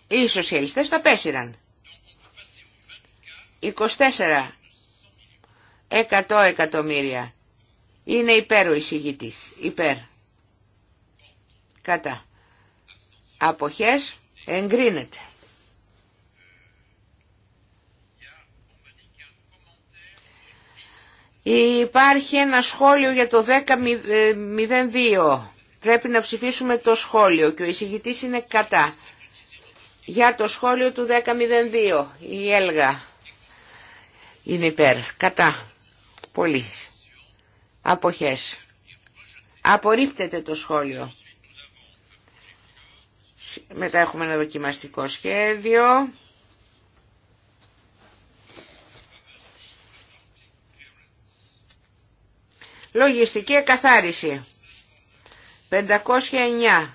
Οι σοσιαλιστές τα πέσυραν. 24 100 εκατομμύρια. Είναι υπέρ ο εισηγητής. Υπέρ. Κατά. Αποχές εγκρίνεται. Υπάρχει ένα σχόλιο για το 10.02. Ε, Πρέπει να ψηφίσουμε το σχόλιο και ο εισηγητής είναι κατά. Για το σχόλιο του 10.02 η Έλγα είναι υπέρ. Κατά. Πολύ. Αποχές. Απορρίπτεται το σχόλιο. Μετά έχουμε ένα δοκιμαστικό σχέδιο. Λογιστική εκαθάριση. 509.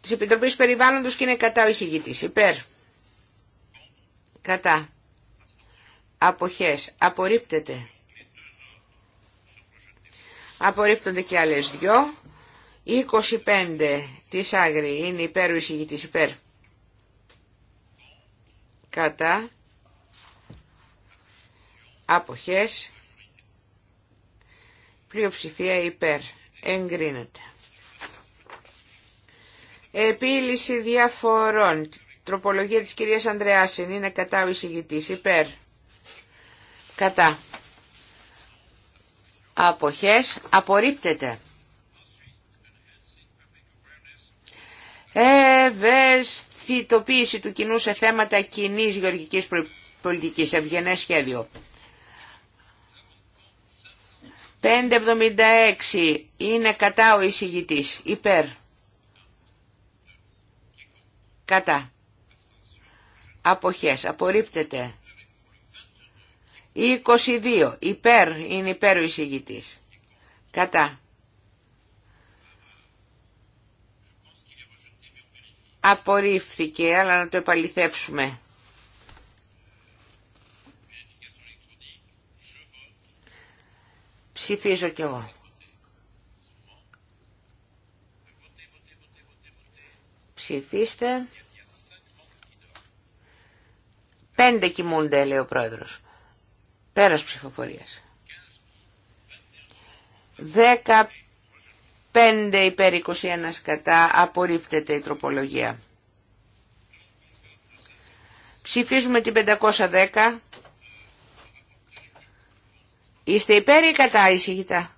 Της Επιτροπής Περιβάλλοντος και είναι κατά ο εισηγητής. Υπέρ. Κατά. Αποχές. Απορρίπτεται. Απορρίπτονται και άλλες δυο. 25 της Άγρη είναι υπέρ ο εισηγητής υπέρ. Κατά αποχές, πλειοψηφία υπέρ, εγκρίνεται. Επίλυση διαφορών, τροπολογία της κυρίας Ανδρεάσιν, είναι κατά ο εισηγητής, υπέρ, κατά. Αποχές, απορρίπτεται. Ευαισθητοποίηση του κοινού σε θέματα κοινή γεωργικής πολιτικής, ευγενές σχέδιο. 576 είναι κατά ο εισηγητής, υπέρ. Κατά. Αποχές, απορρίπτεται. 22, υπέρ είναι υπέρ ο εισηγητής. Κατά. Απορρίφθηκε, αλλά να το επαληθεύσουμε. Ψηφίζω κι εγώ. Ψηφίστε. Πέντε κοιμούνται, λέει ο πρόεδρος. Πέρας ψηφοφορίας. πέντε υπέρ 21 κατά απορρίπτεται η τροπολογία. Ψηφίζουμε την 510 Είστε υπέρ ή κατά εισηγητά.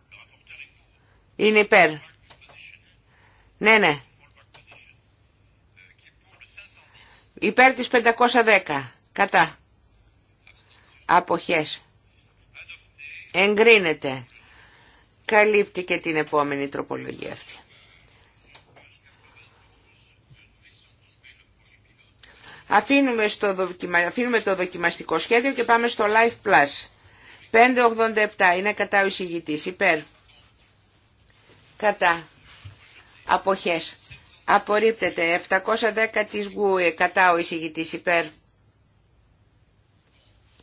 Είναι υπέρ. Ναι, ναι. Υπέρ της 510. Κατά. Αποχές. Εγκρίνεται. Καλύπτει και την επόμενη τροπολογία αυτή. Αφήνουμε, στο δοκιμα... Αφήνουμε το δοκιμαστικό σχέδιο και πάμε στο Life Plus. 587 είναι κατά ο εισηγητής. Υπέρ. Κατά. Αποχές. Απορρίπτεται. 710 της ΓΟΥΕ. Κατά ο εισηγητής. Υπέρ.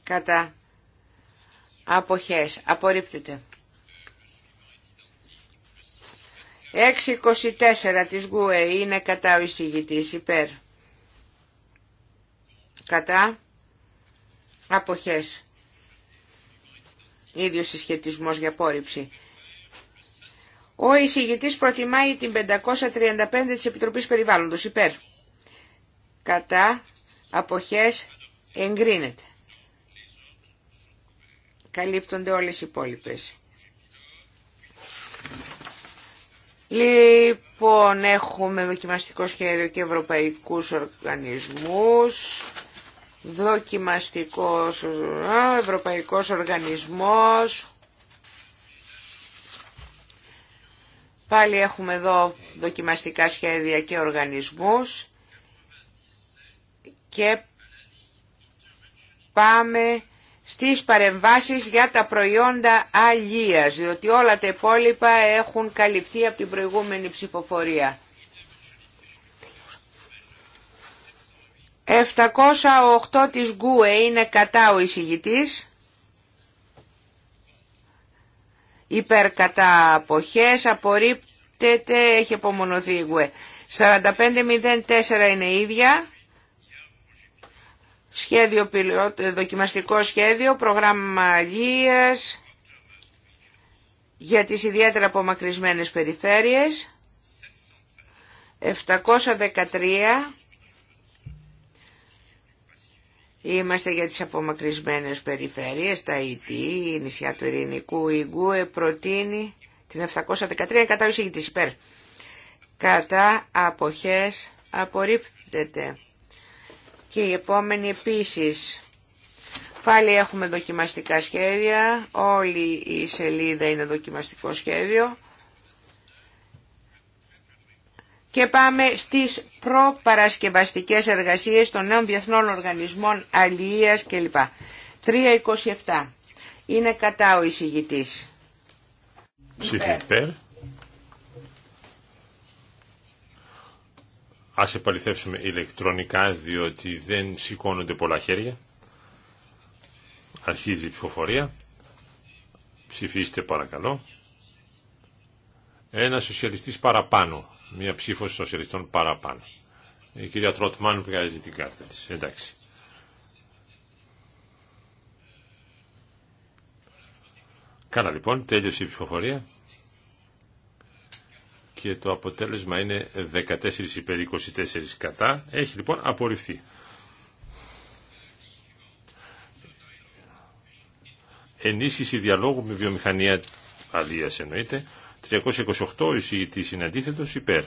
Κατά. Αποχές. Απορρίπτεται. 624 της ΓΟΥΕ είναι κατά ο εισηγητής. Υπέρ. Κατά. Αποχές ίδιος συσχετισμός για πόρυψη. Ο εισηγητής προτιμάει την 535 της Επιτροπής Περιβάλλοντος υπέρ. Κατά αποχές εγκρίνεται. Καλύπτονται όλες οι υπόλοιπες. Λοιπόν, έχουμε δοκιμαστικό σχέδιο και ευρωπαϊκούς οργανισμούς δοκιμαστικός ευρωπαϊκός οργανισμός πάλι έχουμε εδώ δοκιμαστικά σχέδια και οργανισμούς και πάμε στις παρεμβάσεις για τα προϊόντα αλίας διότι όλα τα υπόλοιπα έχουν καλυφθεί από την προηγούμενη ψηφοφορία 708 της Γκουε είναι κατά ο εισηγητής. Υπέρ κατά αποχές, απορρίπτεται, έχει απομονωθεί η Γκουε. 4504 είναι ίδια. Σχέδιο ε, δοκιμαστικό σχέδιο, πρόγραμμα αλίας για τις ιδιαίτερα απομακρυσμένες περιφέρειες. 713 Είμαστε για τις απομακρυσμένες περιφέρειες, τα ΙΤ, η νησιά του Ειρηνικού, η προτείνει την 713 κατά εισηγητής υπέρ. Κατά αποχές απορρίπτεται. Και η επόμενη επίσης. Πάλι έχουμε δοκιμαστικά σχέδια, όλη η σελίδα είναι δοκιμαστικό σχέδιο. Και πάμε στις προπαρασκευαστικές εργασίες των νέων διεθνών οργανισμών αλληλείας κλπ. 3.27. Είναι κατά ο εισηγητής. Ψήφι υπέρ. Ας επαληθεύσουμε ηλεκτρονικά διότι δεν σηκώνονται πολλά χέρια. Αρχίζει η ψηφοφορία. Ψηφίστε παρακαλώ. Ένα σοσιαλιστής παραπάνω. Μία ψήφο σοσιαλιστών παραπάνω. Η κυρία Τρότμαν βγάζει την κάρτα της. Εντάξει. Καλά λοιπόν, τέλειωσε η ψηφοφορία και το αποτέλεσμα είναι 14 υπέρ 24 κατά. Έχει λοιπόν απορριφθεί. Ενίσχυση διαλόγου με βιομηχανία αδείας εννοείται. 228 εισηγητής είναι αντίθετο υπέρ.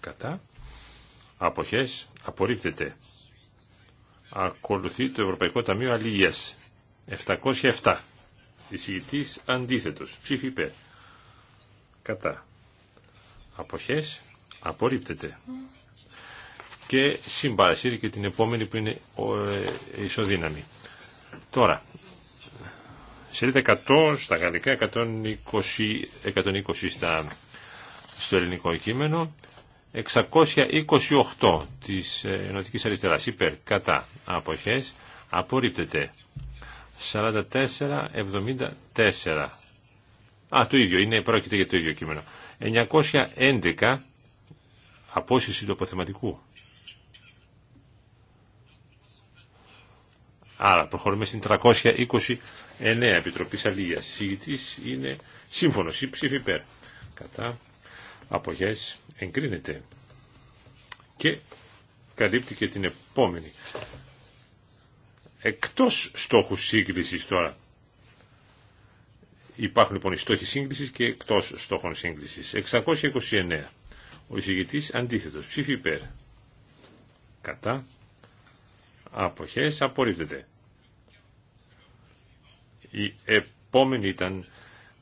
Κατά. Αποχές απορρίπτεται. Ακολουθεί το Ευρωπαϊκό Ταμείο Αλλήλεια 707. Εισηγητής αντίθετος. Ψήφι υπέρ. Κατά. Αποχές απορρίπτεται. Και συμπαρασύρει και την επόμενη που είναι ε, ισοδύναμη. Τώρα, Σελίδα 100 στα γαλλικά, 120, 120 στα, στο ελληνικό κείμενο. 628 της ε, Ενωτικής Αριστεράς υπέρ κατά αποχές απορρίπτεται 44-74 Α, το ίδιο, είναι, πρόκειται για το ίδιο κείμενο 911 απόσυρση του αποθεματικού Άρα προχωρούμε στην 329 Επιτροπή Αλληλεία. Συγητή είναι σύμφωνο ή ψήφι υπέρ. Κατά αποχέ εγκρίνεται. Και καλύπτει και την επόμενη. Εκτός στόχου σύγκριση τώρα. Υπάρχουν λοιπόν οι στόχοι σύγκριση και εκτός στόχων σύγκριση. 629. Ο Συγητή αντίθετος. Ψήφι υπέρ. Κατά αποχές απορρίπτεται. Η επόμενη ήταν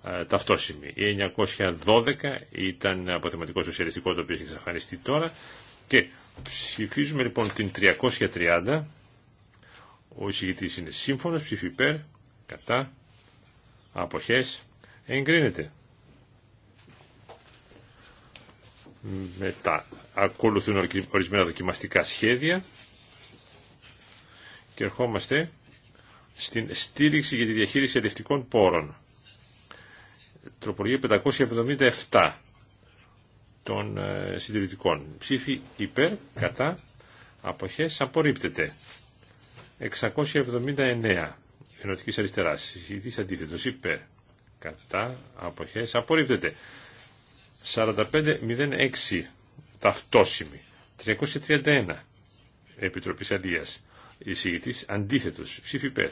α, ταυτόσημη. Η 912 ήταν αποθεματικό σοσιαλιστικό το οποίο έχει εξαφανιστεί τώρα και ψηφίζουμε λοιπόν την 330 ο εισηγητής είναι σύμφωνος, ψήφι υπέρ, κατά, αποχές, εγκρίνεται. Μετά ακολουθούν ορισμένα δοκιμαστικά σχέδια και ερχόμαστε στην στήριξη για τη διαχείριση ελευτικών πόρων. Τροπολογία 577 των ε, συντηρητικών. Ψήφι υπέρ, κατά, αποχές, απορρίπτεται. 679 ενωτικής αριστεράς. Συζητής αντίθετος υπέρ, κατά, αποχές, απορρίπτεται. 4506 ταυτόσημη. 331 Επιτροπής Αλίας εισηγητής αντίθετος. Ψήφι υπέρ.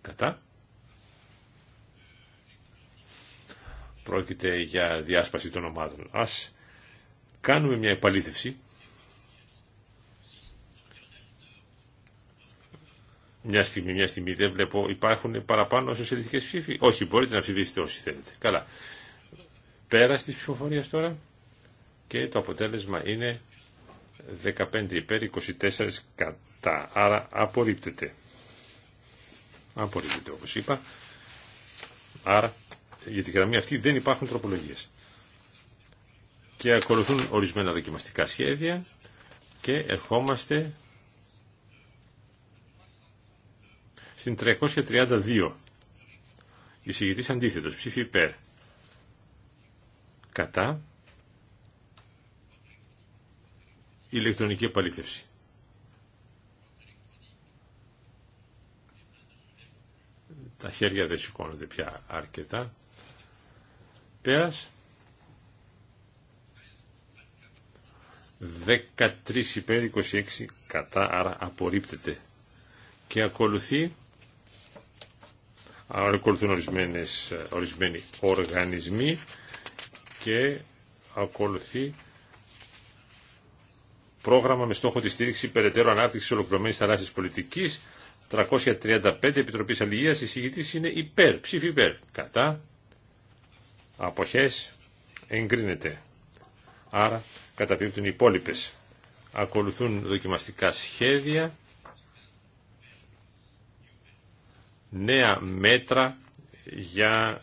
Κατά. Πρόκειται για διάσπαση των ομάδων. Ας κάνουμε μια επαλήθευση. Μια στιγμή, μια στιγμή δεν βλέπω. Υπάρχουν παραπάνω σοσιαλιστικές ψήφοι. Όχι, μπορείτε να ψηφίσετε όσοι θέλετε. Καλά. Πέρα τη ψηφοφορία τώρα και το αποτέλεσμα είναι 15 υπέρ, 24 κατά. Άρα απορρίπτεται. Απορρίπτεται όπως είπα. Άρα για τη γραμμή αυτή δεν υπάρχουν τροπολογίες. Και ακολουθούν ορισμένα δοκιμαστικά σχέδια και ερχόμαστε στην 332. Εισηγητής αντίθετος, ψήφι υπέρ. Κατά. ηλεκτρονική επαλήθευση. Τα χέρια δεν σηκώνονται πια αρκετά. Πέρας. 13 υπέρ 26 κατά, άρα απορρίπτεται. Και ακολουθεί, ακολουθούν ορισμένες, ορισμένοι οργανισμοί και ακολουθεί πρόγραμμα με στόχο τη στήριξη περαιτέρω ανάπτυξη ολοκληρωμένη θαλάσσια πολιτική. 335 Επιτροπή Αλληλεία. Εισηγητή είναι υπέρ. Ψήφι υπέρ. Κατά. Αποχέ. Εγκρίνεται. Άρα καταπίπτουν οι υπόλοιπε. Ακολουθούν δοκιμαστικά σχέδια. Νέα μέτρα για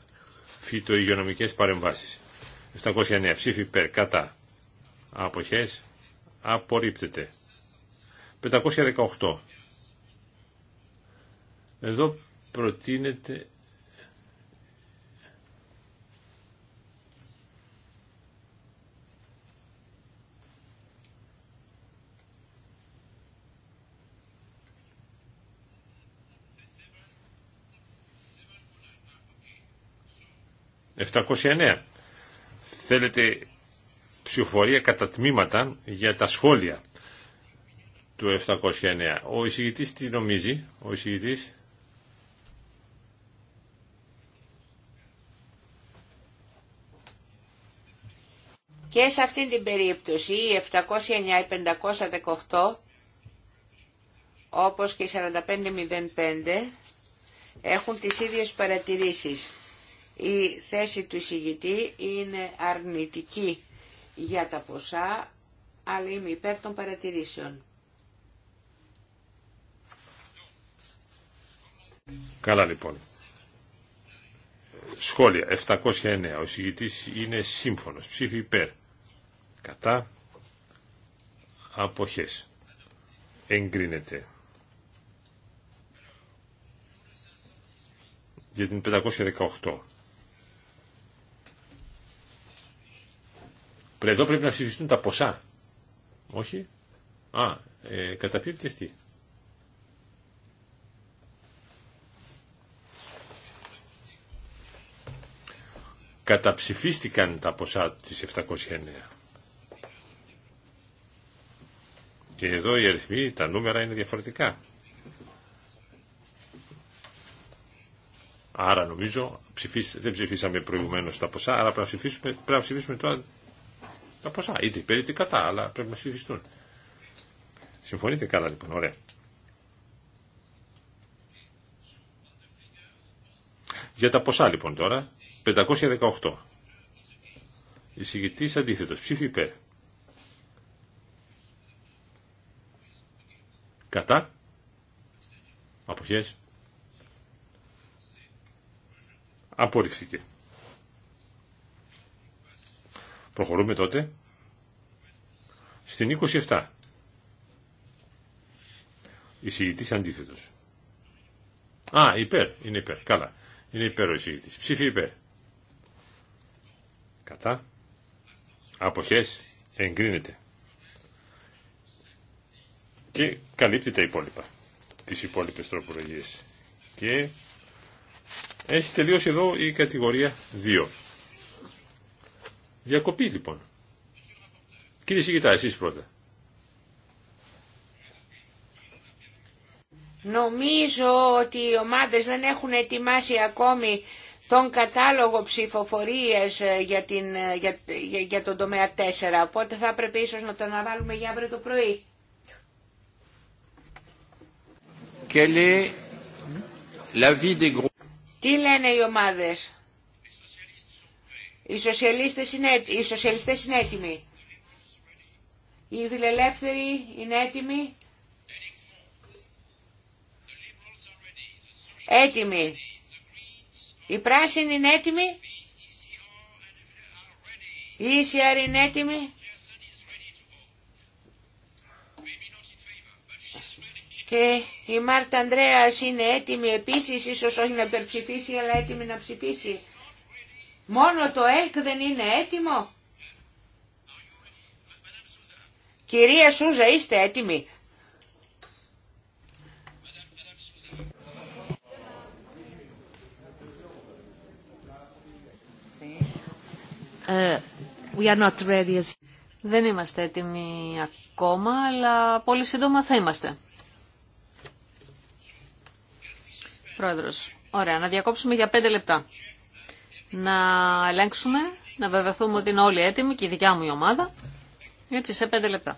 φυτοϊγειονομικές παρεμβάσεις. 709 ψήφι υπέρ κατά αποχές απορρίπτεται. 518. Εδώ προτείνεται ...709. Θέλετε ψηφοφορία κατά τμήματα για τα σχόλια του 709. Ο εισηγητής τι νομίζει, ο εισηγητής... Και σε αυτή την περίπτωση η 709, 518 όπως και οι 4505 έχουν τις ίδιες παρατηρήσεις. Η θέση του εισηγητή είναι αρνητική για τα ποσά, αλλά είμαι υπέρ των παρατηρήσεων. Καλά λοιπόν. Σχόλια. 709. Ο συγητής είναι σύμφωνος. Ψήφι υπέρ. Κατά. Αποχές. Εγκρίνεται. Για την 518. Εδώ πρέπει να ψηφιστούν τα ποσά. Όχι. Α, ε, καταπίπτει αυτή. Καταψηφίστηκαν τα ποσά της 709. Και εδώ οι αριθμοί, τα νούμερα είναι διαφορετικά. Άρα νομίζω δεν ψηφίσαμε προηγουμένως τα ποσά, αλλά πρέπει να ψηφίσουμε, πρέπει να ψηφίσουμε τώρα τα ποσά. Είτε υπέρ είτε κατά, αλλά πρέπει να συζητηθούν. Συμφωνείτε καλά λοιπόν, ωραία. Για τα ποσά λοιπόν τώρα, 518. Εισηγητή αντίθετο ψήφι υπέρ. Κατά. Αποχές. Απορρίφθηκε. Προχωρούμε τότε στην 27. Εισηγητή αντίθετο. Α, υπέρ. Είναι υπέρ. Καλά. Είναι υπέρ ο εισηγητή. Ψήφι υπέρ. Κατά. αποχέ, Εγκρίνεται. Και καλύπτει τα υπόλοιπα. Τι υπόλοιπε τροπολογίε. Και έχει τελειώσει εδώ η κατηγορία 2. Διακοπή λοιπόν. Κύριε Σιγητά, εσείς πρώτα. Νομίζω ότι οι ομάδες δεν έχουν ετοιμάσει ακόμη τον κατάλογο ψηφοφορίας ε, για, την, ε, για, ε, για, τον τομέα 4, οπότε θα πρέπει ίσως να τον αναβάλουμε για αύριο το πρωί. Τι λένε οι ομάδες. Οι σοσιαλιστές είναι, οι σοσιαλιστές είναι έτοιμοι. Οι φιλελεύθεροι είναι έτοιμοι. Έτοιμοι. Οι πράσινοι είναι έτοιμοι. Οι ECR είναι έτοιμοι. Και η Μάρτα Ανδρέας είναι έτοιμη επίσης, ίσως όχι να υπερψηφίσει, αλλά έτοιμη να ψηφίσει. Μόνο το ΕΛΚ δεν είναι έτοιμο. Κυρία Σούζα, είστε έτοιμοι. Ε, we are not ready as... Δεν είμαστε έτοιμοι ακόμα, αλλά πολύ σύντομα θα είμαστε. Πρόεδρος, ωραία, να διακόψουμε για πέντε λεπτά να ελέγξουμε, να βεβαιωθούμε ότι είναι όλοι έτοιμοι και η δικιά μου η ομάδα. Έτσι σε πέντε λεπτά.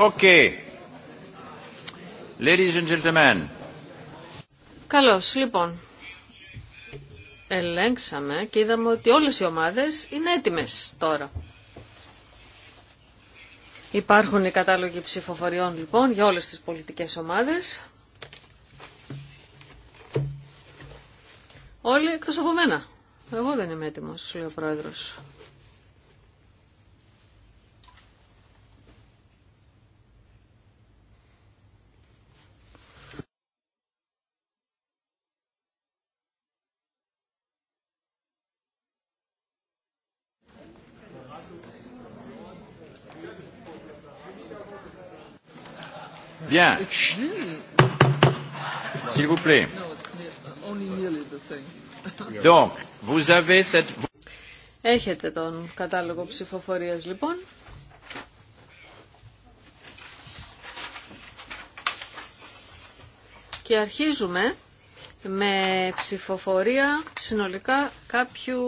Okay. Ladies and gentlemen. Καλώς, λοιπόν. Ελέγξαμε και είδαμε ότι όλες οι ομάδες είναι έτοιμες τώρα. Υπάρχουν οι κατάλογοι ψηφοφοριών λοιπόν για όλες τις πολιτικές ομάδες. Όλοι εκτός από μένα. Εγώ δεν είμαι έτοιμος, λέει ο Πρόεδρος. Έχετε τον κατάλογο ψηφοφορίας λοιπόν. Και αρχίζουμε με ψηφοφορία συνολικά κάποιου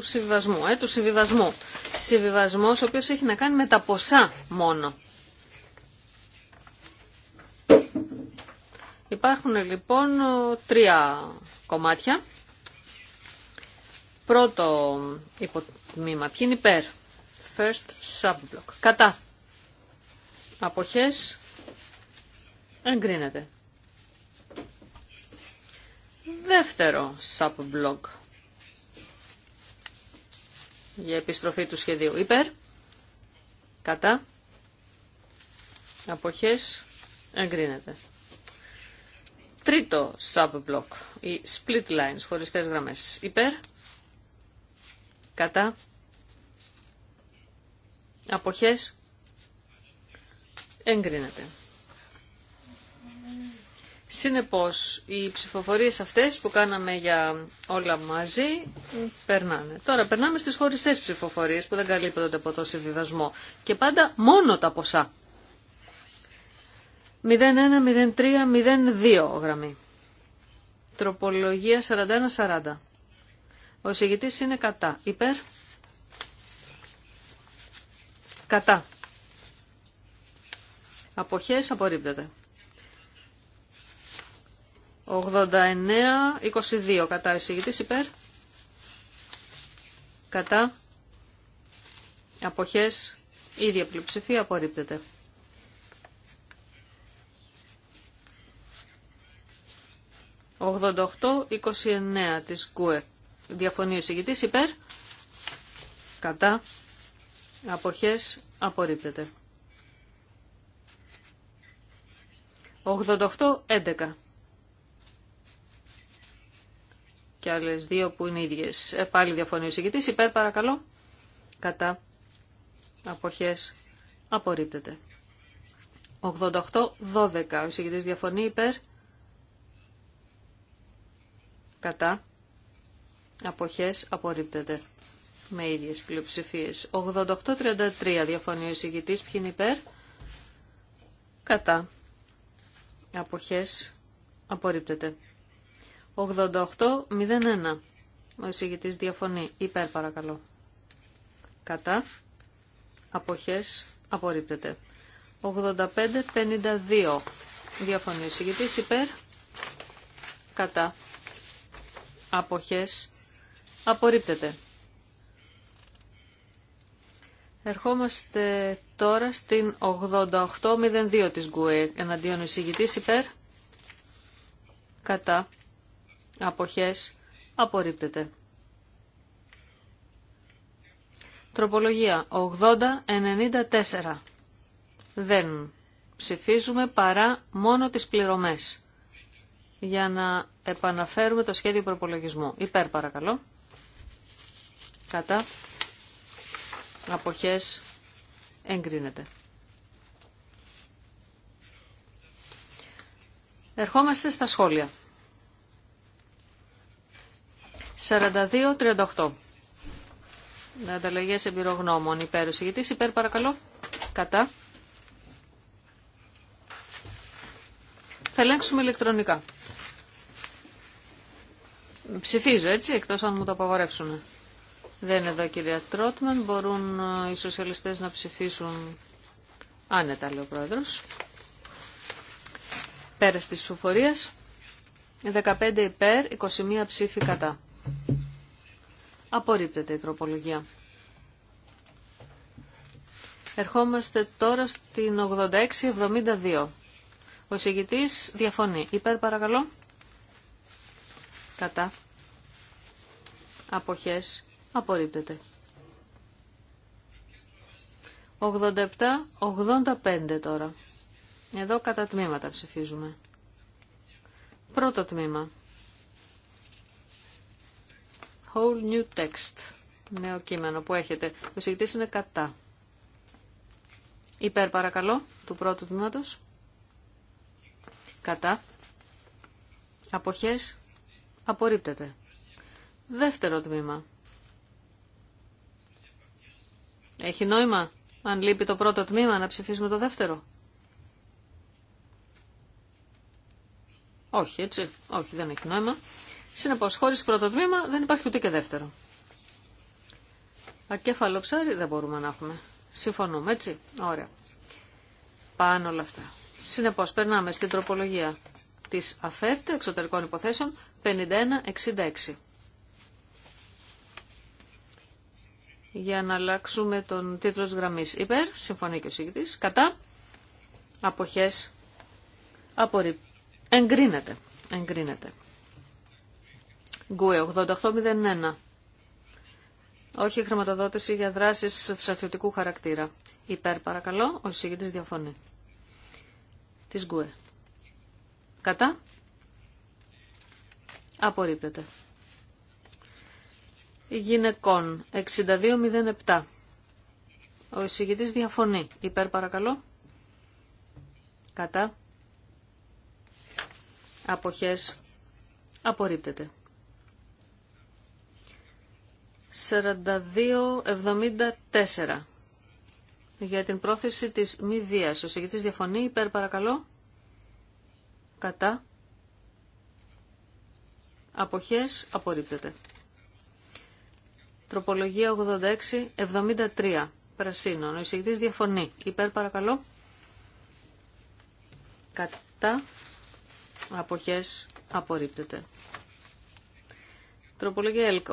συμβιβασμού, ε, του συμβιβασμού. Συμβιβασμός ο οποίος έχει να κάνει με τα ποσά μόνο. Υπάρχουν λοιπόν τρία κομμάτια. Πρώτο υποτμήμα. Ποιοι είναι υπέρ. First subblock. Κατά. Αποχές. Εγκρίνεται. Δεύτερο subblock. Για επιστροφή του σχεδίου. Υπέρ. Κατά. Αποχές. Εγκρίνεται τρίτο οι split lines, χωριστές γραμμές. Υπέρ, κατά, αποχές, εγκρίνεται. Συνεπώς, οι ψηφοφορίες αυτές που κάναμε για όλα μαζί περνάνε. Τώρα περνάμε στις χωριστές ψηφοφορίες που δεν καλύπτονται από το συμβιβασμό και πάντα μόνο τα ποσά 01, 03, 2 γραμμή. Τροπολογία 41-40. Ο συγητης ειναι είναι κατά. Υπέρ. Κατά. Αποχές απορρίπτεται. 89-22 κατά εισηγητής υπέρ. Κατά. Αποχές. Ίδια πλειοψηφία απορρίπτεται. 88-29 της ΚΟΕ. Διαφωνεί ο εισηγητής υπέρ. Κατά. Αποχές απορρίπτεται. 88-11. Και άλλες δύο που είναι ίδιες. Ε, πάλι διαφωνεί ο εισηγητής υπέρ παρακαλώ. Κατά. Αποχές απορρίπτεται. 88-12. Ο εισηγητής διαφωνεί υπέρ κατά αποχές απορρίπτεται με ίδιες πλειοψηφίες. 88-33 διαφωνεί ο εισηγητής. Ποιοι είναι υπέρ. Κατά. Αποχές απορρίπτεται. 88-01. Ο εισηγητής διαφωνεί. Υπέρ παρακαλώ. Κατά. Αποχές απορρίπτεται. 85-52. Διαφωνεί ο εισηγητής. Υπέρ. Κατά αποχές απορρίπτεται. Ερχόμαστε τώρα στην 8802 της ΓΚΟΕ εναντίον εισηγητής υπέρ κατά αποχές απορρίπτεται. Τροπολογία 8094. Δεν ψηφίζουμε παρά μόνο τις πληρωμές για να επαναφέρουμε το σχέδιο προπολογισμού. Υπέρ παρακαλώ. Κατά. Αποχές εγκρίνεται. Ερχόμαστε στα σχόλια. 42-38. Ανταλλαγέ εμπειρογνώμων. Υπέρ ο Υπέρ παρακαλώ. Κατά. Θα ελέγξουμε ηλεκτρονικά. Ψηφίζω, έτσι, εκτός αν μου το απαγορεύσουν. Δεν είναι εδώ κυρία Τρότμαν. Μπορούν ε, οι σοσιαλιστές να ψηφίσουν άνετα, λέει ο πρόεδρος. Πέρας της ψηφοφορίας. 15 υπέρ, 21 ψήφοι κατά. Απορρίπτεται η τροπολογία. Ερχόμαστε τώρα στην 86-72. Ο εισηγητής διαφωνεί. Υπέρ παρακαλώ κατά αποχές απορρίπτεται. 87-85 τώρα. Εδώ κατά τμήματα ψηφίζουμε. Πρώτο τμήμα. Whole new text. Νέο κείμενο που έχετε. Ο συγκτής είναι κατά. Υπέρ παρακαλώ του πρώτου τμήματος. Κατά. Αποχές Απορρίπτεται. Δεύτερο τμήμα. Έχει νόημα, αν λείπει το πρώτο τμήμα, να ψηφίσουμε το δεύτερο. Όχι, έτσι. Όχι, δεν έχει νόημα. Συνεπώ, χωρί πρώτο τμήμα δεν υπάρχει ούτε και δεύτερο. Ακέφαλο ψάρι δεν μπορούμε να έχουμε. Συμφωνούμε, έτσι. Ωραία. Πάνω όλα αυτά. Συνεπώ, περνάμε στην τροπολογία τη ΑΦΕΤ, εξωτερικών υποθέσεων, 51-66. Για να αλλάξουμε τον τίτλο της γραμμής. Υπέρ, συμφωνεί και ο συγκριτής. Κατά, αποχές, Απορρίπτω. Εγκρίνεται. Εγκρίνεται. Γκουε 8801. Όχι χρηματοδότηση για δράσεις στρατιωτικού χαρακτήρα. Υπέρ παρακαλώ, ο Σύγκριτης διαφωνεί. Της Γκουε. Κατά. Απορρίπτεται. Γυναικών 6207. Ο εισηγητή διαφωνεί. Υπέρ παρακαλώ. Κατά. Αποχές. Απορρίπτεται. 4274. Για την πρόθεση της μη βίας. Ο εισηγητής διαφωνεί. Υπέρ παρακαλώ. Κατά αποχές απορρίπτεται. Τροπολογία 86-73 πρασίνων. Ο εισηγητής διαφωνεί. Υπέρ παρακαλώ. Κατά αποχές απορρίπτεται. Τροπολογία ΕΛΚ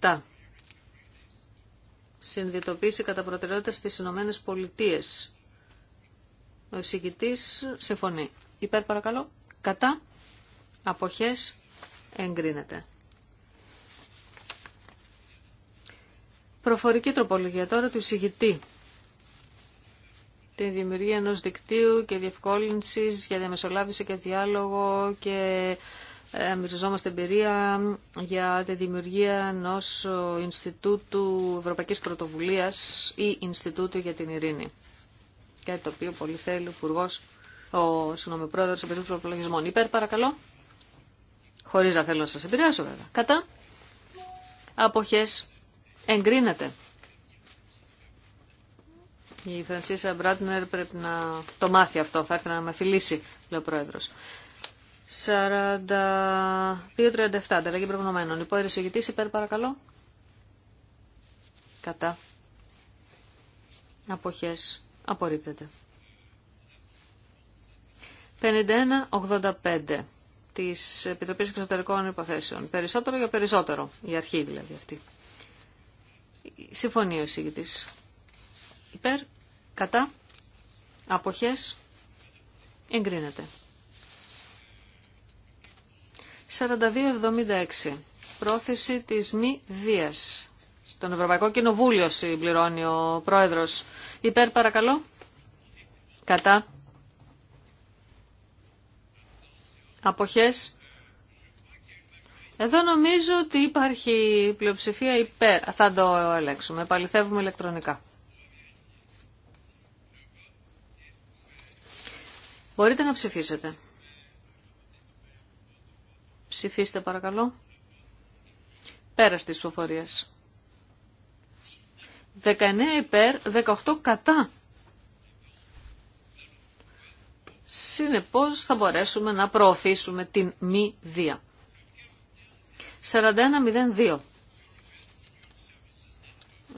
82-17. Συνδυτοποίηση κατά προτεραιότητα στις Ηνωμένε Πολιτείε. Ο εισηγητής συμφωνεί. Υπέρ παρακαλώ. Κατά αποχές εγκρίνεται. Προφορική τροπολογία τώρα του εισηγητή. Την δημιουργία ενός δικτύου και διευκόλυνσης για διαμεσολάβηση και διάλογο και ε, μοιραζόμαστε εμπειρία για τη δημιουργία ενός ε, Ινστιτούτου Ευρωπαϊκής Πρωτοβουλίας ή Ινστιτούτου για την Ειρήνη. Κάτι το οποίο πολύ θέλει ο Υπουργός, ο πρόεδρος του Προπολογισμών. Υπέρ, παρακαλώ. Χωρί να θέλω να σα επηρεάσω βέβαια. Κατά Αποχέ. εγκρίνεται. Η Φρανσίσα Μπράτνερ πρέπει να το μάθει αυτό, θα έρθει να με φιλήσει, λέει ο προεδρο 42 42-37, ανταλλαγή προγνωμένων. Υπό ηγητή, υπέρ παρακαλώ. Κατά. Αποχές. Απορρίπτεται. 51-85 της Επιτροπής Εξωτερικών Υποθέσεων. Περισσότερο για περισσότερο, η αρχή δηλαδή αυτή. Συμφωνεί ο εισηγητής. Υπέρ, κατά, αποχές, εγκρίνεται. 4276. Πρόθεση της μη βίας. Στον Ευρωπαϊκό Κοινοβούλιο συμπληρώνει ο Πρόεδρος. Υπέρ παρακαλώ. Κατά. Αποχές. Εδώ νομίζω ότι υπάρχει πλειοψηφία υπέρ. Θα το ελέγξουμε. Επαληθεύουμε ηλεκτρονικά. Μπορείτε να ψηφίσετε. Ψηφίστε παρακαλώ. Πέρα της ψηφοφορίας. 19 υπέρ, 18 κατά συνεπώς θα μπορέσουμε να προωθήσουμε την μη βία. 4102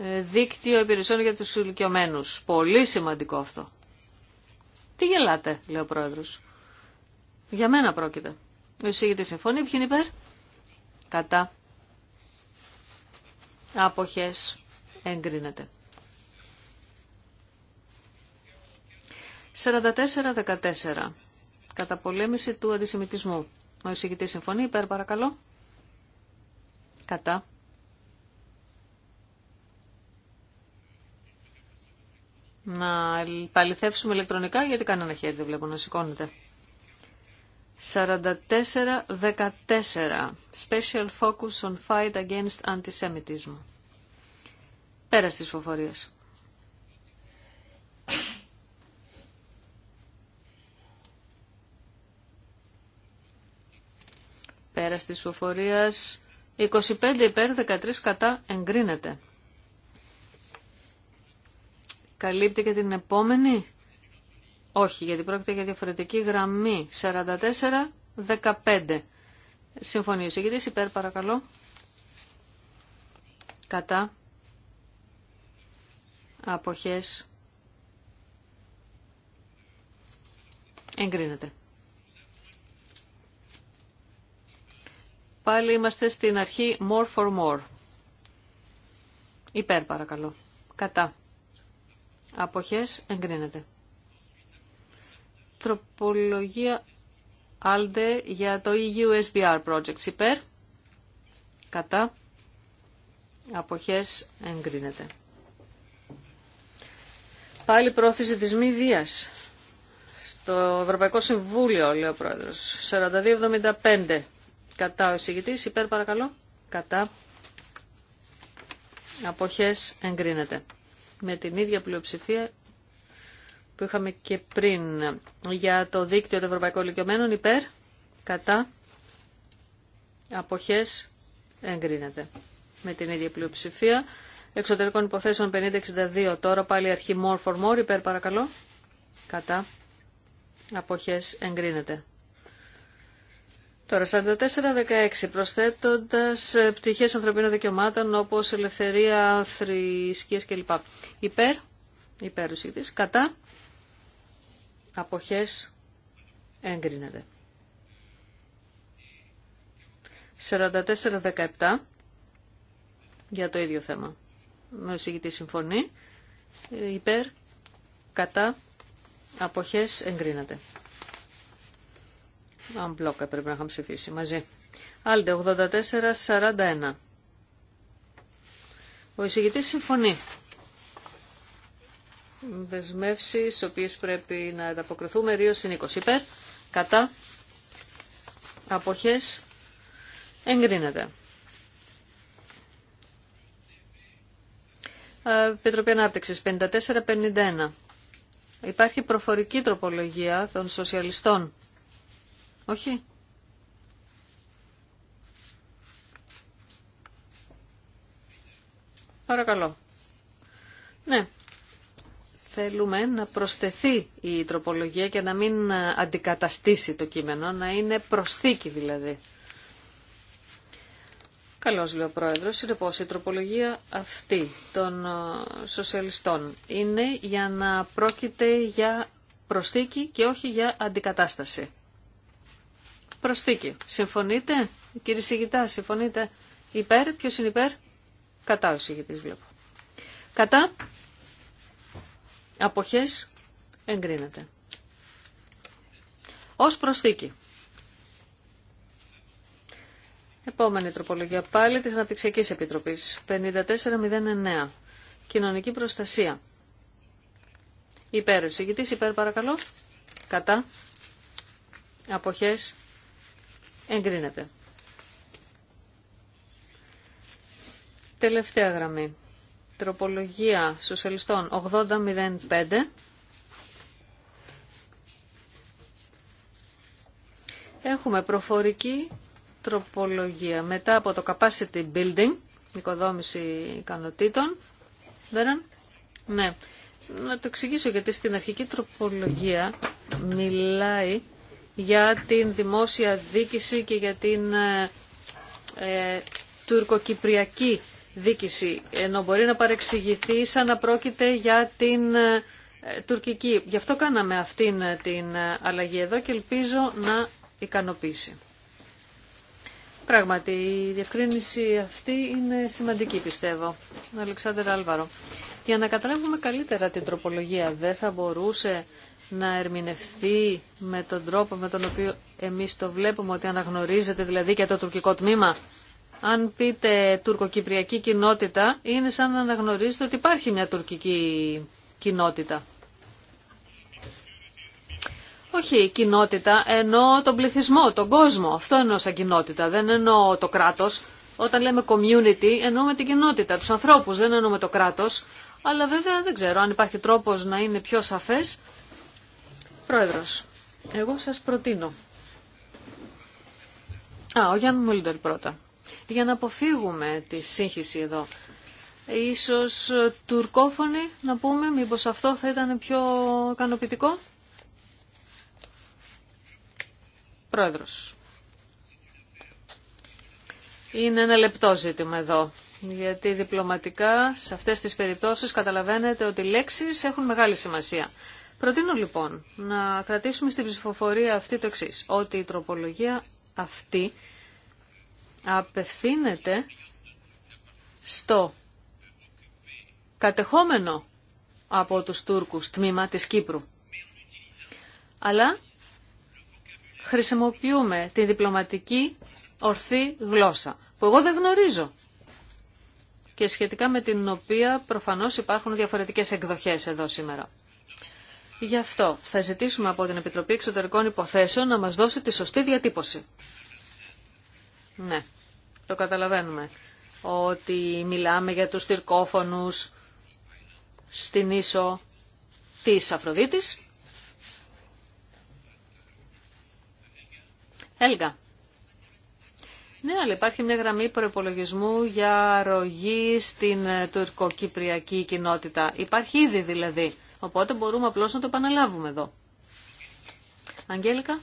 ε, Δίκτυο υπηρεσιών για τους ηλικιωμένους. Πολύ σημαντικό αυτό. Τι γελάτε, λέει ο πρόεδρος. Για μένα πρόκειται. Ο εισήγητης συμφωνεί, ποιοι είναι υπέρ. Κατά. Αποχές εγκρίνεται. 44-14. Καταπολέμηση του αντισημιτισμού. Ο εισηγητής συμφωνεί. Υπέρ παρακαλώ. Κατά. Να παληθεύσουμε ηλεκτρονικά γιατί κανένα χέρι δεν βλέπω να σηκώνεται. 44-14. Special focus on fight against antisemitism. Πέρα στις φοφορίες. Πέρα της 25 υπέρ 13 κατά εγκρίνεται. Καλύπτει και την επόμενη. Όχι, γιατί πρόκειται για διαφορετική γραμμή. 44-15. Συμφωνεί ο συγκεκριτής υπέρ παρακαλώ. Κατά. Αποχές. Εγκρίνεται. Πάλι είμαστε στην αρχή more for more. Υπέρ παρακαλώ. Κατά. Αποχές εγκρίνεται. Τροπολογία ALDE για το EUSBR project. Υπέρ. Κατά. Αποχές εγκρίνεται. Πάλι πρόθεση της μη βίας. Στο Ευρωπαϊκό Συμβούλιο, λέει ο Πρόεδρος. 4275. Κατά ο εισηγητής. Υπέρ παρακαλώ. Κατά. Αποχές εγκρίνεται. Με την ίδια πλειοψηφία που είχαμε και πριν για το δίκτυο των Ευρωπαϊκών Λυκειωμένων υπέρ, κατά, αποχές εγκρίνεται. Με την ίδια πλειοψηφία. Εξωτερικών υποθέσεων 50-62. Τώρα πάλι αρχή more for more. Υπέρ παρακαλώ. Κατά. Αποχές εγκρίνεται. Τώρα, 44-16, προσθέτοντας ε, πτυχές ανθρωπίνων δικαιωμάτων όπως ελευθερία, θρησκείες κλπ. Υπέρ, υπέρ ουσίτης, κατά, αποχές, εγκρίνεται. 44-17, για το ίδιο θέμα. Με συγκητής συμφωνεί, ε, υπέρ, κατά, αποχές, εγκρίνεται. Αν μπλόκα πρέπει να είχαμε ψηφίσει μαζί. Άλντε 84-41. Ο εισηγητής συμφωνεί. Δεσμεύσεις, οποίες πρέπει να ανταποκριθούμε, δύο συν 20 υπέρ, κατά, αποχές, εγκρίνεται. αναπτυξη Ανάπτυξης 54-51. Υπάρχει προφορική τροπολογία των σοσιαλιστών. Όχι. Παρακαλώ. Ναι. Θέλουμε να προσθεθεί η τροπολογία και να μην αντικαταστήσει το κείμενο, να είναι προσθήκη δηλαδή. Καλώς λέει ο Πρόεδρος, πως η τροπολογία αυτή των ε, σοσιαλιστών είναι για να πρόκειται για προσθήκη και όχι για αντικατάσταση. Συμφωνείτε, κύριε Σιγητά, συμφωνείτε. Υπέρ, ποιο είναι υπέρ. Κατά ο Σιγητής βλέπω. Κατά. Αποχές εγκρίνεται. Ως προσθήκη. Επόμενη τροπολογία πάλι της Αναπτυξιακής Επιτροπής. 5409. Κοινωνική προστασία. Υπέρ. Σιγητής, υπέρ παρακαλώ. Κατά. Αποχές Εγκρίνεται. Τελευταία γραμμή. Τροπολογία σοσιαλιστών 8005. Έχουμε προφορική τροπολογία. Μετά από το capacity building, οικοδόμηση ικανοτήτων. Δεν ναι. Να το εξηγήσω γιατί στην αρχική τροπολογία μιλάει για την δημόσια δίκηση και για την ε, ε, τουρκοκυπριακή δίκηση, ενώ μπορεί να παρεξηγηθεί σαν να πρόκειται για την ε, τουρκική. Γι' αυτό κάναμε αυτήν ε, την αλλαγή εδώ και ελπίζω να ικανοποιήσει. Πράγματι, η διευκρίνηση αυτή είναι σημαντική, πιστεύω. Αλεξάνδρα Άλβαρο. Για να καταλάβουμε καλύτερα την τροπολογία, δεν θα μπορούσε να ερμηνευθεί με τον τρόπο με τον οποίο εμείς το βλέπουμε ότι αναγνωρίζεται δηλαδή και το τουρκικό τμήμα. Αν πείτε τουρκοκυπριακή κοινότητα είναι σαν να αναγνωρίζετε ότι υπάρχει μια τουρκική κοινότητα. Όχι κοινότητα, εννοώ τον πληθυσμό, τον κόσμο. Αυτό εννοώ σαν κοινότητα, δεν εννοώ το κράτος. Όταν λέμε community εννοούμε την κοινότητα, του ανθρώπου δεν εννοούμε το κράτο, Αλλά βέβαια δεν ξέρω αν υπάρχει τρόπο να είναι πιο σαφέ. Πρόεδρος, εγώ σας προτείνω. Α, ο Γιάννη Μούλντερ πρώτα. Για να αποφύγουμε τη σύγχυση εδώ. Ίσως ε, τουρκόφωνη να πούμε, μήπως αυτό θα ήταν πιο ικανοποιητικό. Πρόεδρος. Είναι ένα λεπτό ζήτημα εδώ. Γιατί διπλωματικά σε αυτές τις περιπτώσεις καταλαβαίνετε ότι οι λέξεις έχουν μεγάλη σημασία. Προτείνω λοιπόν να κρατήσουμε στην ψηφοφορία αυτή το εξή, ότι η τροπολογία αυτή απευθύνεται στο κατεχόμενο από τους Τούρκους τμήμα της Κύπρου. Αλλά χρησιμοποιούμε τη διπλωματική ορθή γλώσσα, που εγώ δεν γνωρίζω και σχετικά με την οποία προφανώς υπάρχουν διαφορετικές εκδοχές εδώ σήμερα. Γι' αυτό θα ζητήσουμε από την Επιτροπή Εξωτερικών Υποθέσεων να μας δώσει τη σωστή διατύπωση. Ναι, το καταλαβαίνουμε. Ότι μιλάμε για τους τυρκόφωνους στην ίσο της Αφροδίτης. Έλγα. Ναι, αλλά υπάρχει μια γραμμή προπολογισμού για ρογή στην τουρκοκυπριακή κοινότητα. Υπάρχει ήδη δηλαδή. Οπότε μπορούμε απλώς να το επαναλάβουμε εδώ. Αγγέλικα.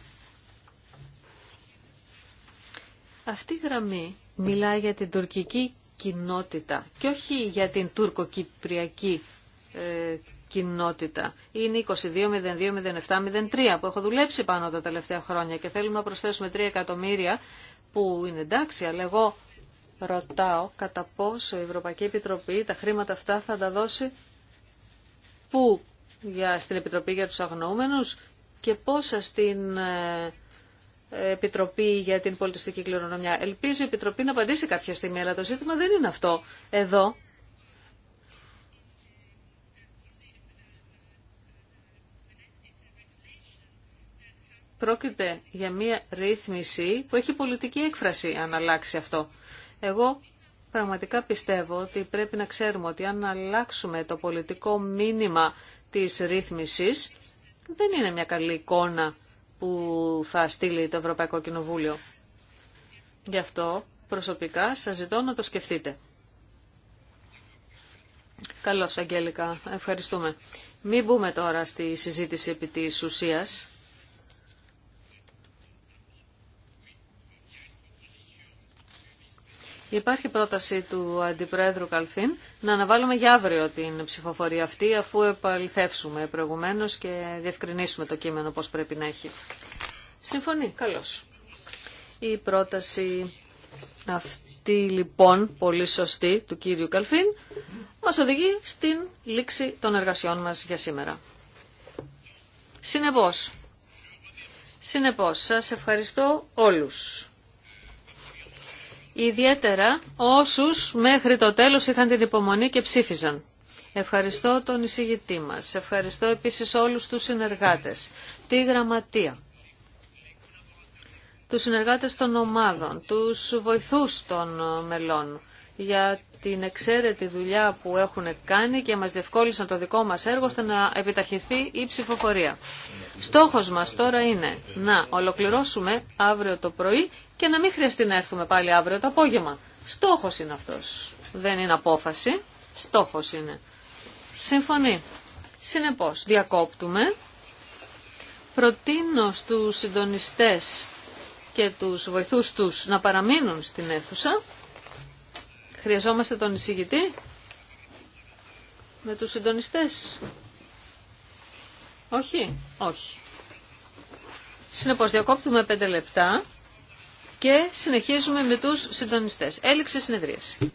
Αυτή η γραμμή μιλάει για την τουρκική κοινότητα και όχι για την τουρκοκυπριακή ε, κοινότητα. Είναι 22.02.07.03 που έχω δουλέψει πάνω τα τελευταία χρόνια και θέλουμε να προσθέσουμε 3 εκατομμύρια που είναι εντάξει, αλλά εγώ ρωτάω κατά πόσο η Ευρωπαϊκή Επιτροπή τα χρήματα αυτά θα τα δώσει πού για, στην Επιτροπή για τους Αγνοούμενους και πόσα στην ε, Επιτροπή για την Πολιτιστική Κληρονομιά. Ελπίζω η Επιτροπή να απαντήσει κάποια στιγμή, αλλά το ζήτημα δεν είναι αυτό. Εδώ πρόκειται για μια ρύθμιση που έχει πολιτική έκφραση αν αλλάξει αυτό. Εγώ Πραγματικά πιστεύω ότι πρέπει να ξέρουμε ότι αν αλλάξουμε το πολιτικό μήνυμα της ρύθμισης, δεν είναι μια καλή εικόνα που θα στείλει το Ευρωπαϊκό Κοινοβούλιο. Γι' αυτό προσωπικά σας ζητώ να το σκεφτείτε. Καλώς, Αγγέλικα. Ευχαριστούμε. Μην μπούμε τώρα στη συζήτηση επί της ουσίας. Υπάρχει πρόταση του Αντιπρόεδρου Καλφίν να αναβάλουμε για αύριο την ψηφοφορία αυτή, αφού επαληθεύσουμε προηγουμένω και διευκρινίσουμε το κείμενο πώς πρέπει να έχει. Συμφωνεί, καλώς. Η πρόταση αυτή λοιπόν, πολύ σωστή, του κύριου Καλφίν, μας οδηγεί στην λήξη των εργασιών μας για σήμερα. Συνεπώς, συνεπώς σας ευχαριστώ όλους ιδιαίτερα όσους μέχρι το τέλος είχαν την υπομονή και ψήφιζαν. Ευχαριστώ τον εισηγητή μας. Ευχαριστώ επίσης όλους τους συνεργάτες, τη γραμματεία, τους συνεργάτες των ομάδων, τους βοηθούς των μελών για την εξαίρετη δουλειά που έχουν κάνει και μας διευκόλυσαν το δικό μας έργο ώστε να επιταχυθεί η ψηφοφορία. Στόχος μας τώρα είναι να ολοκληρώσουμε αύριο το πρωί και να μην χρειαστεί να έρθουμε πάλι αύριο το απόγευμα. Στόχος είναι αυτός. Δεν είναι απόφαση, στόχος είναι. Συμφωνεί. Συνεπώς, διακόπτουμε. Προτείνω στους συντονιστές και τους βοηθούς τους να παραμείνουν στην αίθουσα. Χρειαζόμαστε τον εισηγητή με τους συντονιστές. Όχι, όχι. Συνεπώς διακόπτουμε πέντε λεπτά και συνεχίζουμε με τους συντονιστές. Έληξε συνεδρίαση.